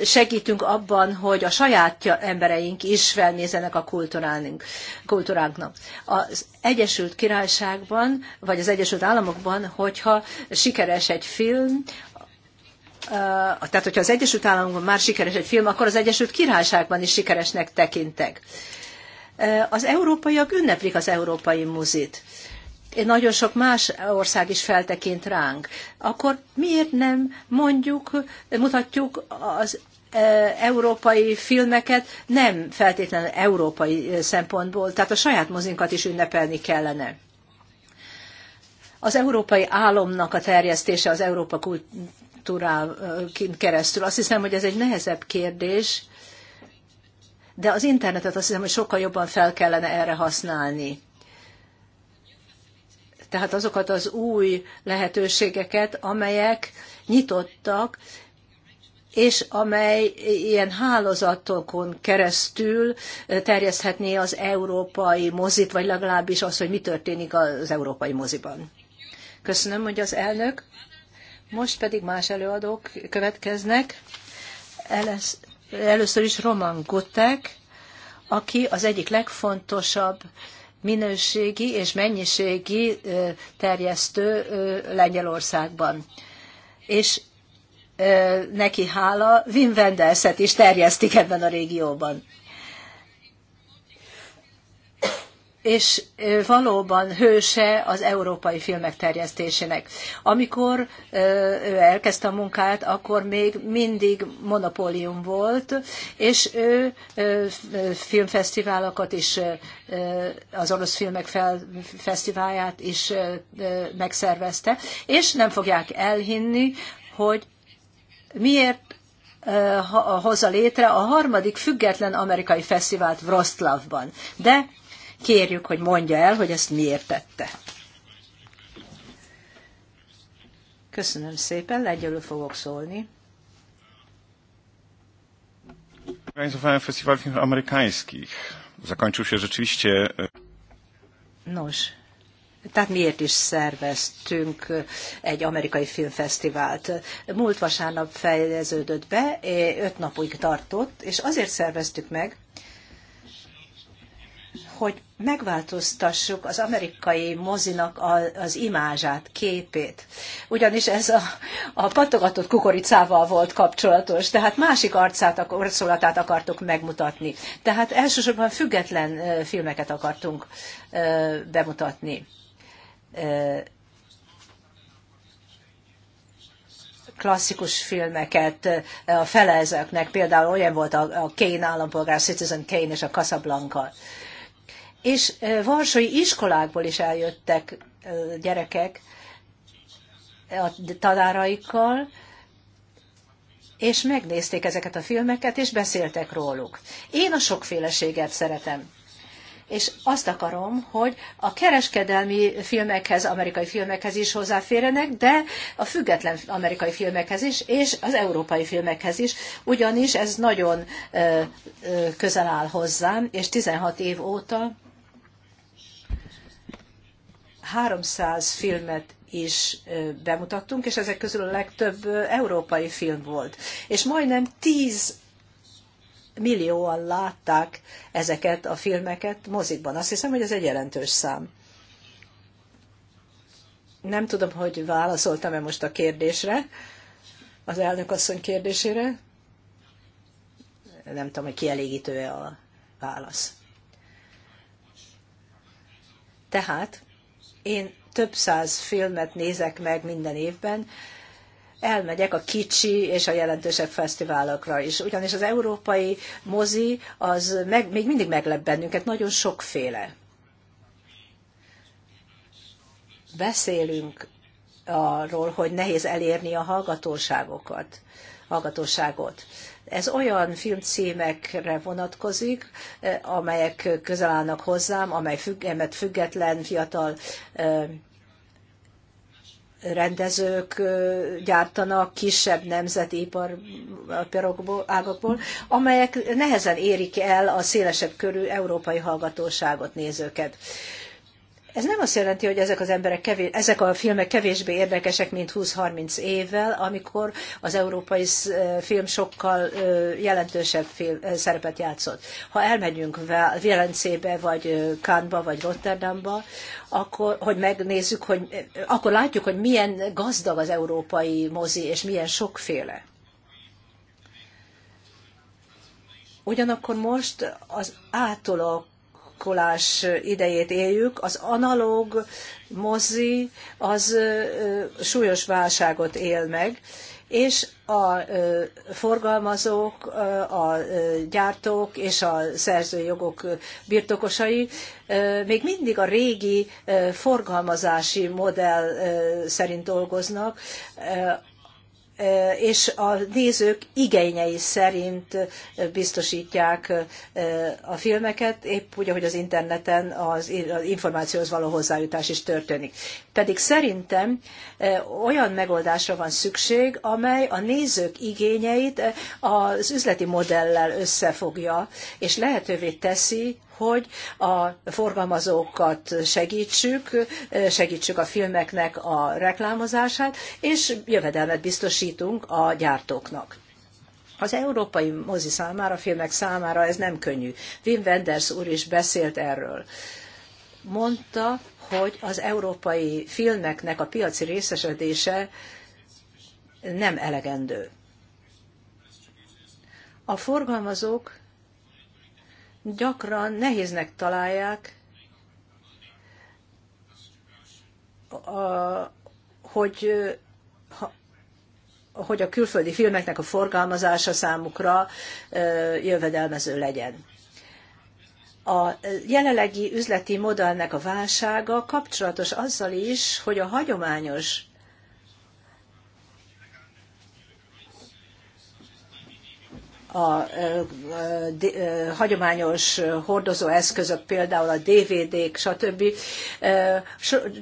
Speaker 5: segítünk abban, hogy a saját embereink is felnézenek a kultúránk, kultúránknak. Az Egyesült Királyságban, vagy az Egyesült Államokban, hogyha sikeres egy film, tehát hogyha az Egyesült Államokban már sikeres egy film, akkor az Egyesült Királyságban is sikeresnek tekintek. Az európaiak ünneplik az európai muzit. Nagyon sok más ország is feltekint ránk. Akkor miért nem mondjuk, mutatjuk az európai filmeket nem feltétlenül európai szempontból, tehát a saját mozinkat is ünnepelni kellene. Az európai álomnak a terjesztése az Európa kultúrán keresztül. Azt hiszem, hogy ez egy nehezebb kérdés, de az internetet azt hiszem, hogy sokkal jobban fel kellene erre használni. Tehát azokat az új lehetőségeket, amelyek nyitottak, és amely ilyen hálózatokon keresztül terjeszthetné az európai mozit, vagy legalábbis az, hogy mi történik az európai moziban. Köszönöm, hogy az elnök. Most pedig más előadók következnek. Először is Roman Gutek, aki az egyik legfontosabb minőségi és mennyiségi terjesztő Lengyelországban. És neki hála, Wim Wendelset is terjesztik ebben a régióban. és valóban hőse az európai filmek terjesztésének. Amikor ő elkezdte a munkát, akkor még mindig monopólium volt, és ő filmfesztiválokat is, az orosz filmek fesztiválját is megszervezte, és nem fogják elhinni, hogy miért hozza létre a harmadik független amerikai fesztivált Wroclawban. De kérjük, hogy mondja el, hogy ezt miért tette. Köszönöm szépen, legyelő fogok szólni.
Speaker 1: Organizowałem festiwal filmów amerykańskich. Zakończył się rzeczywiście... E,
Speaker 5: Nos, tehát miért is szerveztünk egy amerikai filmfesztivált. Múlt vasárnap fejeződött be, öt napig tartott, és azért szerveztük meg, hogy megváltoztassuk az amerikai mozinak az imázsát, képét. Ugyanis ez a, a patogatott kukoricával volt kapcsolatos, tehát másik arcát, arculatát akartok megmutatni. Tehát elsősorban független filmeket akartunk bemutatni klasszikus filmeket, a fele ezeknek, például olyan volt a, a Kane állampolgár, Citizen Kane és a Casablanca. És varsói iskolákból is eljöttek gyerekek a tanáraikkal, és megnézték ezeket a filmeket, és beszéltek róluk. Én a sokféleséget szeretem és azt akarom, hogy a kereskedelmi filmekhez, amerikai filmekhez is hozzáférjenek, de a független amerikai filmekhez is, és az európai filmekhez is, ugyanis ez nagyon közel áll hozzám, és 16 év óta 300 filmet is bemutattunk, és ezek közül a legtöbb európai film volt. És majdnem 10 millióan látták ezeket a filmeket mozikban. Azt hiszem, hogy ez egy jelentős szám. Nem tudom, hogy válaszoltam-e most a kérdésre, az elnök asszony kérdésére. Nem tudom, hogy kielégítő-e a válasz. Tehát én több száz filmet nézek meg minden évben, elmegyek a kicsi és a jelentősebb fesztiválokra is. Ugyanis az európai mozi az meg, még mindig meglep bennünket, nagyon sokféle. Beszélünk arról, hogy nehéz elérni a hallgatóságokat, hallgatóságot. Ez olyan filmcímekre vonatkozik, eh, amelyek közel állnak hozzám, amely függ, független fiatal eh, rendezők gyártanak kisebb nemzeti iparágakból, amelyek nehezen érik el a szélesebb körű európai hallgatóságot, nézőket. Ez nem azt jelenti, hogy ezek az emberek kevés, ezek a filmek kevésbé érdekesek, mint 20-30 évvel, amikor az európai film sokkal jelentősebb film, szerepet játszott. Ha elmegyünk Velencébe, vagy Kánba, vagy Rotterdamba, akkor, hogy megnézzük, hogy, akkor látjuk, hogy milyen gazdag az európai mozi, és milyen sokféle. Ugyanakkor most az átolok kolás idejét éljük, az analóg mozi az súlyos válságot él meg, és a forgalmazók, a gyártók és a szerzőjogok birtokosai még mindig a régi forgalmazási modell szerint dolgoznak, Eh, és a nézők igényei szerint eh, biztosítják eh, a filmeket, épp úgy, ahogy az interneten az információhoz való hozzájutás is történik. Pedig szerintem olyan megoldásra van szükség, amely a nézők igényeit az üzleti modellel összefogja, és lehetővé teszi, hogy a forgalmazókat segítsük, segítsük a filmeknek a reklámozását, és jövedelmet biztosítunk a gyártóknak. Az európai mozi számára, a filmek számára ez nem könnyű. Wim Wenders úr is beszélt erről. Mondta, hogy az európai filmeknek a piaci részesedése nem elegendő. A forgalmazók gyakran nehéznek találják, hogy hogy a külföldi filmeknek a forgalmazása számukra jövedelmező legyen. A jelenlegi üzleti modellnek a válsága kapcsolatos azzal is, hogy a hagyományos a hagyományos hordozóeszközök, például a DVD-k, stb.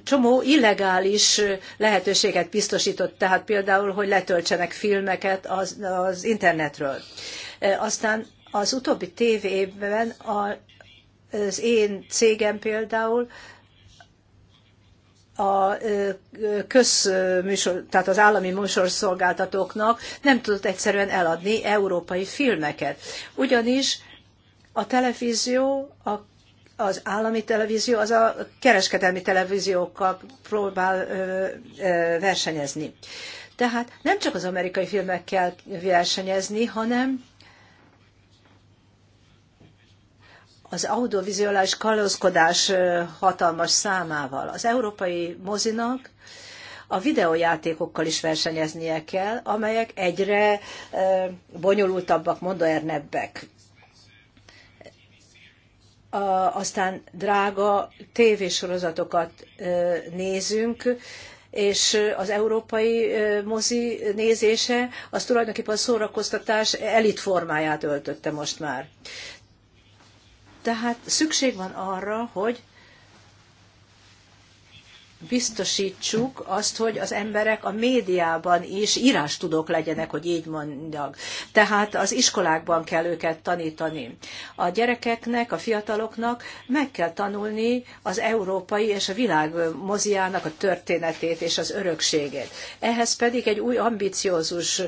Speaker 5: csomó illegális lehetőséget biztosított, tehát például, hogy letöltsenek filmeket az, az internetről. Aztán az utóbbi tévében a, az én cégem például a közműsor, tehát az állami műsorszolgáltatóknak nem tudott egyszerűen eladni európai filmeket. Ugyanis a televízió, a, az állami televízió, az a kereskedelmi televíziókkal próbál ö, ö, versenyezni. Tehát nem csak az amerikai filmekkel versenyezni, hanem az audiovizuális kalózkodás hatalmas számával. Az európai mozinak a videójátékokkal is versenyeznie kell, amelyek egyre bonyolultabbak, modernebbek. Aztán drága tévésorozatokat nézünk, és az európai mozi nézése az tulajdonképpen a szórakoztatás elit formáját öltötte most már. Tehát szükség van arra, hogy biztosítsuk azt, hogy az emberek a médiában is írás tudok legyenek, hogy így mondjak. Tehát az iskolákban kell őket tanítani. A gyerekeknek, a fiataloknak meg kell tanulni az európai és a világ moziának a történetét és az örökségét. Ehhez pedig egy új ambiciózus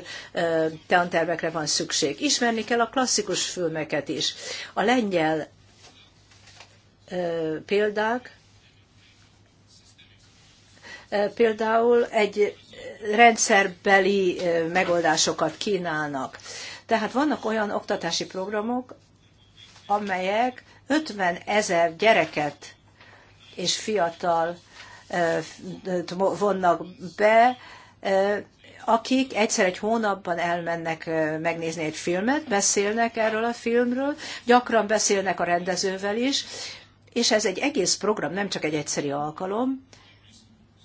Speaker 5: teantervekre van szükség. Ismerni kell a klasszikus filmeket is. A lengyel példák. Például egy rendszerbeli megoldásokat kínálnak. Tehát vannak olyan oktatási programok, amelyek 50 ezer gyereket és fiatal vonnak be, akik egyszer egy hónapban elmennek megnézni egy filmet, beszélnek erről a filmről, gyakran beszélnek a rendezővel is, és ez egy egész program, nem csak egy egyszerű alkalom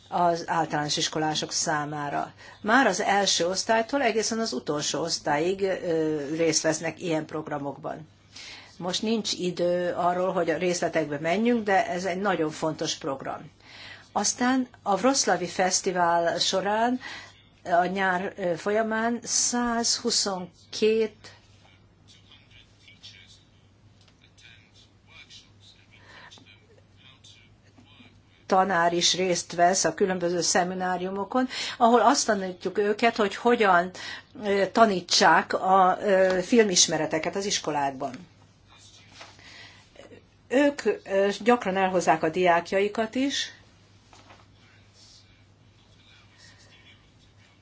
Speaker 5: az általános iskolások számára. Már az első osztálytól egészen az utolsó osztályig részt vesznek ilyen programokban. Most nincs idő arról, hogy a részletekbe menjünk, de ez egy nagyon fontos program. Aztán a Vroszlavi Fesztivál során a nyár folyamán 122 tanár is részt vesz a különböző szemináriumokon, ahol azt tanítjuk őket, hogy hogyan tanítsák a filmismereteket az iskolákban. Ők gyakran elhozzák a diákjaikat is,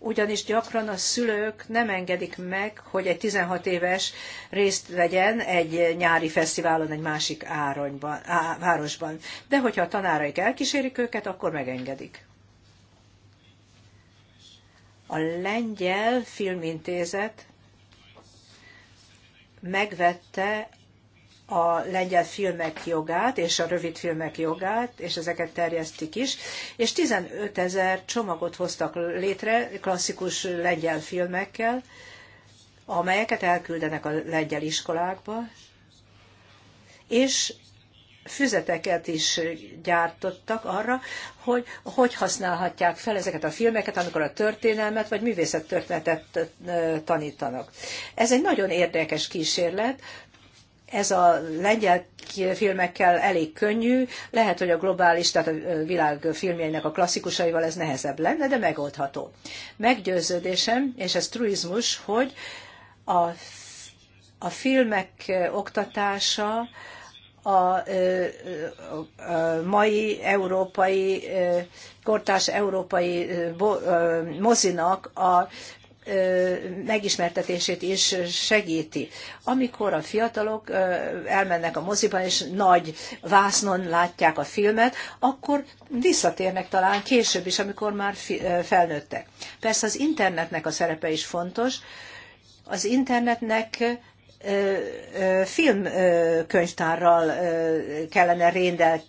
Speaker 5: ugyanis gyakran a szülők nem engedik meg, hogy egy 16 éves részt vegyen egy nyári fesztiválon egy másik áronyban, á, városban. De hogyha a tanáraik elkísérik őket, akkor megengedik. A Lengyel Filmintézet megvette a lengyel filmek jogát és a rövid filmek jogát, és ezeket terjesztik is, és 15 ezer csomagot hoztak létre klasszikus lengyel filmekkel, amelyeket elküldenek a lengyel iskolákba, és füzeteket is gyártottak arra, hogy hogy használhatják fel ezeket a filmeket, amikor a történelmet vagy művészettörténetet tanítanak. Ez egy nagyon érdekes kísérlet, ez a lengyel filmekkel elég könnyű, lehet, hogy a globális, tehát a világ filmjeinek a klasszikusaival ez nehezebb lenne, de megoldható. Meggyőződésem, és ez truizmus, hogy a, a filmek oktatása a, a, a mai európai, kortás európai mozinak a megismertetését is segíti. Amikor a fiatalok elmennek a moziba, és nagy vásznon látják a filmet, akkor visszatérnek talán később is, amikor már felnőttek. Persze az internetnek a szerepe is fontos. Az internetnek filmkönyvtárral kellene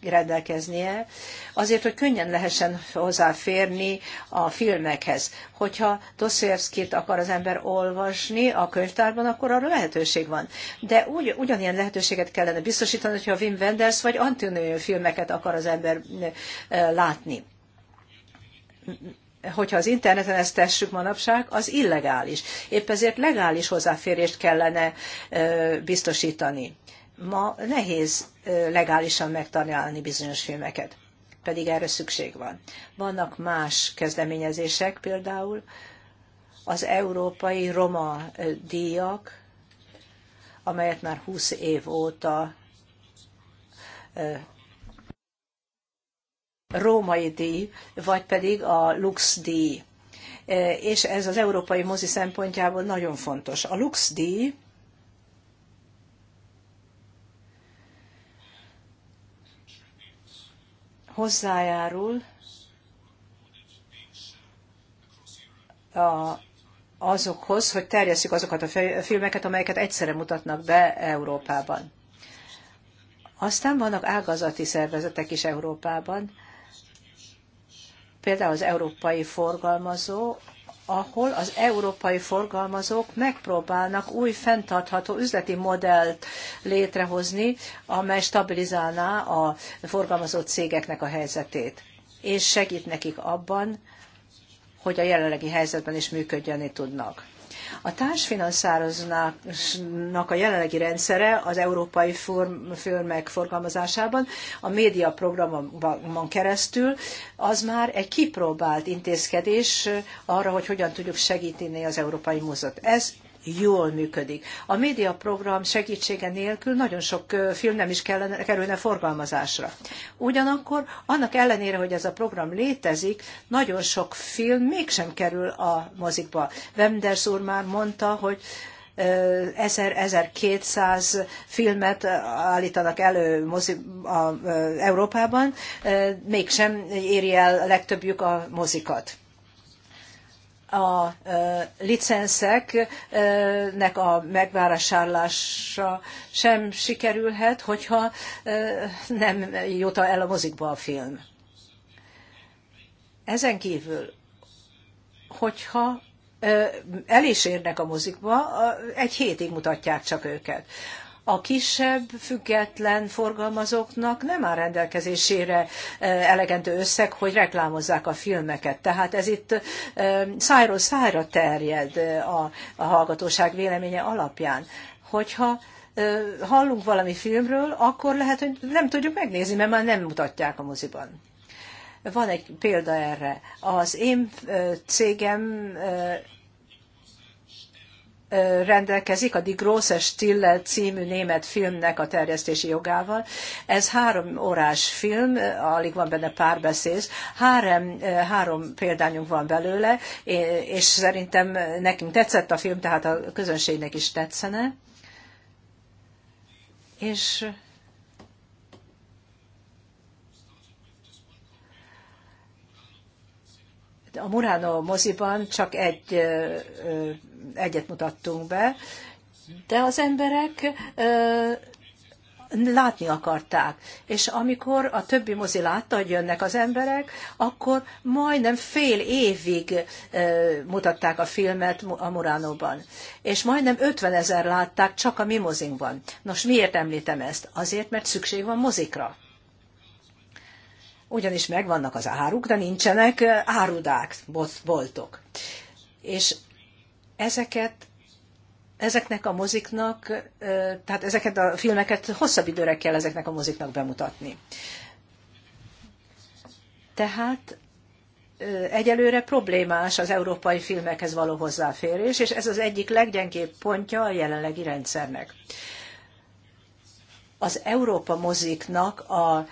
Speaker 5: rendelkeznie, azért, hogy könnyen lehessen hozzáférni a filmekhez. Hogyha Dostoyevskit akar az ember olvasni a könyvtárban, akkor arra lehetőség van. De ugy, ugyanilyen lehetőséget kellene biztosítani, hogyha Wim Wenders vagy Antonio filmeket akar az ember látni hogyha az interneten ezt tessük manapság, az illegális. Épp ezért legális hozzáférést kellene biztosítani. Ma nehéz legálisan megtalálni bizonyos filmeket, pedig erre szükség van. Vannak más kezdeményezések, például az európai roma díjak, amelyet már 20 év óta római díj, vagy pedig a Lux díj. E, és ez az európai mozi szempontjából nagyon fontos. A Lux díj hozzájárul a, azokhoz, hogy terjesszük azokat a filmeket, amelyeket egyszerre mutatnak be Európában. Aztán vannak ágazati szervezetek is Európában, például az európai forgalmazó, ahol az európai forgalmazók megpróbálnak új fenntartható üzleti modellt létrehozni, amely stabilizálná a forgalmazó cégeknek a helyzetét, és segít nekik abban, hogy a jelenlegi helyzetben is működjeni tudnak. A társfinanszároznak a jelenlegi rendszere az európai filmek forgalmazásában a média programban keresztül az már egy kipróbált intézkedés arra, hogy hogyan tudjuk segíteni az európai mozot. Ez jól működik. A médiaprogram segítsége nélkül nagyon sok film nem is kellene, kerülne forgalmazásra. Ugyanakkor annak ellenére, hogy ez a program létezik, nagyon sok film mégsem kerül a mozikba. Wenders úr már mondta, hogy 1000-1200 filmet állítanak elő mozi, a, a, Európában, mégsem éri el legtöbbjük a mozikat a licenszeknek a megvásárlása sem sikerülhet, hogyha nem jut el a mozikba a film. Ezen kívül, hogyha el is érnek a mozikba, egy hétig mutatják csak őket a kisebb, független forgalmazóknak nem áll rendelkezésére e, elegendő összeg, hogy reklámozzák a filmeket. Tehát ez itt e, szájról szájra terjed e, a, a hallgatóság véleménye alapján. Hogyha hallunk valami filmről, akkor lehet, hogy nem tudjuk megnézni, mert már nem mutatják a moziban. Van egy példa erre. Az én cégem rendelkezik a Die Große Stille című német filmnek a terjesztési jogával. Ez három órás film, alig van benne párbeszéd. Három, három példányunk van belőle, és szerintem nekünk tetszett a film, tehát a közönségnek is tetszene. És a Murano moziban csak egy egyet mutattunk be, de az emberek látni akarták. És amikor a többi mozi látta, hogy jönnek az emberek, akkor majdnem fél évig mutatták a filmet a Muránóban. És majdnem 50 ezer látták csak a mi mozinkban. Nos, miért említem ezt? Azért, mert szükség van mozikra. Ugyanis megvannak az áruk, de nincsenek árudák, boltok. És Ezeket ezeknek a moziknak, tehát ezeket a filmeket hosszabb időre kell ezeknek a moziknak bemutatni. Tehát egyelőre problémás az európai filmekhez való hozzáférés, és ez az egyik leggyengébb pontja a jelenlegi rendszernek. Az Európa moziknak a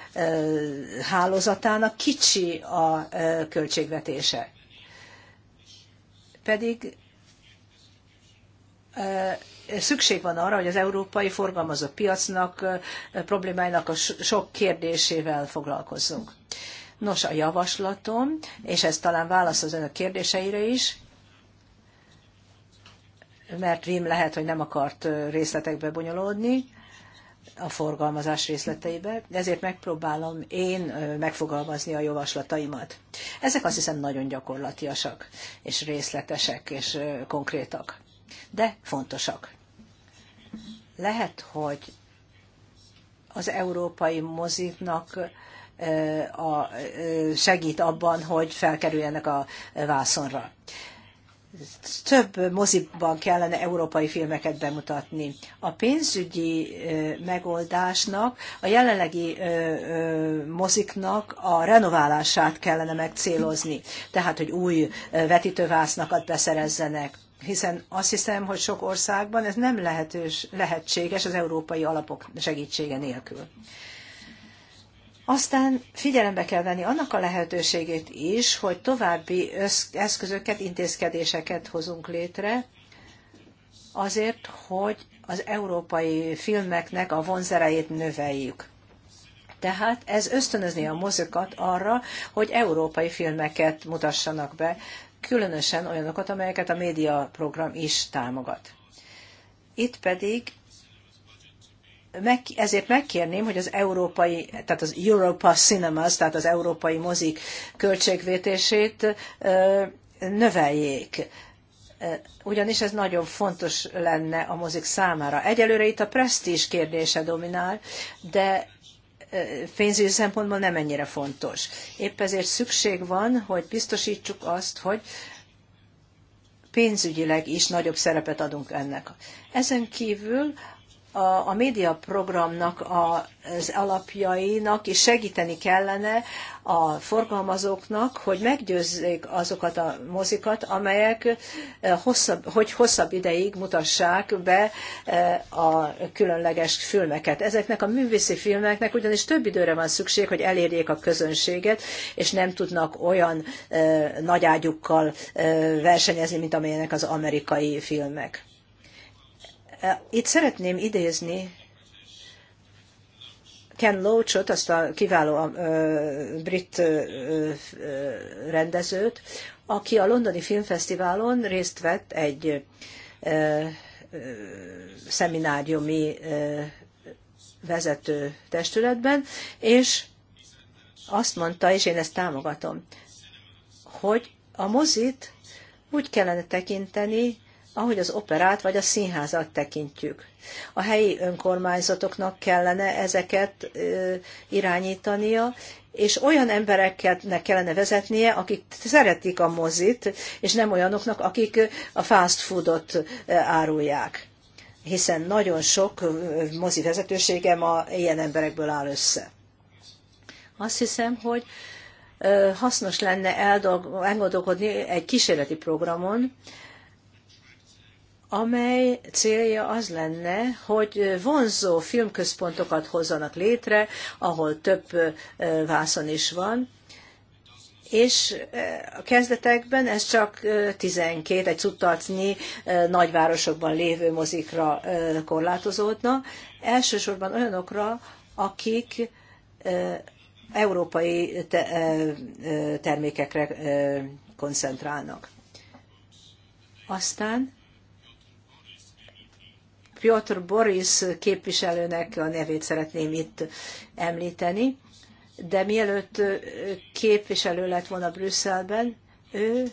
Speaker 5: hálózatának kicsi a költségvetése. Pedig szükség van arra, hogy az európai forgalmazó piacnak problémáinak a sok kérdésével foglalkozzunk. Nos, a javaslatom, és ez talán válasz az önök kérdéseire is, mert Rim lehet, hogy nem akart részletekbe bonyolódni, a forgalmazás részleteibe, ezért megpróbálom én megfogalmazni a javaslataimat. Ezek azt hiszem nagyon gyakorlatiasak, és részletesek, és konkrétak de fontosak. Lehet, hogy az európai moziknak a, segít abban, hogy felkerüljenek a vászonra. Több moziban kellene európai filmeket bemutatni. A pénzügyi megoldásnak, a jelenlegi moziknak a renoválását kellene megcélozni, tehát, hogy új vetítővásznakat beszerezzenek hiszen azt hiszem, hogy sok országban ez nem lehetős, lehetséges az európai alapok segítsége nélkül. Aztán figyelembe kell venni annak a lehetőségét is, hogy további eszközöket, intézkedéseket hozunk létre, azért, hogy az európai filmeknek a vonzerejét növeljük. Tehát ez ösztönözni a mozikat arra, hogy európai filmeket mutassanak be, különösen olyanokat, amelyeket a média program is támogat. Itt pedig meg, ezért megkérném, hogy az európai, tehát az Europa Cinemas, tehát az európai mozik költségvetését növeljék ugyanis ez nagyon fontos lenne a mozik számára. Egyelőre itt a presztízs kérdése dominál, de pénzügyi szempontból nem ennyire fontos. Épp ezért szükség van, hogy biztosítsuk azt, hogy pénzügyileg is nagyobb szerepet adunk ennek. Ezen kívül a, a médiaprogramnak az alapjainak is segíteni kellene a forgalmazóknak, hogy meggyőzzék azokat a mozikat, amelyek eh, hosszabb, hogy hosszabb ideig mutassák be eh, a különleges filmeket. Ezeknek a művészi filmeknek ugyanis több időre van szükség, hogy elérjék a közönséget, és nem tudnak olyan eh, nagy versenyezni, mint amilyenek az amerikai filmek. Eh, itt szeretném idézni Ken Loachot, azt a kiváló eh, brit eh, rendezőt, aki a Londoni Filmfesztiválon részt vett egy szemináriumi vezető testületben, és azt mondta, és én ezt támogatom, hogy a mozit úgy kellene tekinteni, ahogy az operát vagy a színházat tekintjük. A helyi önkormányzatoknak kellene ezeket irányítania, és olyan embereket kellene vezetnie, akik szeretik a mozit, és nem olyanoknak, akik a fast foodot árulják. Hiszen nagyon sok mozi vezetősége ma ilyen emberekből áll össze. Azt hiszem, hogy hasznos lenne elgondolkodni egy kísérleti programon, amely célja az lenne, hogy vonzó filmközpontokat hozzanak létre, ahol több vászon is van, és a kezdetekben ez csak 12, egy cuttacnyi nagyvárosokban lévő mozikra korlátozódna, elsősorban olyanokra, akik európai termékekre koncentrálnak. Aztán Piotr Boris képviselőnek a nevét szeretném itt említeni, de mielőtt képviselő lett volna Brüsszelben, ő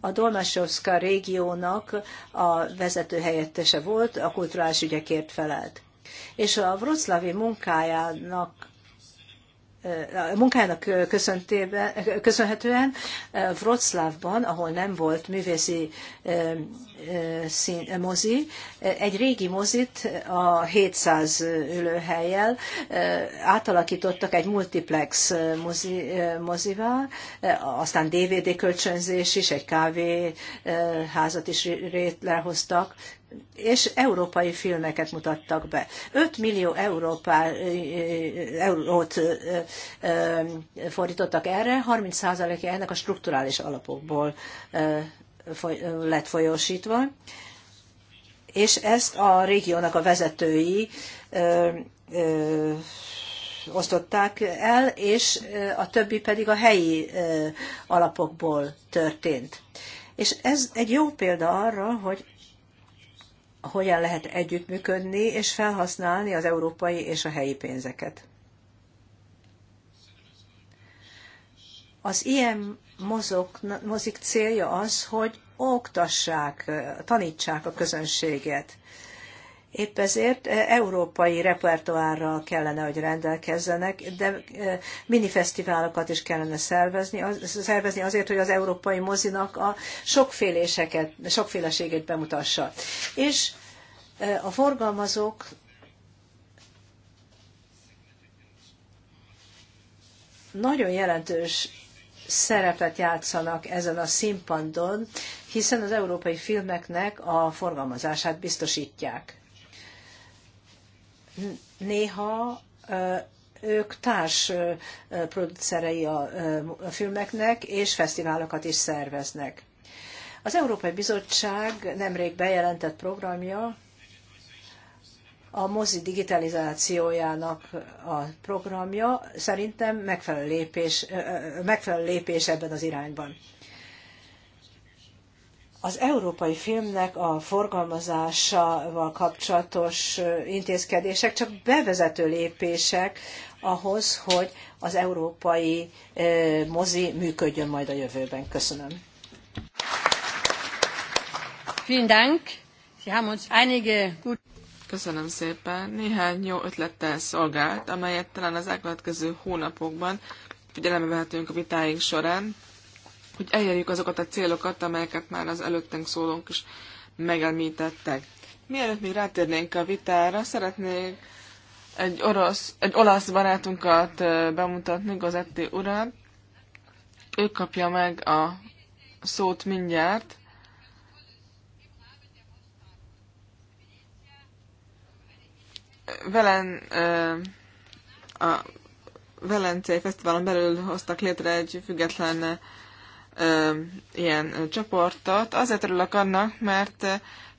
Speaker 5: a Dolmasovska régiónak a vezető helyettese volt, a kulturális ügyekért felelt. És a Wroclawi munkájának a eh, munkájának köszönhetően eh, Wroclawban, ahol nem volt művészi eh, szín, mozi. Egy régi mozit a 700 ülőhelyjel átalakítottak egy multiplex mozi, mozivá, aztán DVD kölcsönzés is, egy kávéházat is létrehoztak, és európai filmeket mutattak be. 5 millió Európá, eurót fordítottak erre, 30%-ja ennek a strukturális alapokból lett folyósítva, és ezt a régiónak a vezetői osztották el, és a többi pedig a helyi alapokból történt. És ez egy jó példa arra, hogy hogyan lehet együttműködni és felhasználni az európai és a helyi pénzeket. Az ilyen mozog, mozik célja az, hogy oktassák, tanítsák a közönséget. Épp ezért európai repertoárral kellene, hogy rendelkezzenek, de minifesztiválokat is kellene szervezni, az, szervezni azért, hogy az európai mozinak a sokféléseket, sokféleségét bemutassa. És a forgalmazók nagyon jelentős szerepet játszanak ezen a színpadon, hiszen az európai filmeknek a forgalmazását biztosítják. Néha ők társ producerei a filmeknek, és fesztiválokat is szerveznek. Az Európai Bizottság nemrég bejelentett programja a mozi digitalizációjának a programja szerintem megfelelő lépés, megfelelő lépés ebben az irányban. Az európai filmnek a forgalmazásával kapcsolatos intézkedések csak bevezető lépések ahhoz, hogy az európai mozi működjön majd a jövőben. Köszönöm.
Speaker 1: Vielen Dank. Sie haben uns einige gute
Speaker 2: Köszönöm szépen. Néhány jó ötlettel szolgált, amelyet talán az elkövetkező hónapokban figyelembe vehetünk a vitáink során, hogy elérjük azokat a célokat, amelyeket már az előttünk szólónk is megemlítettek. Mielőtt még rátérnénk a vitára, szeretnék egy, orosz, egy olasz barátunkat bemutatni, Gazetti urat. Ő kapja meg a szót mindjárt. Velen a Velencei Fesztiválon belül hoztak létre egy független ö, ilyen csoportot. Azért örülök annak, mert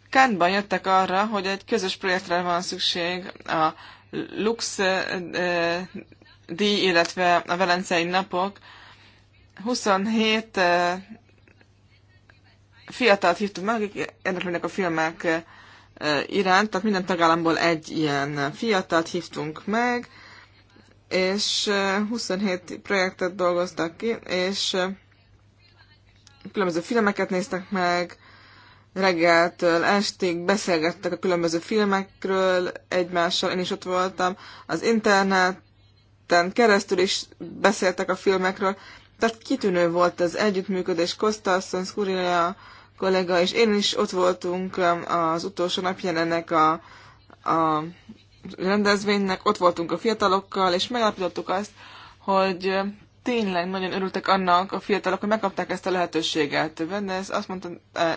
Speaker 2: Kánban jöttek arra, hogy egy közös projektre van szükség a Lux ö, díj, illetve a Velencei Napok. 27 ö, fiatalt hívtuk meg, akik érdeklődnek a filmek iránt, tehát minden tagállamból egy ilyen fiatalt hívtunk meg, és 27 projektet dolgoztak ki, és különböző filmeket néztek meg, reggeltől estig beszélgettek a különböző filmekről egymással, én is ott voltam, az interneten keresztül is beszéltek a filmekről, tehát kitűnő volt az együttműködés Costa, Szenszkuria, kollega és én is ott voltunk um, az utolsó napján ennek a, a rendezvénynek, ott voltunk a fiatalokkal, és megállapítottuk azt, hogy um, tényleg nagyon örültek annak a fiatalok, hogy megkapták ezt a lehetőséget. ez azt mondta eh,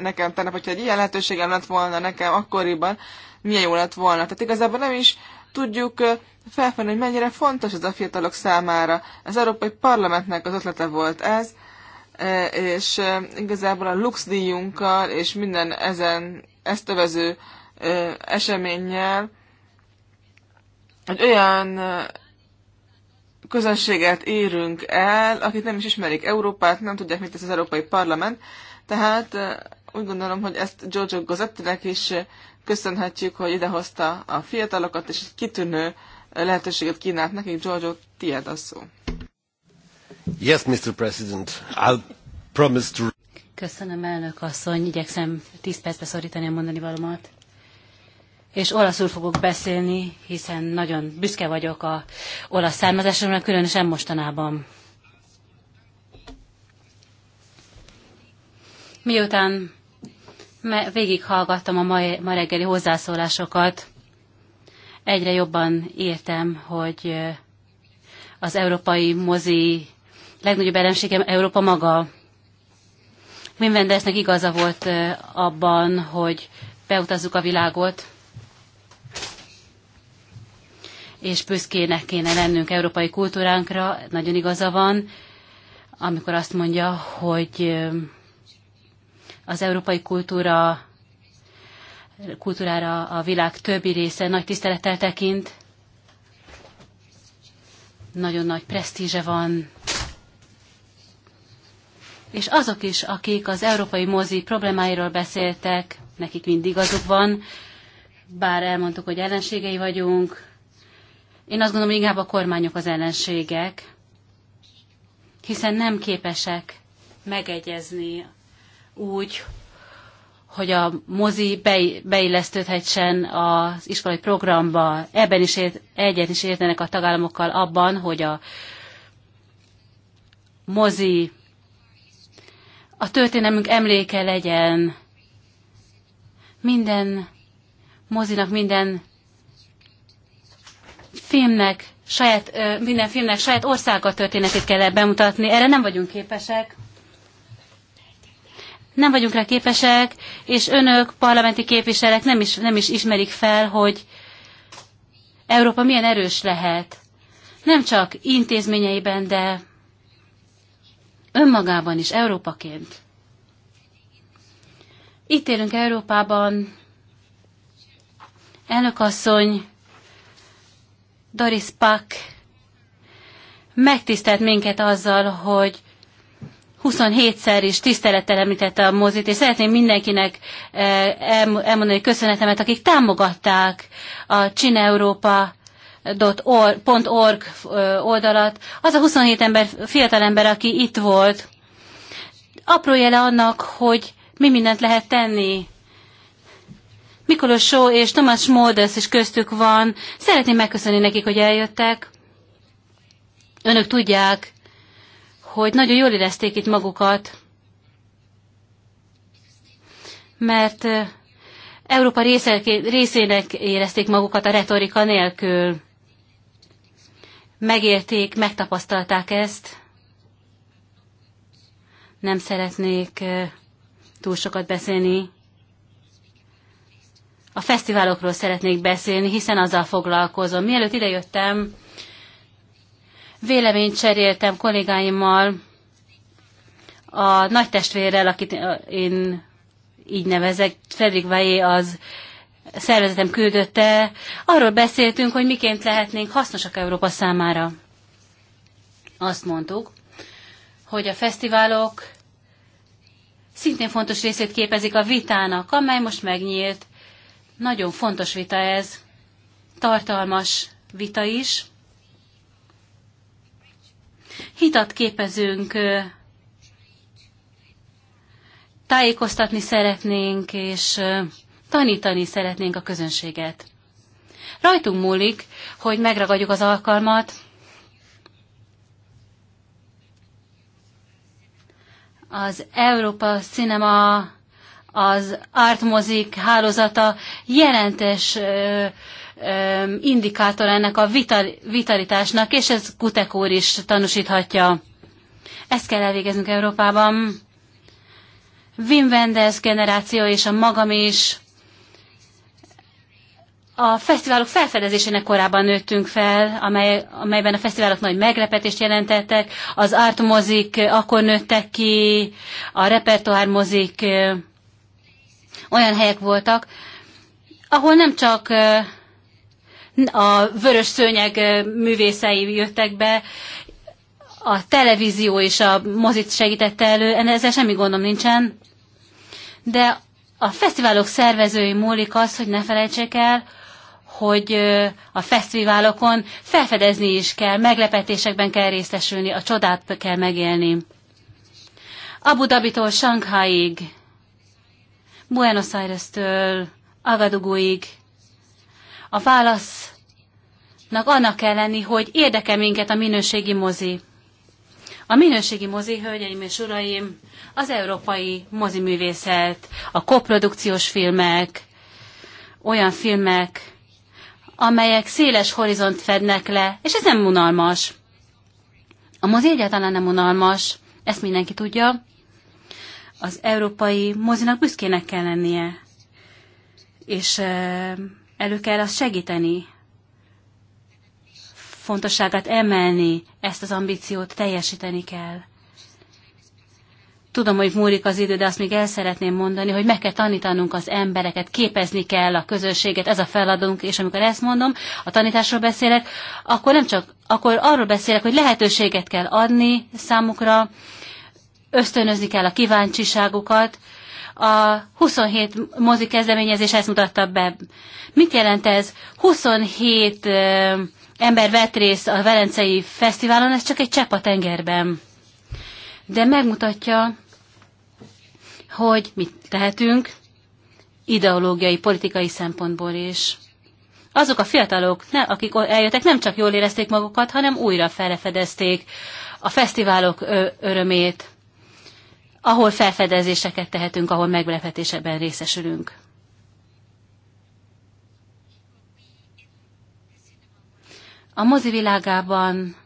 Speaker 2: nekem tegnap, hogyha egy ilyen lehetőségem lett volna nekem akkoriban, milyen jó lett volna. Tehát igazából nem is tudjuk eh, felfelni, hogy mennyire fontos ez a fiatalok számára. Az Európai Parlamentnek az ötlete volt ez, E, és e, igazából a lux díjunkkal és minden ezen ezt övező e, eseménnyel egy olyan közönséget érünk el, akik nem is ismerik Európát, nem tudják, mit tesz az Európai Parlament. Tehát úgy gondolom, hogy ezt Giorgio Gozettinek is köszönhetjük, hogy idehozta a fiatalokat, és egy kitűnő
Speaker 3: lehetőséget kínált nekik. Giorgio, tiéd a szó.
Speaker 4: Yes, Mr. President, I'll promise to...
Speaker 3: Köszönöm, elnök asszony, igyekszem 10 percbe szorítani a mondani valamat. És olaszul fogok beszélni, hiszen nagyon büszke vagyok a olasz származásomra, különösen mostanában. Miután végighallgattam a mai, ma reggeli hozzászólásokat, egyre jobban értem, hogy az európai mozi legnagyobb ellenségem Európa maga. Wim Wendersnek igaza volt abban, hogy beutazzuk a világot, és büszkének kéne lennünk európai kultúránkra, nagyon igaza van, amikor azt mondja, hogy az európai kultúra kultúrára a világ többi része nagy tisztelettel tekint, nagyon nagy presztízse van, és azok is, akik az európai mozi problémáiról beszéltek, nekik mind igazuk van, bár elmondtuk, hogy ellenségei vagyunk. Én azt gondolom, hogy inkább a kormányok az ellenségek, hiszen nem képesek megegyezni úgy, hogy a mozi beillesztődhetsen az iskolai programba. Ebben is ért, egyet is értenek a tagállamokkal abban, hogy a mozi a történelmünk emléke legyen. Minden mozinak, minden filmnek, saját, minden filmnek saját országa történetét kell bemutatni. Erre nem vagyunk képesek. Nem vagyunk rá képesek, és önök, parlamenti képviselők nem is, nem is ismerik fel, hogy Európa milyen erős lehet. Nem csak intézményeiben, de önmagában is, Európaként. Itt élünk Európában, elnökasszony, Doris Pack megtisztelt minket azzal, hogy 27-szer is tisztelettel említette a mozit, és szeretném mindenkinek eh, elmondani köszönetemet, akik támogatták a Csin Európa .org oldalat. Az a 27 ember, fiatal ember, aki itt volt, apró jele annak, hogy mi mindent lehet tenni. Mikolos Só és Tomás Módesz is köztük van. Szeretném megköszönni nekik, hogy eljöttek. Önök tudják, hogy nagyon jól érezték itt magukat, mert Európa részének érezték magukat a retorika nélkül megérték, megtapasztalták ezt. Nem szeretnék túl sokat beszélni. A fesztiválokról szeretnék beszélni, hiszen azzal foglalkozom. Mielőtt idejöttem, véleményt cseréltem kollégáimmal, a nagy testvérrel, akit én így nevezek, Fredrik Vajé az szervezetem küldötte, arról beszéltünk, hogy miként lehetnénk hasznosak Európa számára. Azt mondtuk, hogy a fesztiválok szintén fontos részét képezik a vitának, amely most megnyílt. Nagyon fontos vita ez, tartalmas vita is. Hitat képezünk, tájékoztatni szeretnénk, és tanítani szeretnénk a közönséget. Rajtunk múlik, hogy megragadjuk az alkalmat, az Európa Cinema, az Artmozik hálózata jelentős ö, ö, indikátor ennek a vital, vitalitásnak, és ez Kutek úr is tanúsíthatja. Ezt kell elvégeznünk Európában. Wim Wenders generáció és a magam is a fesztiválok felfedezésének korában nőttünk fel, amely, amelyben a fesztiválok nagy meglepetést jelentettek, az art mozik akkor nőttek ki, a repertoár mozik olyan helyek voltak, ahol nem csak a vörös szőnyeg művészei jöttek be, a televízió és a mozit segítette elő, ezzel semmi gondom nincsen, de a fesztiválok szervezői múlik az, hogy ne felejtsék el, hogy a fesztiválokon felfedezni is kell, meglepetésekben kell részesülni, a csodát kell megélni. Abu Dhabitól Shanghaiig, Buenos Aires-től Agadugóig. A válasznak annak kell lenni, hogy érdekel minket a minőségi mozi. A minőségi mozi, hölgyeim és uraim, az európai moziművészet, a koprodukciós filmek, olyan filmek, amelyek széles horizont fednek le, és ez nem unalmas. A mozi egyáltalán nem unalmas, ezt mindenki tudja. Az európai mozinak büszkének kell lennie, és elő kell azt segíteni, fontosságát emelni, ezt az ambíciót teljesíteni kell. Tudom, hogy múlik az idő, de azt még el szeretném mondani, hogy meg kell tanítanunk az embereket, képezni kell a közösséget, ez a feladatunk, és amikor ezt mondom, a tanításról beszélek, akkor nem csak, akkor arról beszélek, hogy lehetőséget kell adni számukra, ösztönözni kell a kíváncsiságukat, a 27 mozi kezdeményezés ezt mutatta be. Mit jelent ez? 27 ember vett részt a Velencei Fesztiválon, ez csak egy csepp a tengerben. De megmutatja, hogy mit tehetünk ideológiai, politikai szempontból is. Azok a fiatalok, ne, akik eljöttek, nem csak jól érezték magukat, hanem újra felfedezték a fesztiválok örömét, ahol felfedezéseket tehetünk, ahol meglepetésekben részesülünk. A mozi világában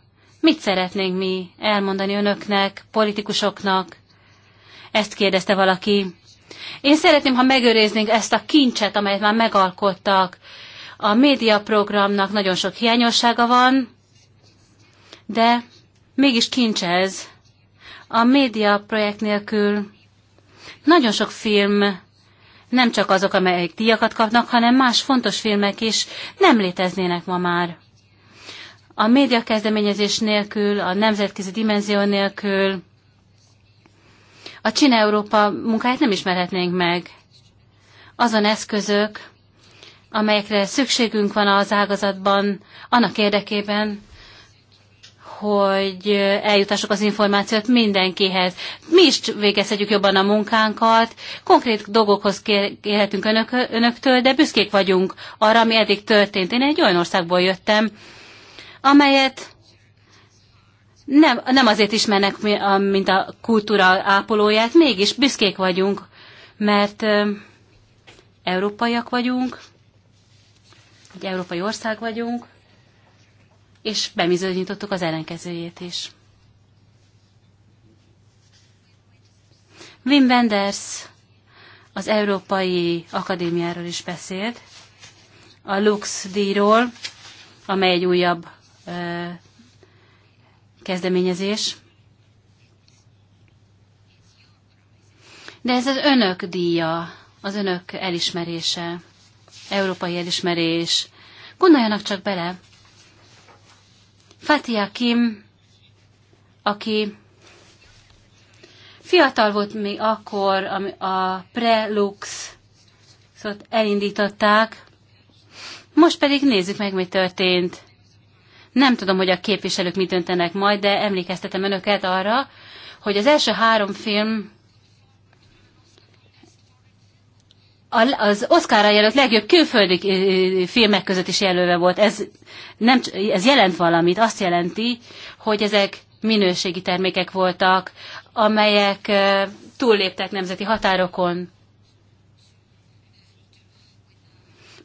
Speaker 3: mit szeretnénk mi elmondani önöknek, politikusoknak, ezt kérdezte valaki. Én szeretném, ha megőriznénk ezt a kincset, amelyet már megalkottak. A médiaprogramnak nagyon sok hiányossága van, de mégis kincs ez. A média projekt nélkül nagyon sok film, nem csak azok, amelyek díjakat kapnak, hanem más fontos filmek is nem léteznének ma már. A média kezdeményezés nélkül, a nemzetközi dimenzió nélkül, a Csine Európa munkáját nem ismerhetnénk meg. Azon eszközök, amelyekre szükségünk van az ágazatban, annak érdekében, hogy eljutassuk az információt mindenkihez. Mi is végezhetjük jobban a munkánkat, konkrét dolgokhoz kérhetünk önök, önöktől, de büszkék vagyunk arra, ami eddig történt. Én egy olyan országból jöttem, amelyet nem, nem azért ismernek, mint a kultúra ápolóját, mégis büszkék vagyunk, mert európaiak vagyunk, egy európai ország vagyunk, és bemizonyítottuk az ellenkezőjét is. Wim Wenders az Európai Akadémiáról is beszélt, a Lux díjról, amely egy újabb kezdeményezés. De ez az önök díja, az önök elismerése, európai elismerés. Gondoljanak csak bele. Fatia Kim, aki fiatal volt még akkor, ami a Prelux szóval elindították, most pedig nézzük meg, mi történt. Nem tudom, hogy a képviselők mit döntenek majd, de emlékeztetem önöket arra, hogy az első három film az Oscarra jelölt legjobb külföldi filmek között is jelölve volt. Ez, nem, ez jelent valamit, azt jelenti, hogy ezek minőségi termékek voltak, amelyek túlléptek nemzeti határokon.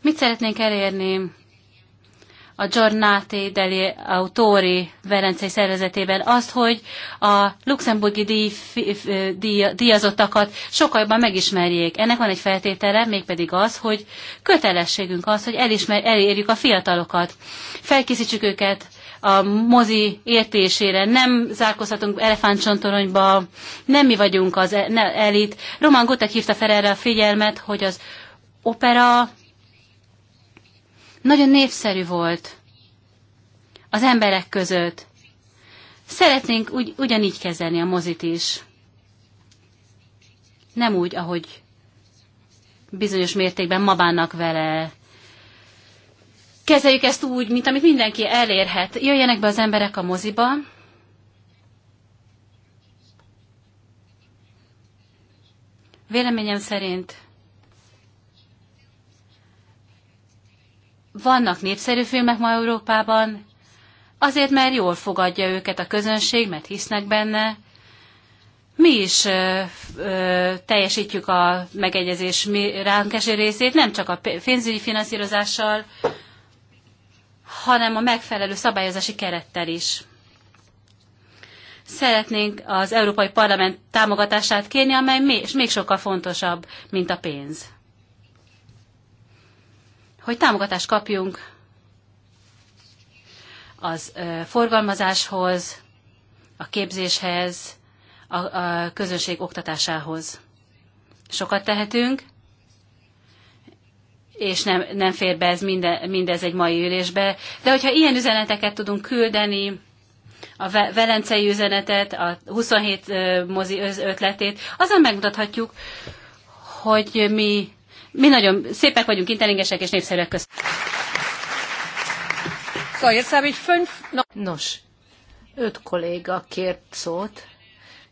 Speaker 3: Mit szeretnénk elérni a Giornate degli Autori Verencei szervezetében azt, hogy a luxemburgi díj, díj, díjazottakat sokkal jobban megismerjék. Ennek van egy feltétele, mégpedig az, hogy kötelességünk az, hogy elismer, elérjük a fiatalokat. Felkészítsük őket a mozi értésére, nem zárkozhatunk elefántcsontoronyba, nem mi vagyunk az e-, elit. román Gutek hívta fel erre a figyelmet, hogy az opera nagyon népszerű volt az emberek között. Szeretnénk ugy, ugyanígy kezelni a mozit is. Nem úgy, ahogy bizonyos mértékben ma bánnak vele. Kezeljük ezt úgy, mint amit mindenki elérhet. Jöjjenek be az emberek a moziba, Véleményem szerint vannak népszerű filmek ma Európában, azért, mert jól fogadja őket a közönség, mert hisznek benne. Mi is ö, ö, teljesítjük a megegyezés mi, ránk eső részét, nem csak a pénzügyi finanszírozással, hanem a megfelelő szabályozási kerettel is. Szeretnénk az Európai Parlament támogatását kérni, amely még, még sokkal fontosabb, mint a pénz hogy támogatást kapjunk az forgalmazáshoz, a képzéshez, a, a közönség oktatásához. Sokat tehetünk, és nem, nem fér be ez minde, mindez egy mai ülésbe. De hogyha ilyen üzeneteket tudunk küldeni, a velencei üzenetet, a 27 mozi ötletét, azon megmutathatjuk, hogy mi mi nagyon szépek vagyunk, intelligensek és népszerűek közt.
Speaker 5: Nos, öt kolléga kért szót.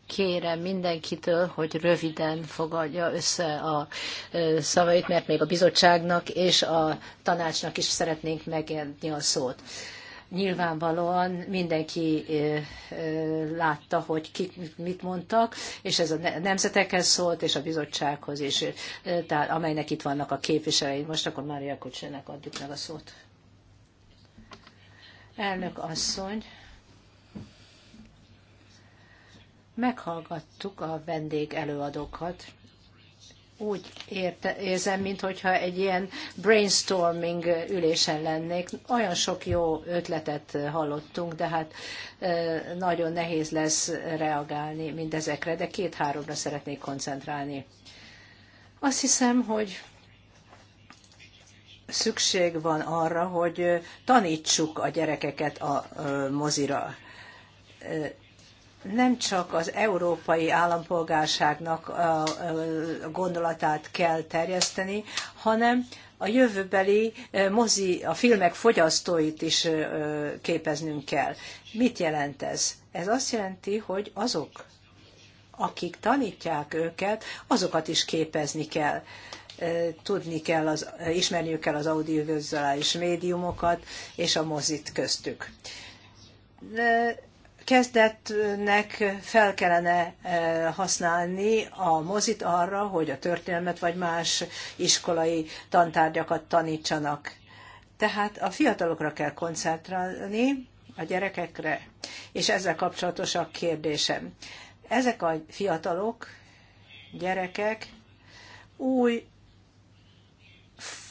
Speaker 5: Kérem mindenkitől, hogy röviden fogadja össze a szavait, mert még a bizottságnak és a tanácsnak is szeretnénk megérni a szót. Nyilvánvalóan mindenki látta, hogy ki, mit mondtak, és ez a nemzetekhez szólt, és a bizottsághoz is, tehát amelynek itt vannak a képviselői. Most akkor Mária Kucsének adjuk meg a szót. Elnök asszony, meghallgattuk a vendég előadókat, úgy érte, érzem, mintha egy ilyen brainstorming ülésen lennék. Olyan sok jó ötletet hallottunk, de hát nagyon nehéz lesz reagálni mindezekre, de két-háromra szeretnék koncentrálni. Azt hiszem, hogy szükség van arra, hogy tanítsuk a gyerekeket a mozira nem csak az európai állampolgárságnak a gondolatát kell terjeszteni, hanem a jövőbeli e, mozi, a filmek fogyasztóit is e, e, képeznünk kell. Mit jelent ez? Ez azt jelenti, hogy azok, akik tanítják őket, azokat is képezni kell. Tudni kell, az, ismerniük kell az audiovizuális médiumokat és a mozit köztük. De kezdetnek fel kellene eh, használni a mozit arra, hogy a történelmet vagy más iskolai tantárgyakat tanítsanak. Tehát a fiatalokra kell koncentrálni, a gyerekekre, és ezzel kapcsolatos a kérdésem. Ezek a fiatalok, gyerekek új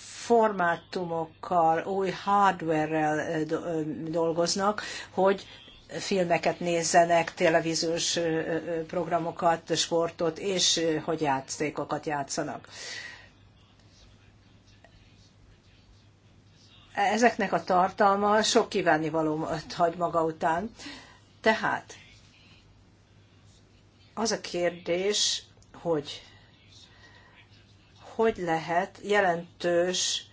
Speaker 5: formátumokkal, új hardware-rel eh, eh, dolgoznak, hogy filmeket nézzenek, televíziós programokat, sportot, és hogy játékokat játszanak. Ezeknek a tartalma sok kívánivalót hagy maga után. Tehát az a kérdés, hogy hogy lehet jelentős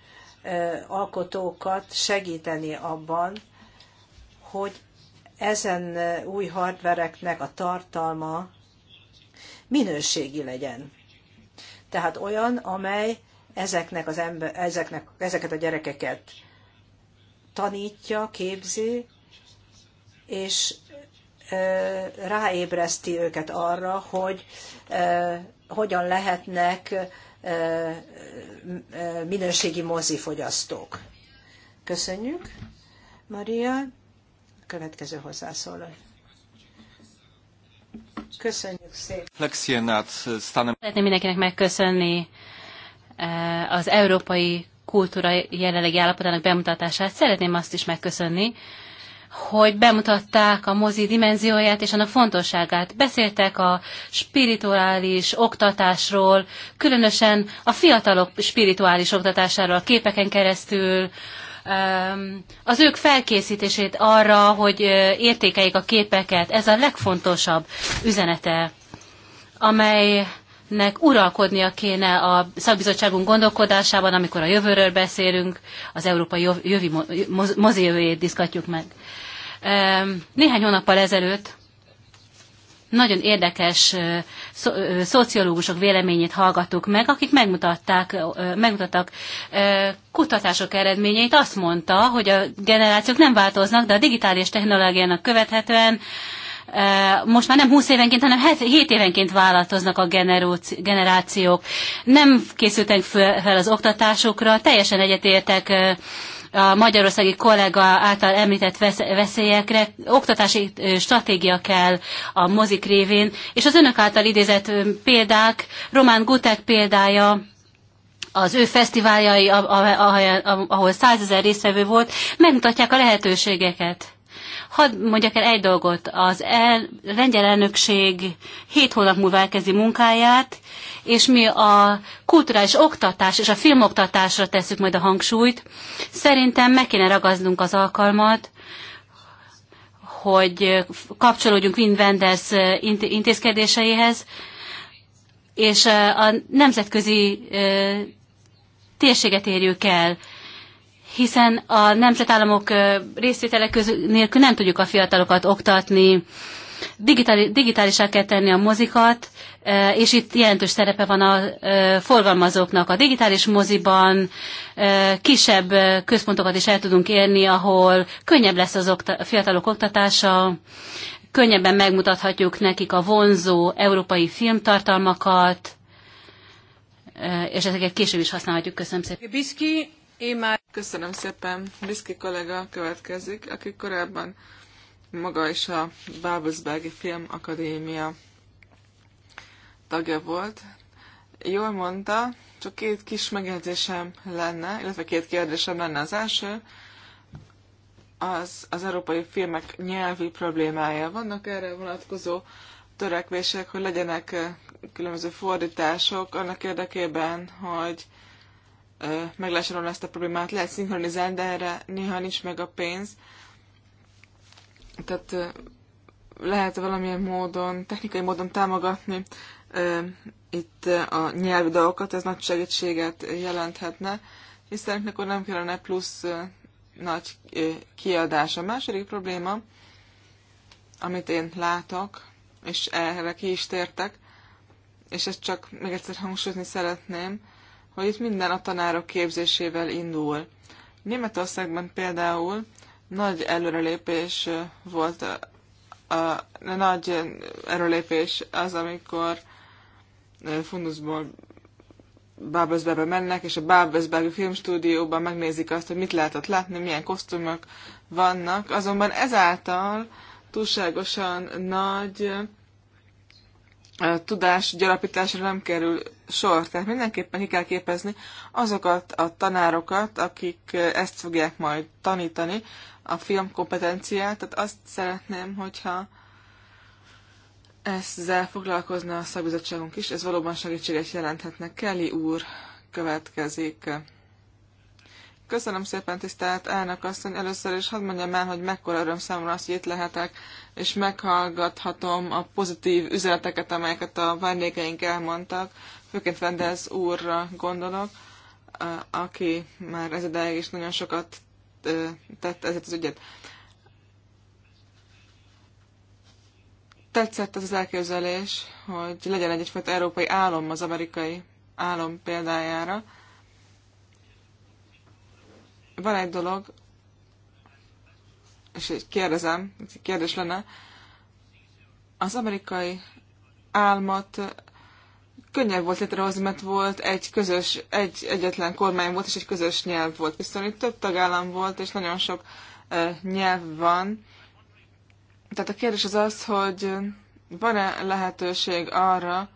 Speaker 5: alkotókat segíteni abban, hogy ezen eh, új hardvereknek a tartalma minőségi legyen. Tehát olyan, amely ezeknek, az ember, ezeknek, ezeket a gyerekeket tanítja, képzi, és eh, ráébreszti őket arra, hogy eh, hogyan lehetnek minőségi mozifogyasztók. Köszönjük, Maria következő hozzászóló. Köszönjük
Speaker 6: szépen. E, Szeretném mindenkinek
Speaker 3: megköszönni e, az európai kultúra jelenlegi állapotának bemutatását. Szeretném azt is megköszönni, hogy bemutatták a mozi dimenzióját és annak fontosságát. Beszéltek a spirituális oktatásról, különösen a fiatalok spirituális oktatásáról, a képeken keresztül, az ők felkészítését arra, hogy értékeljék a képeket. Ez a legfontosabb üzenete, amelynek uralkodnia kéne a szakbizottságunk gondolkodásában, amikor a jövőről beszélünk, az európai jövő jövőjét diszkatjuk meg. Néhány hónappal ezelőtt nagyon érdekes szo szociológusok véleményét hallgattuk meg, akik megmutatták, megmutattak kutatások eredményeit. Azt mondta, hogy a generációk nem változnak, de a digitális technológiának követhetően most már nem 20 évenként, hanem 7 évenként változnak a generációk. Nem készültek fel az oktatásokra, teljesen egyetértek a magyarországi kollega által említett veszélyekre, oktatási stratégia kell a mozik révén, és az önök által idézett példák, Román Gutek példája, az ő fesztiváljai, ahol százezer résztvevő volt, megmutatják a lehetőségeket. Hadd mondjak el egy dolgot. Az el, lengyel elnökség hét hónap múlva elkezdi munkáját, és mi a kulturális oktatás és a filmoktatásra tesszük majd a hangsúlyt. Szerintem meg kéne ragaznunk az alkalmat, hogy kapcsolódjunk Wim Wenders eh, intézkedéseihez, és eh, a nemzetközi eh, térséget érjük el hiszen a nemzetállamok részvétele közül nélkül nem tudjuk a fiatalokat oktatni, digitálisá kell tenni a mozikat, és itt jelentős szerepe van a forgalmazóknak. A digitális moziban kisebb központokat is el tudunk érni, ahol könnyebb lesz az okta, a fiatalok oktatása, könnyebben megmutathatjuk nekik a vonzó európai filmtartalmakat, és ezeket később is használhatjuk. Köszönöm szépen.
Speaker 2: Én már köszönöm szépen, Biszki kollega következik, aki korábban maga is a Babelsbergi Film Akadémia tagja volt. Jól mondta, csak két kis megjegyzésem lenne, illetve két kérdésem lenne az első. Az, az európai filmek nyelvi problémája. Vannak erre vonatkozó törekvések, hogy legyenek eh, különböző fordítások annak érdekében, hogy meg lehessen ezt a problémát, lehet szinkronizálni, de erre néha nincs meg a pénz. Tehát lehet valamilyen módon, technikai módon támogatni itt a nyelvi dolgokat, ez nagy segítséget jelenthetne, hiszen akkor nem kellene plusz nagy kiadás. A második probléma, amit én látok, és erre ki is tértek, és ezt csak még egyszer hangsúlyozni szeretném, hogy itt minden a tanárok képzésével indul. Németországban például nagy előrelépés volt, a, a, nagy előrelépés az, amikor funduszból Babelsbergbe mennek, és a Babelsbergi filmstúdióban megnézik azt, hogy mit ott látni, milyen kosztümök vannak, azonban ezáltal túlságosan nagy tudás gyarapításra nem kerül sor. Tehát mindenképpen ki kell képezni azokat a tanárokat, akik ezt fogják majd tanítani, a film kompetenciát. Tehát azt szeretném, hogyha ezzel foglalkozna a szakbizottságunk is, ez valóban segítséget jelenthetne. Kelly úr következik. Köszönöm szépen, tisztelt elnök asszony. Először is hadd mondjam el, hogy mekkora öröm számomra az, hogy itt lehetek, és meghallgathatom a pozitív üzeneteket, amelyeket a vendégeink elmondtak. Főként Vendez úrra gondolok, aki már ez ideig is nagyon sokat tett ezért az ügyet. Tetszett az az elképzelés, hogy legyen egyfajta európai álom az amerikai álom példájára, van egy dolog, és kérdezem, kérdés lenne, az amerikai álmat könnyebb volt létrehozni, mert volt egy közös, egy egyetlen kormány volt, és egy közös nyelv volt. Viszont itt több tagállam volt, és nagyon sok uh, nyelv van. Tehát a kérdés az az, hogy van-e lehetőség arra,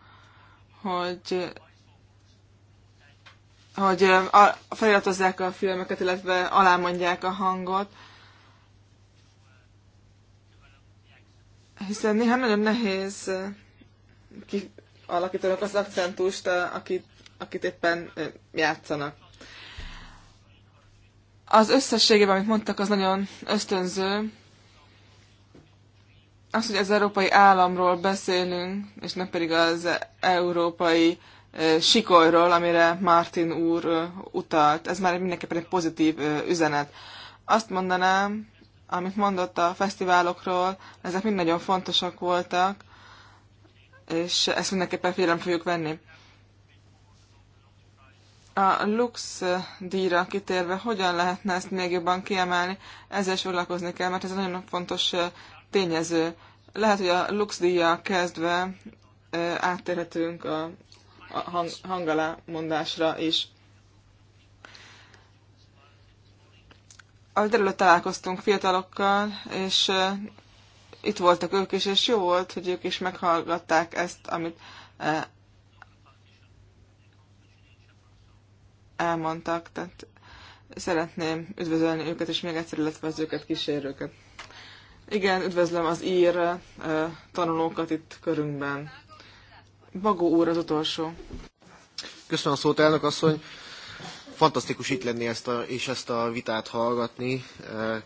Speaker 2: hogy hogy feliratozzák a filmeket, illetve alámondják a hangot. Hiszen néha nagyon nehéz kialakítani az akcentust, akit, akit éppen játszanak. Az összességében, amit mondtak, az nagyon ösztönző. Az, hogy az európai államról beszélünk, és nem pedig az európai sikolyról, amire Martin úr utalt. Ez már mindenképpen egy pozitív üzenet. Azt mondanám, amit mondott a fesztiválokról, ezek mind nagyon fontosak voltak, és ezt mindenképpen félem fogjuk venni. A Lux díjra kitérve, hogyan lehetne ezt még jobban kiemelni, ezzel is foglalkozni kell, mert ez egy nagyon fontos tényező. Lehet, hogy a Lux díjjal kezdve áttérhetünk a hang, mondásra is. Ahogy előtt találkoztunk fiatalokkal, és uh, itt voltak ők is, és jó volt, hogy ők is meghallgatták ezt, amit uh, elmondtak, tehát szeretném üdvözölni őket, és még egyszer, illetve az őket kísérőket. Igen, üdvözlöm az ír uh, tanulókat itt körünkben.
Speaker 6: Bagó úr az utolsó. Köszönöm a szót, elnök asszony. Fantasztikus itt lenni ezt a, és ezt a vitát hallgatni.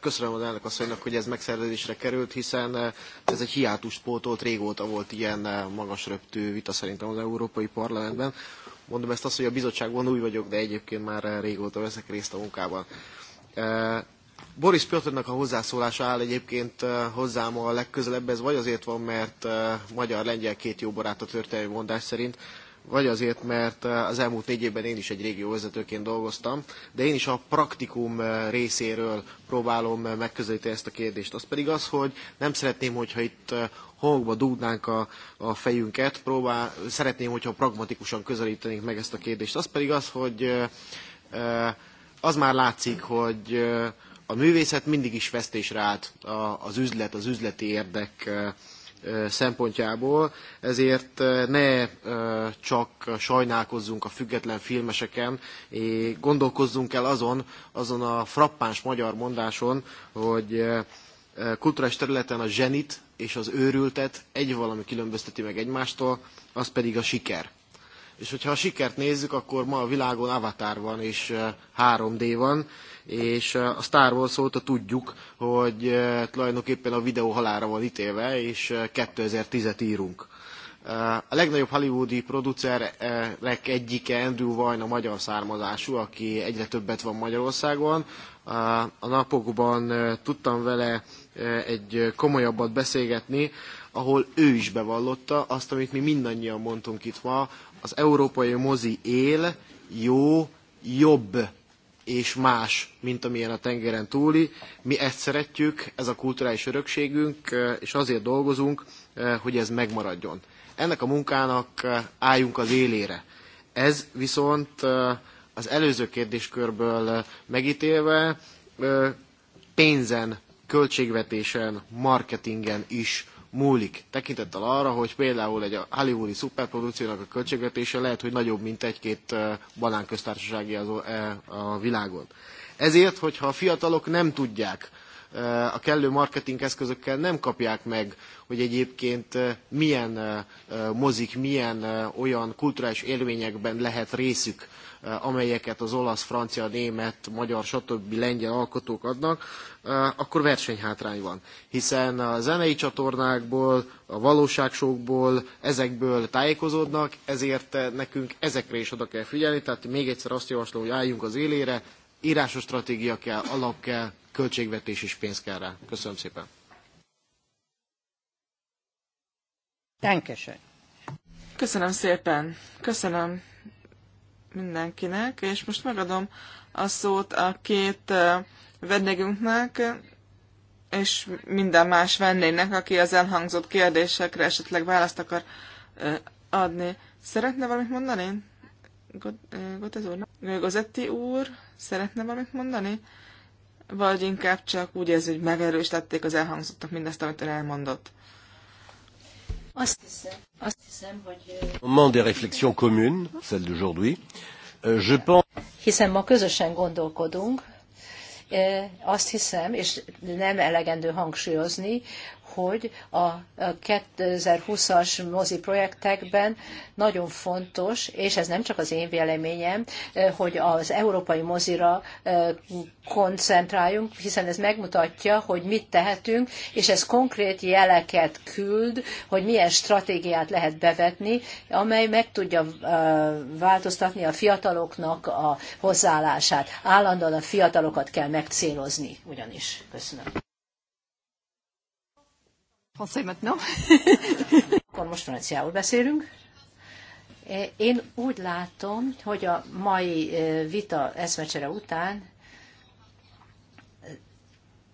Speaker 6: Köszönöm az elnök asszonynak, hogy ez megszervezésre került, hiszen ez egy hiátust pótolt, régóta volt ilyen magas röptű vita szerintem az Európai Parlamentben. Mondom ezt azt, hogy a bizottságban új vagyok, de egyébként már régóta veszek részt a munkában. Boris Piotrnak a hozzászólása áll egyébként eh, hozzám a legközelebb, ez vagy azért van, mert eh, magyar-lengyel két jó barát a történelmi mondás szerint, vagy azért, mert eh, az elmúlt négy évben én is egy vezetőként dolgoztam, de én is a praktikum részéről próbálom megközelíteni ezt a kérdést. Az pedig az, hogy nem szeretném, hogyha itt hangba dugnánk a, a fejünket, próbál, szeretném, hogyha pragmatikusan közelítenénk meg ezt a kérdést. Az pedig az, hogy az már látszik, hogy a művészet mindig is vesztésre állt az üzlet, az üzleti érdek szempontjából, ezért ne csak sajnálkozzunk a független filmeseken, gondolkozzunk el azon, azon a frappáns magyar mondáson, hogy kulturális területen a zsenit és az őrültet egy valami különbözteti meg egymástól, az pedig a siker és hogyha a sikert nézzük, akkor ma a világon Avatar van, és 3D van, és a Star Wars óta tudjuk, hogy tulajdonképpen a videó halára van ítélve, és 2010-et írunk. A legnagyobb hollywoodi producerek egyike Andrew Vajn a magyar származású, aki egyre többet van Magyarországon. A napokban tudtam vele egy komolyabbat beszélgetni, ahol ő is bevallotta azt, amit mi mindannyian mondtunk itt ma, az európai mozi él, jó, jobb és más, mint amilyen a tengeren túli. Mi ezt szeretjük, ez a kulturális örökségünk, és azért dolgozunk, hogy ez megmaradjon. Ennek a munkának álljunk az élére. Ez viszont eh, az előző kérdéskörből megítélve eh, pénzen, költségvetésen, marketingen is múlik. Tekintettel arra, hogy például egy hollywoodi szuperprodukciónak a költségvetése lehet, hogy nagyobb, mint egy-két banánköztársasági e- a világon. Ezért, hogyha a fiatalok nem tudják a kellő marketing eszközökkel nem kapják meg, hogy egyébként milyen mozik, milyen olyan kulturális élményekben lehet részük, amelyeket az olasz, francia, német, magyar, stb. lengyel alkotók adnak, akkor versenyhátrány van. Hiszen a zenei csatornákból, a valóságsókból, ezekből tájékozódnak, ezért nekünk ezekre is oda kell figyelni. Tehát még egyszer azt javaslom, hogy álljunk az élére, írásos stratégia kell, alap kell, költségvetés és pénz kell rá. Köszönöm szépen.
Speaker 1: Dankeschön.
Speaker 2: Köszönöm szépen. Köszönöm mindenkinek, és most megadom a szót a két vendégünknek, és minden más vendégnek, aki az elhangzott kérdésekre esetleg választ akar adni. Szeretne valamit mondani? Gotez úr, Gozetti úr szeretne valamit mondani? Vagy inkább csak úgy ez, hogy megerősítették az elhangzottak mindazt, amit ön elmondott?
Speaker 5: Azt hiszem, azt hiszem, hogy...
Speaker 4: Moment des réflexions communes, celle d'aujourd'hui, euh, je pense...
Speaker 5: Hiszen ma közösen gondolkodunk, azt hiszem, és nem elegendő hangsúlyozni, hogy a 2020-as mozi projektekben nagyon fontos, és ez nem csak az én véleményem, hogy az európai mozira koncentráljunk, hiszen ez megmutatja, hogy mit tehetünk, és ez konkrét jeleket küld, hogy milyen stratégiát lehet bevetni, amely meg tudja változtatni a fiataloknak a hozzáállását. Állandóan a fiatalokat kell megcélozni ugyanis. Köszönöm. Français maintenant. Akkor most franciául beszélünk. E, én úgy látom, hogy a mai e, vita eszmecsere után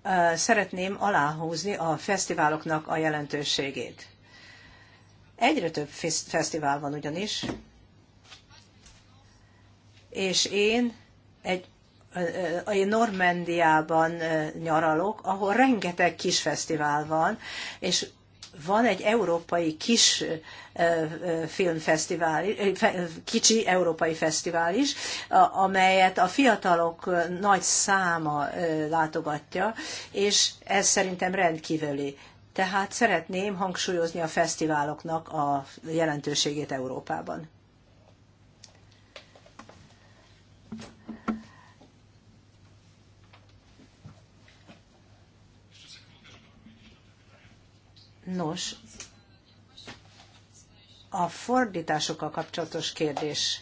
Speaker 5: e, szeretném aláhúzni a fesztiváloknak a jelentőségét. Egyre több fesztivál van ugyanis, és én egy a Normandiában nyaralok, ahol rengeteg kis fesztivál van, és van egy európai kis filmfesztivál, kicsi európai fesztivál is, amelyet a fiatalok nagy száma látogatja, és ez szerintem rendkívüli. Tehát szeretném hangsúlyozni a fesztiváloknak a jelentőségét Európában. Nos, a fordításokkal kapcsolatos kérdés.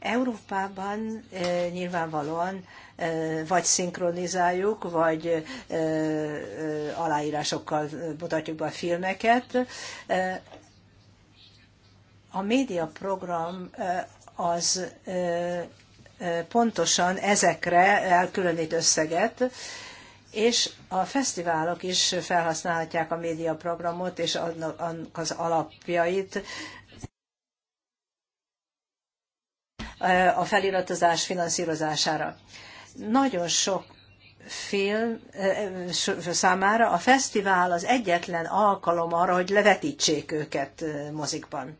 Speaker 5: Európában e, nyilvánvalóan e, vagy szinkronizáljuk, vagy e, e, aláírásokkal mutatjuk be a filmeket. E, a médiaprogram e, az e, e, pontosan ezekre elkülönít összeget, és a fesztiválok is felhasználhatják a médiaprogramot és annak az alapjait, a feliratozás finanszírozására. Nagyon sok film eh, számára a fesztivál az egyetlen alkalom arra, hogy levetítsék őket eh, mozikban.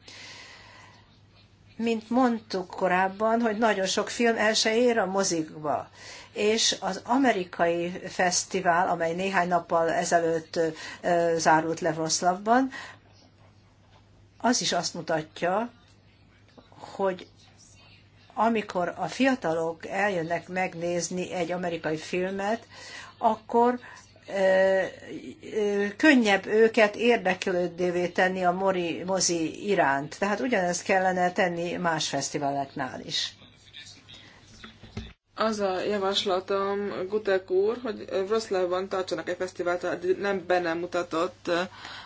Speaker 5: Mint mondtuk korábban, hogy nagyon sok film el se ér a mozikba és az amerikai fesztivál, amely néhány nappal ezelőtt zárult le Vroszlavban, az is azt mutatja, hogy amikor a fiatalok eljönnek megnézni egy amerikai filmet, akkor könnyebb őket érdeklődővé tenni a mori, mozi iránt. Tehát ugyanezt kellene tenni más fesztiváleknál is.
Speaker 2: Az a javaslatom, Gutek úr, hogy Wroclawban tartsanak egy fesztivált nem benne mutatott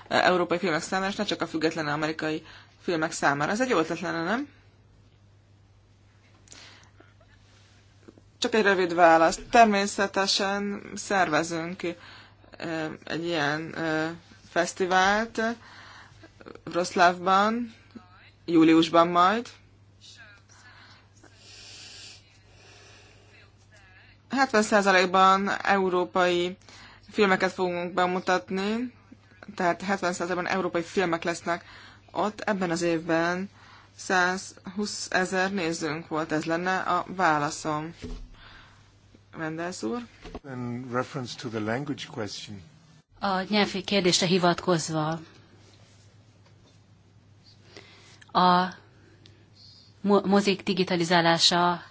Speaker 2: európai filmek számára, és ne csak a független amerikai filmek számára. Ez egy jó ötlet lenne, nem? Csak egy rövid válasz. Természetesen szervezünk egy ilyen fesztivált Vroszlávban, júliusban majd. 70%-ban európai filmeket fogunk bemutatni, tehát 70%-ban európai filmek lesznek ott. Ebben az évben 120 ezer nézőnk volt, ez lenne a válaszom. Mendelsz úr. In reference to the language question.
Speaker 3: A nyelvi kérdésre hivatkozva a mozik digitalizálása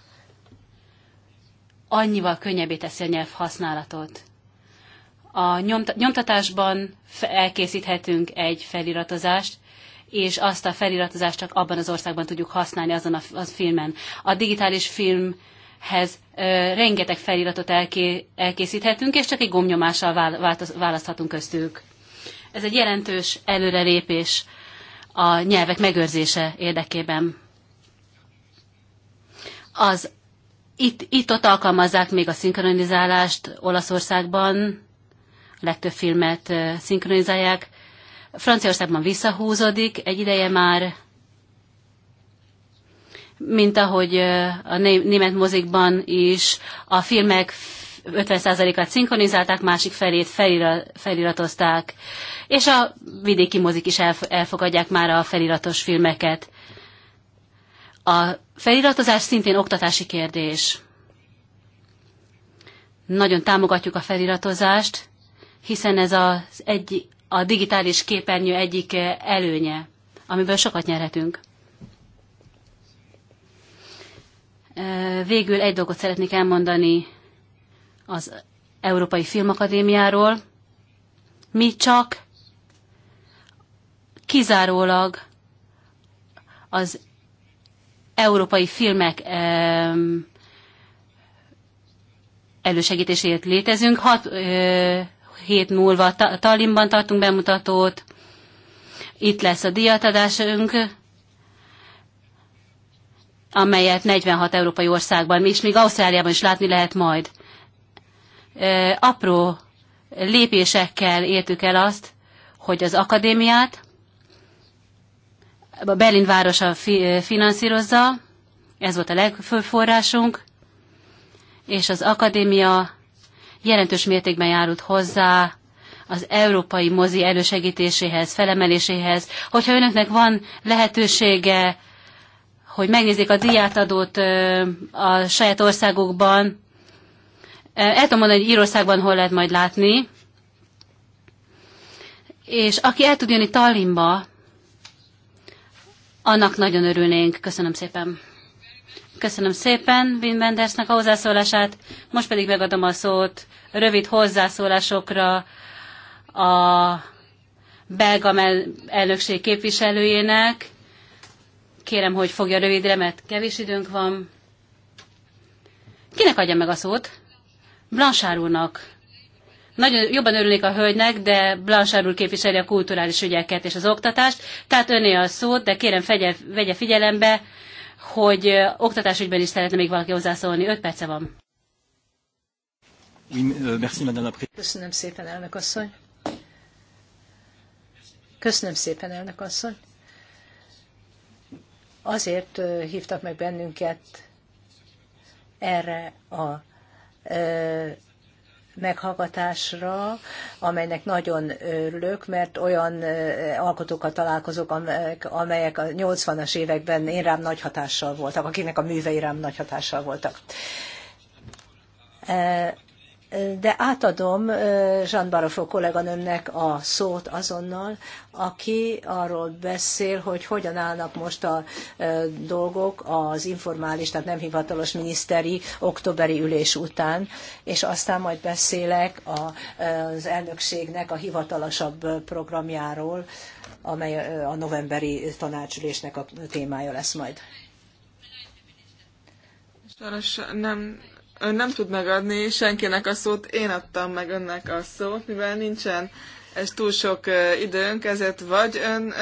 Speaker 3: annyival könnyebbé teszi a nyelv használatot. A nyomtatásban elkészíthetünk egy feliratozást, és azt a feliratozást csak abban az országban tudjuk használni azon a, a filmen. A digitális filmhez ö, rengeteg feliratot elké- elkészíthetünk, és csak egy gomnyomással válasz- választhatunk köztük. Ez egy jelentős előrelépés a nyelvek megőrzése érdekében. Az itt, itt ott alkalmazzák még a szinkronizálást Olaszországban, a legtöbb filmet szinkronizálják. Franciaországban visszahúzódik egy ideje már, mint ahogy a német mozikban is a filmek 50%-át szinkronizálták, másik felét feliratozták, és a vidéki mozik is elfogadják már a feliratos filmeket. A feliratozás szintén oktatási kérdés. Nagyon támogatjuk a feliratozást, hiszen ez az egy, a digitális képernyő egyik eh, előnye, amiből sokat nyerhetünk. Eh, végül egy dolgot szeretnék elmondani az Európai Filmakadémiáról. Mi csak kizárólag az európai filmek elősegítéséért létezünk. Hat hét múlva Tallinnban tartunk bemutatót, itt lesz a díjatadásunk, amelyet 46 európai országban, és még Ausztráliában is látni lehet majd. Ö, apró lépésekkel értük el azt, hogy az akadémiát a Berlin városa fi, finanszírozza, ez volt a legfőbb forrásunk, és az akadémia jelentős mértékben járult hozzá az európai mozi elősegítéséhez, felemeléséhez. Hogyha önöknek van lehetősége, hogy megnézzék a diátadót a saját országokban, el tudom mondani, hogy Írországban hol lehet majd látni, és aki el tud jönni Tallinnba, annak nagyon örülnénk. Köszönöm szépen. Köszönöm szépen Wim Wendersnek a hozzászólását. Most pedig megadom a szót rövid hozzászólásokra a belga elnökség képviselőjének. Kérem, hogy fogja rövidre, mert kevés időnk van. Kinek adja meg a szót? Blanchard úrnak. Nagyon jobban örülnék a hölgynek, de Blanchard képviseli a kulturális ügyeket és az oktatást, tehát öné a szót, de kérem fegye, vegye figyelembe, hogy oktatásügyben is szeretne még valaki hozzászólni. Öt perce van.
Speaker 5: Euh, Köszönöm szépen, elnök asszony. Köszönöm szépen, elnök asszony. Azért hívtak meg bennünket erre a meghallgatásra, amelynek nagyon örülök, mert olyan alkotókkal találkozok, amelyek a 80-as években én rám nagy hatással voltak, akinek a művei rám nagy hatással voltak de átadom Jean Barofó kolléganőmnek a szót azonnal, aki arról beszél, hogy hogyan állnak most a dolgok az informális, tehát nem hivatalos miniszteri októberi ülés után, és aztán majd beszélek az elnökségnek a hivatalosabb programjáról, amely a novemberi tanácsülésnek a témája lesz majd.
Speaker 2: Soros nem Ön nem tud megadni senkinek a szót, én adtam meg önnek a szót, mivel nincsen ez túl sok időnk, ezért vagy ön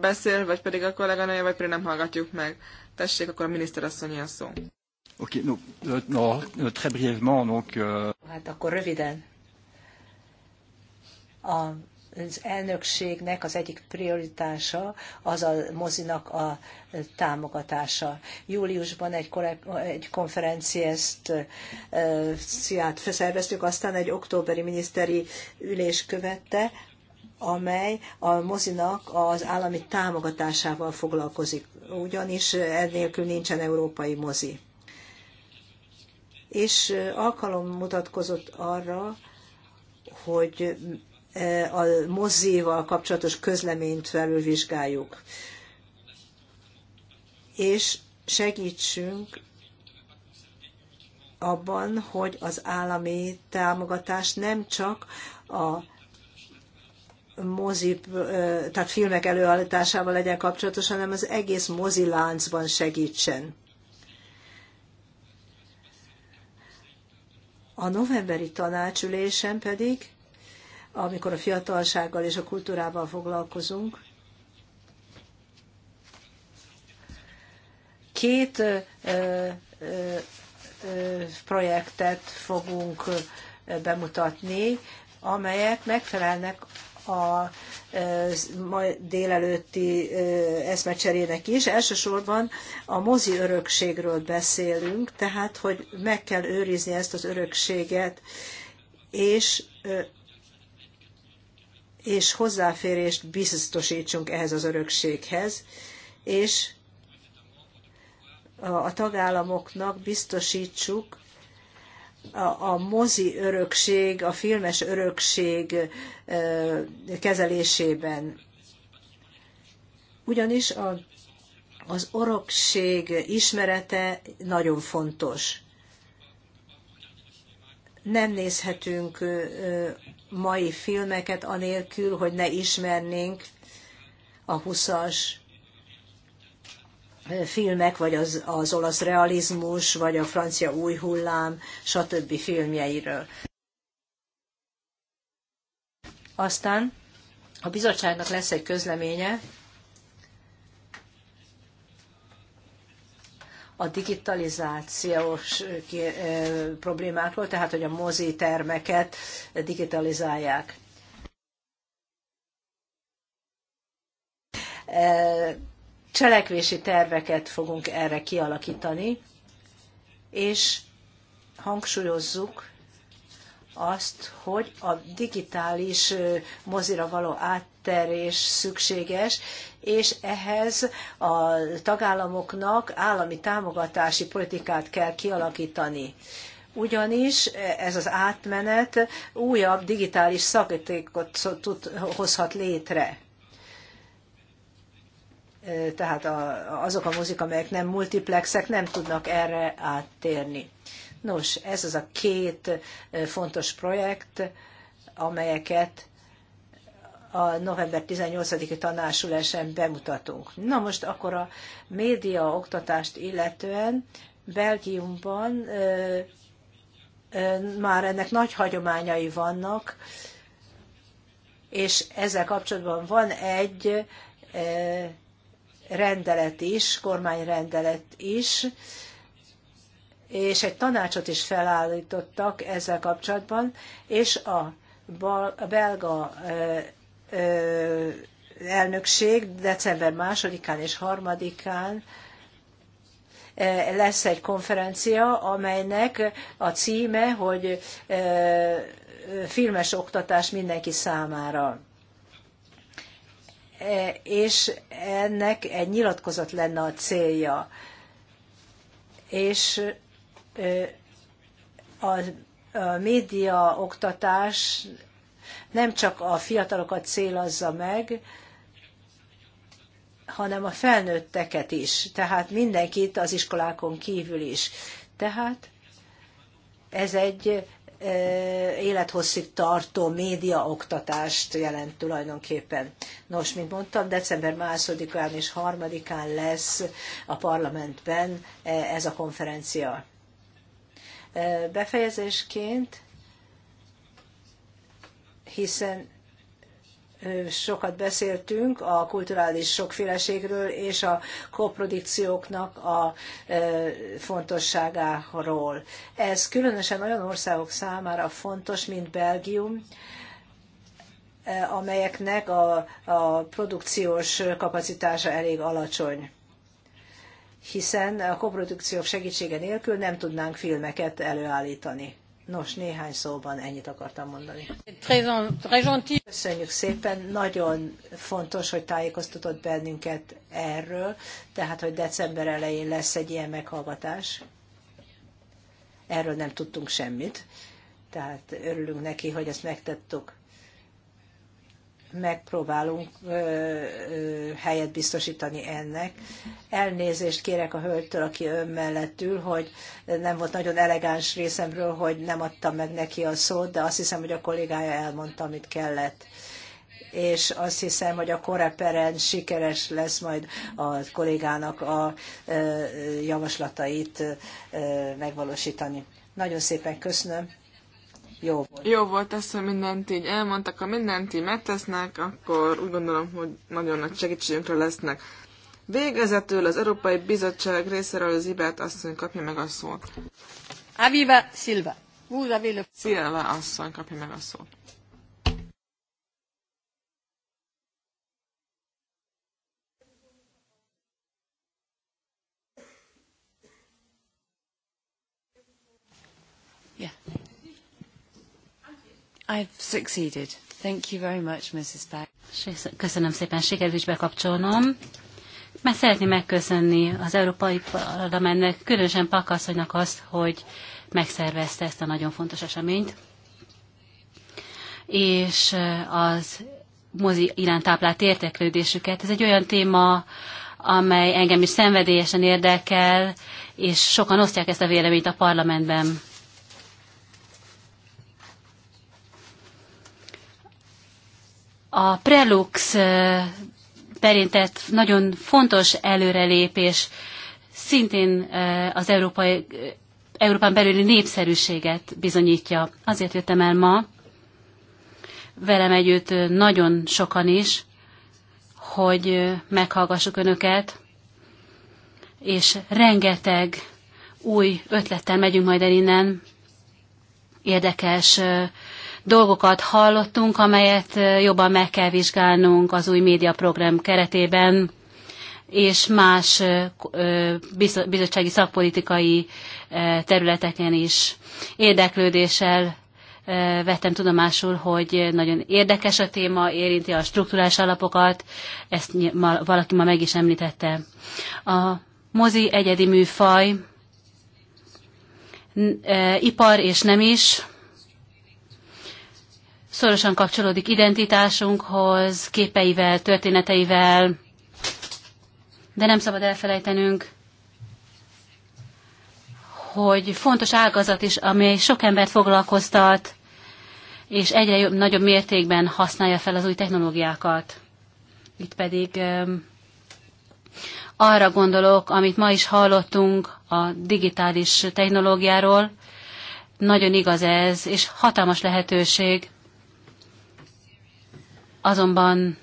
Speaker 2: beszél, vagy pedig a kolléganője, vagy pedig nem hallgatjuk meg. Tessék, akkor a miniszterasszonyi a szó.
Speaker 4: Oké, okay, no, no, très brièvement, donc... Uh...
Speaker 5: Hát akkor röviden. A az elnökségnek az egyik prioritása az a mozinak a támogatása. Júliusban egy, egy konferenciát felszerveztük, aztán egy októberi miniszteri ülés követte, amely a mozinak az állami támogatásával foglalkozik, ugyanis ennélkül nincsen európai mozi. És alkalom mutatkozott arra, hogy a mozival kapcsolatos közleményt felülvizsgáljuk. És segítsünk abban, hogy az állami támogatás nem csak a mozi, tehát filmek előállításával legyen kapcsolatos, hanem az egész moziláncban segítsen. A novemberi tanácsülésen pedig amikor a fiatalsággal és a kultúrával foglalkozunk. Két projektet fogunk bemutatni, amelyek megfelelnek a ma délelőtti eszmecserének is. Elsősorban a mozi örökségről beszélünk, tehát hogy meg kell őrizni ezt az örökséget, és és hozzáférést biztosítsunk ehhez az örökséghez, és a tagállamoknak biztosítsuk a mozi örökség, a filmes örökség kezelésében. Ugyanis a, az örökség ismerete nagyon fontos. Nem nézhetünk mai filmeket anélkül, hogy ne ismernénk a 20-as filmek, vagy az, az olasz realizmus, vagy a francia új hullám, stb. filmjeiről. Aztán a bizottságnak lesz egy közleménye, a digitalizációs eh, problémákról, tehát hogy a mozi termeket digitalizálják. Eh, cselekvési terveket fogunk erre kialakítani, és hangsúlyozzuk azt, hogy a digitális eh, mozira való átterés szükséges, és ehhez a tagállamoknak állami támogatási politikát kell kialakítani ugyanis ez az átmenet újabb digitális szakítékot tud, hozhat létre. Tehát a, azok a mozik, amelyek nem multiplexek, nem tudnak erre áttérni. Nos, ez az a két fontos projekt, amelyeket a november 18-i tanásulásen bemutatunk. Na most akkor a média oktatást illetően Belgiumban ö, ö, már ennek nagy hagyományai vannak, és ezzel kapcsolatban van egy ö, rendelet is, kormányrendelet is, és egy tanácsot is felállítottak ezzel kapcsolatban, és a, bal, a belga elnökség december másodikán és harmadikán lesz egy konferencia, amelynek a címe, hogy filmes oktatás mindenki számára. E, és ennek egy nyilatkozat lenne a célja. És a, média oktatás nem csak a fiatalokat célozza meg, hanem a felnőtteket is, tehát mindenkit az iskolákon kívül is. Tehát ez egy e, élethosszig tartó média oktatást jelent tulajdonképpen. Nos, mint mondtam, december 2 és 3 lesz a parlamentben e, ez a konferencia. E, befejezésként hiszen sokat beszéltünk a kulturális sokféleségről és a koprodukcióknak a fontosságáról. Ez különösen olyan országok számára fontos, mint Belgium, amelyeknek a, a produkciós kapacitása elég alacsony hiszen a koprodukciók segítsége nélkül nem tudnánk filmeket előállítani. Nos, néhány szóban ennyit akartam mondani. Köszönjük szépen, nagyon fontos, hogy tájékoztatott bennünket erről, tehát, hogy december elején lesz egy ilyen meghallgatás. Erről nem tudtunk semmit, tehát örülünk neki, hogy ezt megtettük megpróbálunk helyet biztosítani ennek. Elnézést kérek a hölgytől, aki ön mellett ül, hogy nem volt nagyon elegáns részemről, hogy nem adtam meg neki a szót, de azt hiszem, hogy a kollégája elmondta, amit kellett és azt hiszem, hogy a koreperen sikeres lesz majd a kollégának a javaslatait megvalósítani. Nagyon szépen köszönöm jó volt. Jó volt ez, hogy mindent így
Speaker 2: elmondtak, ha mindent így megtesznek, akkor úgy gondolom, hogy nagyon nagy segítségünkre lesznek. Végezetül az Európai Bizottság részéről az Ibert asszony kapja meg a szót.
Speaker 1: Aviva Silva. Silva asszony kapja meg a szót. Yeah. I've succeeded.
Speaker 3: Thank you very much, Mrs. Köszönöm szépen, sikerült is bekapcsolnom. Mert szeretném megköszönni az Európai Parlamentnek, különösen Pakasszonynak azt, hogy megszervezte ezt a nagyon fontos eseményt. És az mozi iránt táplált érteklődésüket. Ez egy olyan téma, amely engem is szenvedélyesen érdekel, és sokan osztják ezt a véleményt a parlamentben. a Prelux perintett nagyon fontos előrelépés szintén az európai, Európán belüli népszerűséget bizonyítja. Azért jöttem el ma, velem együtt nagyon sokan is, hogy meghallgassuk Önöket, és rengeteg új ötlettel megyünk majd el innen, érdekes dolgokat hallottunk, amelyet jobban meg kell vizsgálnunk az új médiaprogram keretében, és más bizottsági szakpolitikai területeken is. Érdeklődéssel vettem tudomásul, hogy nagyon érdekes a téma, érinti a struktúrás alapokat, ezt valaki ma meg is említette. A mozi egyedi műfaj, ipar és nem is, szorosan kapcsolódik identitásunkhoz, képeivel, történeteivel, de nem szabad elfelejtenünk, hogy fontos ágazat is, amely sok embert foglalkoztat, és egyre jobb, nagyobb mértékben használja fel az új technológiákat. Itt pedig um, arra gondolok, amit ma is hallottunk a digitális technológiáról, nagyon igaz ez, és hatalmas lehetőség Azonban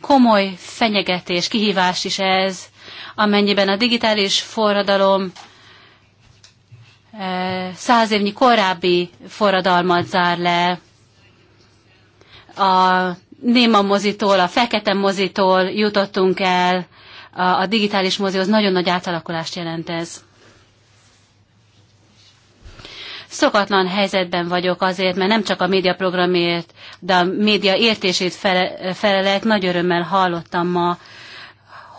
Speaker 3: komoly fenyegetés, kihívás is ez, amennyiben a digitális forradalom eh, száz évnyi korábbi forradalmat zár le, a néma mozitól, a fekete mozitól jutottunk el, a digitális mozihoz nagyon nagy átalakulást jelent ez. Szokatlan helyzetben vagyok azért, mert nem csak a programért, de a média értését felelek. Nagy örömmel hallottam ma,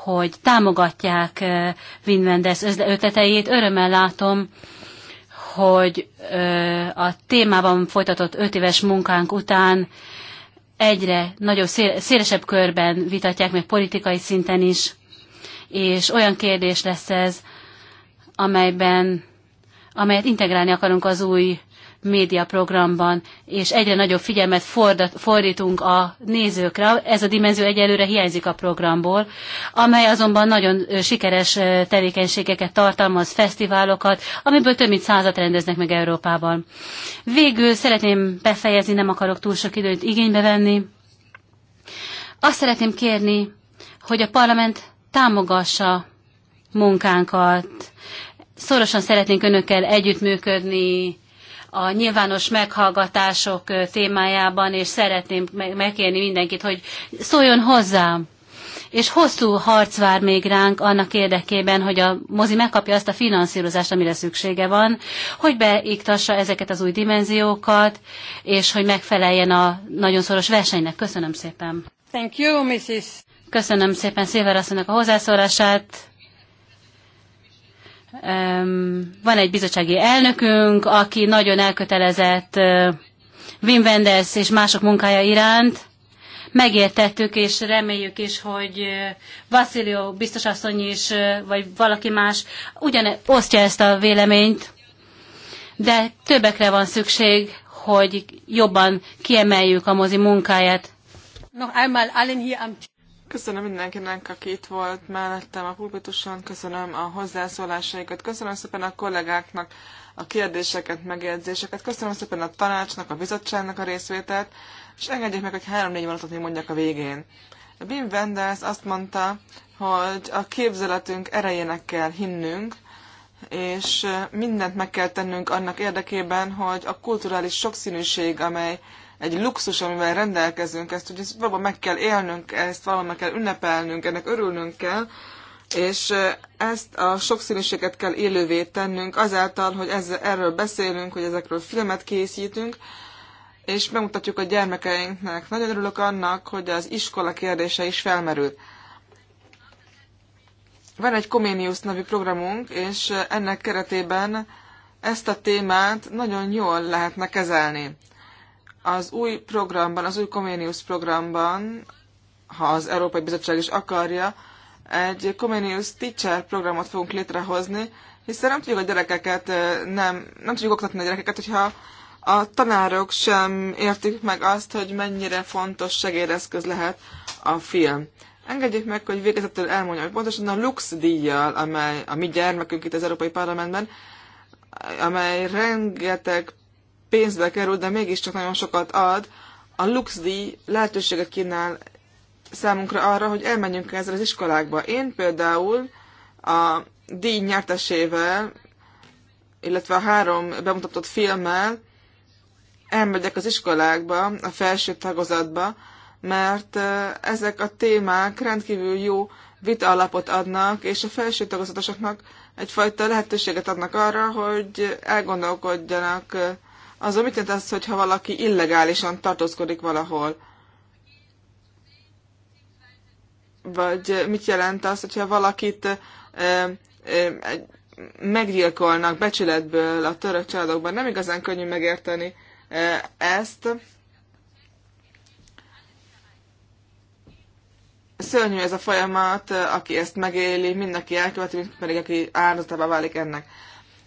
Speaker 3: hogy támogatják Wim Wenders ötleteit. Örömmel látom, hogy a témában folytatott öt éves munkánk után egyre nagyobb, szélesebb körben vitatják meg politikai szinten is, és olyan kérdés lesz ez, amelyben amelyet integrálni akarunk az új médiaprogramban, és egyre nagyobb figyelmet fordítunk a nézőkre. Ez a dimenzió egyelőre hiányzik a programból, amely azonban nagyon sikeres tevékenységeket tartalmaz, fesztiválokat, amiből több mint százat rendeznek meg Európában. Végül szeretném befejezni, nem akarok túl sok időt igénybe venni. Azt szeretném kérni, hogy a parlament támogassa munkánkat, Szorosan szeretnénk önökkel együttműködni a nyilvános meghallgatások témájában, és szeretném megkérni mindenkit, hogy szóljon hozzám. És hosszú harc vár még ránk annak érdekében, hogy a mozi megkapja azt a finanszírozást, amire szüksége van, hogy beiktassa ezeket az új dimenziókat, és hogy megfeleljen a nagyon szoros versenynek. Köszönöm szépen.
Speaker 1: Thank you, Mrs.
Speaker 3: Köszönöm szépen Szilver a hozzászólását van egy bizottsági elnökünk, aki nagyon elkötelezett Wim Wenders és mások munkája iránt. Megértettük, és reméljük is, hogy Vasszilió biztosasszony is, vagy valaki más ugyan osztja ezt a véleményt, de többekre van szükség, hogy jobban kiemeljük a mozi munkáját.
Speaker 1: Köszönöm mindenkinek, aki
Speaker 2: itt volt mellettem a pulpituson, köszönöm a hozzászólásaikat, köszönöm szépen a kollégáknak a kérdéseket, megjegyzéseket, köszönöm szépen a tanácsnak, a bizottságnak a részvételt, és engedjék meg, hogy három-négy mondatot még mondjak a végén. Bim Wenders azt mondta, hogy a képzeletünk erejének kell hinnünk, és mindent meg kell tennünk annak érdekében, hogy a kulturális sokszínűség, amely egy luxus, amivel rendelkezünk, ezt, ugye valóban meg kell élnünk, ezt valóban meg kell ünnepelnünk, ennek örülnünk kell, és ezt a sokszínűséget kell élővé tennünk azáltal, hogy ezzel, erről beszélünk, hogy ezekről filmet készítünk, és megmutatjuk a gyermekeinknek. Nagyon örülök annak, hogy az iskola kérdése is felmerült. Van egy Comenius nevű programunk, és ennek keretében ezt a témát nagyon jól lehetne kezelni. Az új programban, az új Comenius programban, ha az Európai Bizottság is akarja, egy Comenius Teacher programot fogunk létrehozni, hiszen nem tudjuk a gyerekeket, nem, nem tudjuk oktatni a gyerekeket, hogyha a tanárok sem értik meg azt, hogy mennyire fontos segédeszköz lehet a film. Engedjék meg, hogy végezetül elmondjam, hogy pontosan a Lux díjjal, amely a mi gyermekünk itt az Európai Parlamentben, amely rengeteg pénzbe kerül, de mégiscsak nagyon sokat ad, a LuxDi lehetőséget kínál számunkra arra, hogy elmenjünk ezzel az iskolákba. Én például a díj nyertesével, illetve a három bemutatott filmmel elmegyek az iskolákba, a felső tagozatba, mert ezek a témák rendkívül jó vita alapot adnak, és a felső tagozatosoknak egyfajta lehetőséget adnak arra, hogy elgondolkodjanak az, mit jelent az, hogyha valaki illegálisan tartózkodik valahol? Vagy eh, mit jelent az, hogyha valakit ö, eh, ö, eh, meggyilkolnak becsületből a török családokban? Nem igazán könnyű megérteni ezt. Szörnyű ez a folyamat, aki ezt megéli, mindenki elköveti, mint pedig aki áldozatává válik ennek.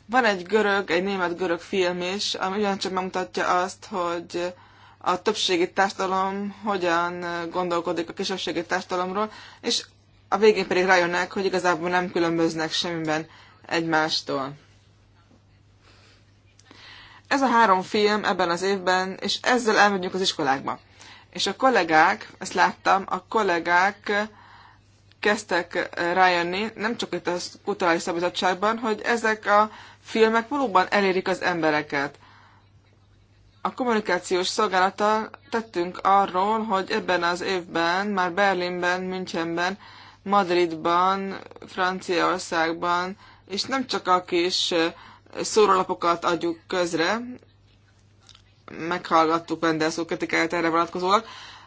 Speaker 2: Van egy görög, egy német-görög film is, ami ugyancsak megmutatja azt, hogy a többségi társadalom hogyan gondolkodik a kisebbségi társadalomról, és a végén pedig rájönnek, hogy igazából nem különböznek semmiben egymástól. Ez a három film ebben az évben, és ezzel elmegyünk az iskolákba. És a kollégák, ezt láttam, a kollégák kezdtek rájönni, nem csak itt a Kulturális Szabadságban, hogy ezek a filmek valóban elérik az embereket. A kommunikációs szolgálata tettünk arról, hogy ebben az évben, már Berlinben, Münchenben, Madridban, Franciaországban, és nem csak a kis szórólapokat adjuk közre, meghallgattuk Mendelszó kritikáját erre vonatkozólag,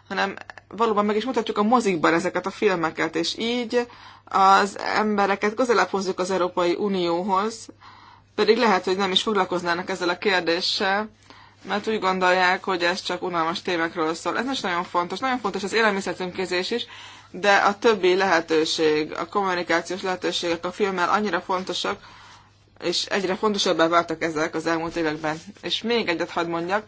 Speaker 2: hanem valóban meg is mutatjuk a mozikban ezeket a filmeket, és így az embereket közelebb hozzuk az Európai Unióhoz, pedig lehet, hogy nem is foglalkoznának ezzel a kérdéssel, mert úgy gondolják, hogy ez csak unalmas témákról szól. Ez is nagyon fontos. Nagyon fontos az élelmiszercímkézés is, de a többi lehetőség, a kommunikációs lehetőségek a filmmel annyira fontosak, és egyre fontosabbá váltak ezek az elmúlt években. És még egyet hadd mondjak,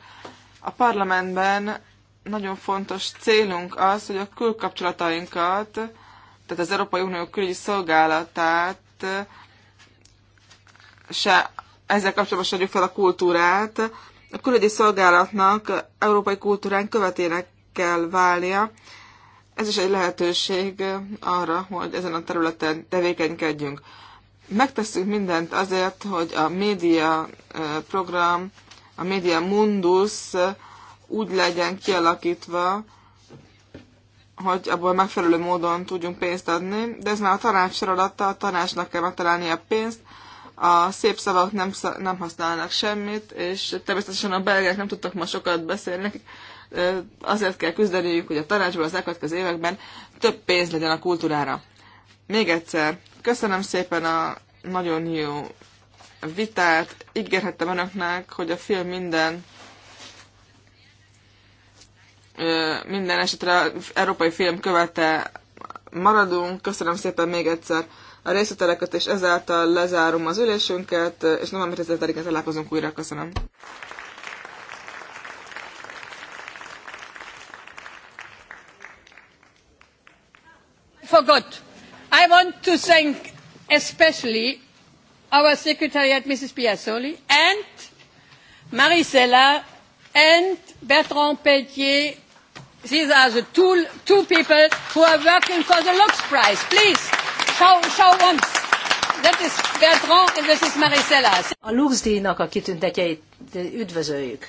Speaker 2: a parlamentben nagyon fontos célunk az, hogy a külkapcsolatainkat, tehát az Európai Unió külügyi szolgálatát se ezzel kapcsolatban adjuk fel a kultúrát. A külügyi szolgálatnak európai kultúrán követének kell válnia. Ez is egy lehetőség arra, hogy ezen a területen tevékenykedjünk. Megtesszük mindent azért, hogy a média eh, program, a média mundus úgy legyen kialakítva, hogy abból megfelelő módon tudjunk pénzt adni, de ez már a tanács feladata, a tanácsnak kell megtalálni a pénzt, a szép szavak nem, nem használnak semmit, és természetesen a belgák nem tudtak ma sokat beszélni, azért kell küzdeniük, hogy a tanácsból az elkövetkező években több pénz legyen a kultúrára. Még egyszer, köszönöm szépen a nagyon jó vitát, ígérhettem önöknek, hogy a film minden minden esetre európai film követe maradunk. Köszönöm szépen még egyszer a részleteleket, és ezáltal lezárom az ülésünket, és november 10-én találkozunk újra. Köszönöm.
Speaker 1: Forgot. I want to thank especially our secretariat, Mrs. Piazzoli, and Marisela, and Bertrand Pelletier, These are the two, two people who are working for the Lux Prize. Please, show, show once. That is Bertrand and this is Maricela. A
Speaker 5: Lux díjnak a kitüntetjeit üdvözöljük.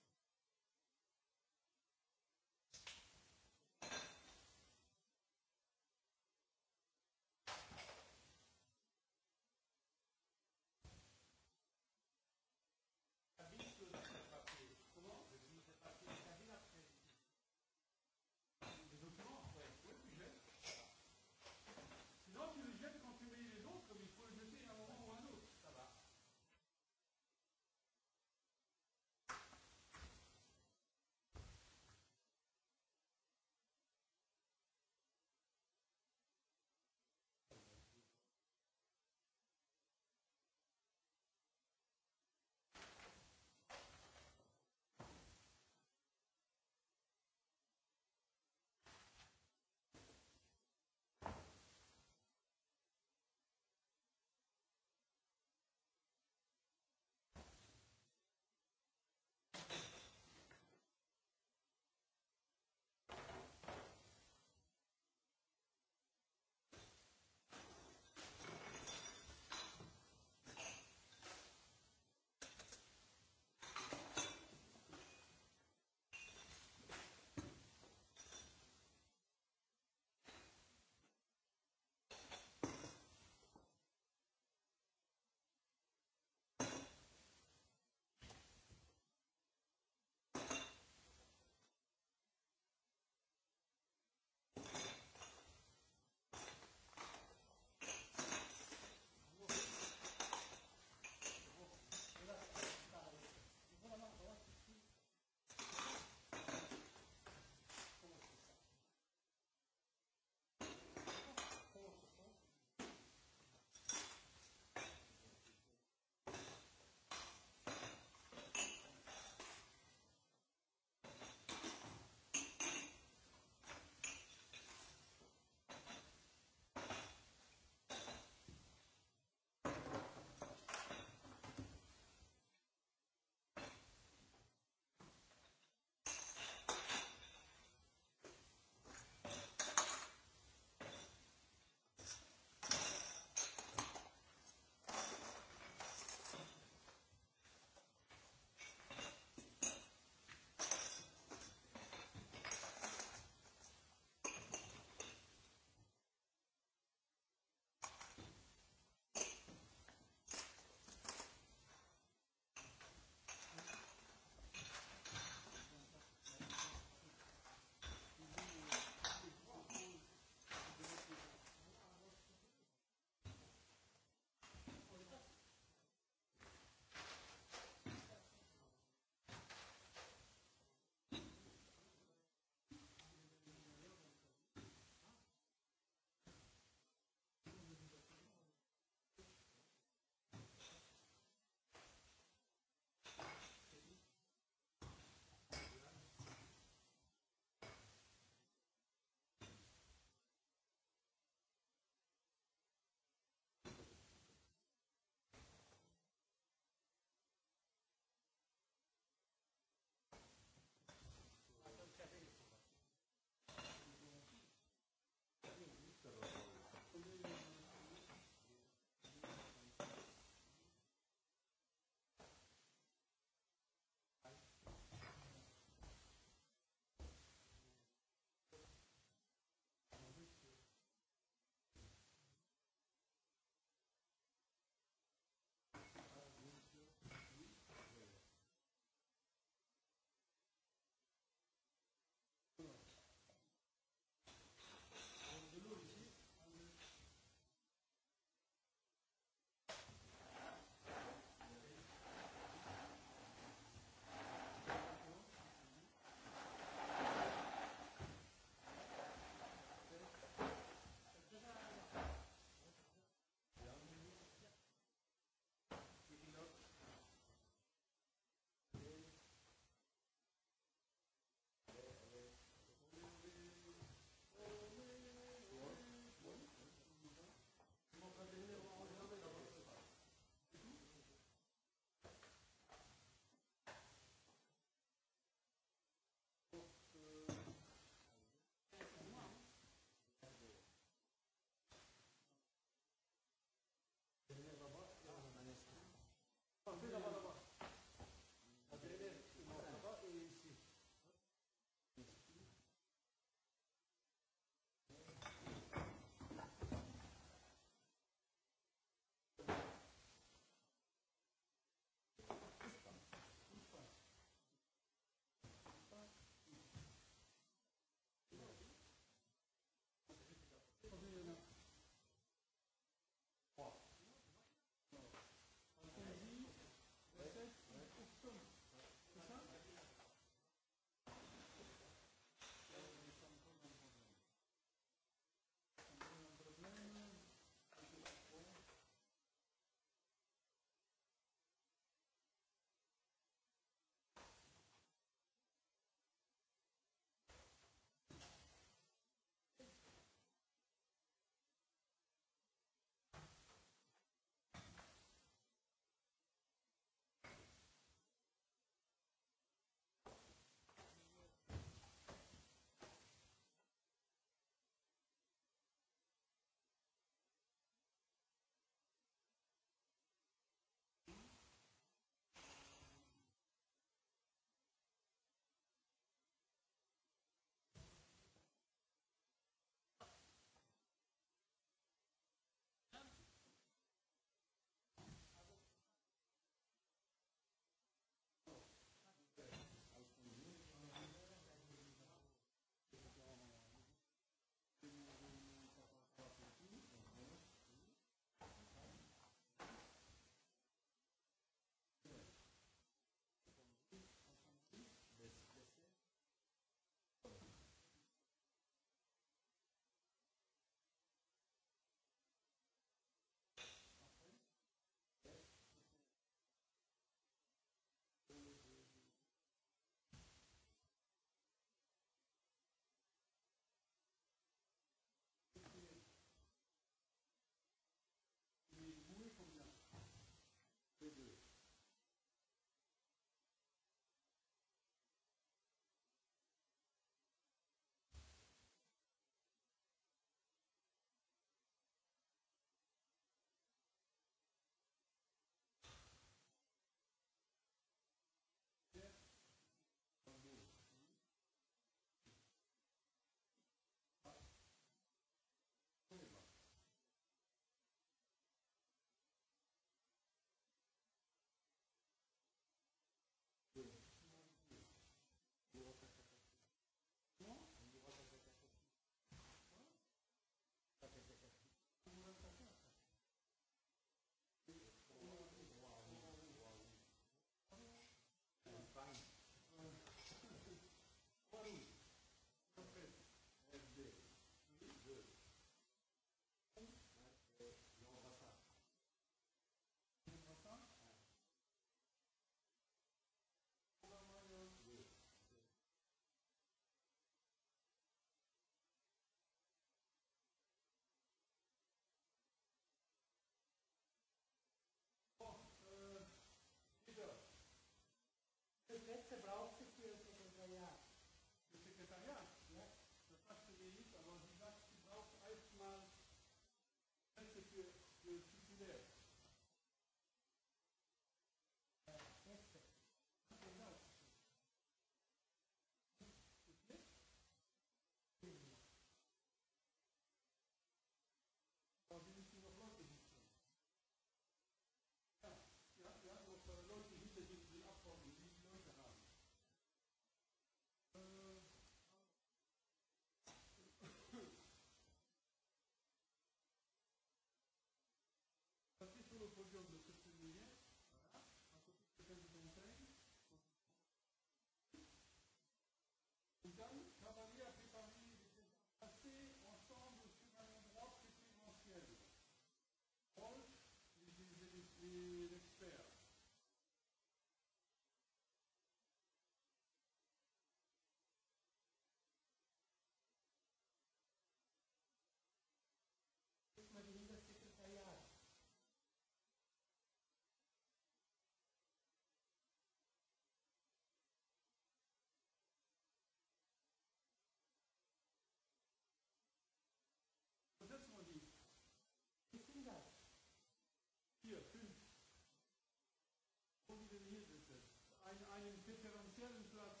Speaker 4: kell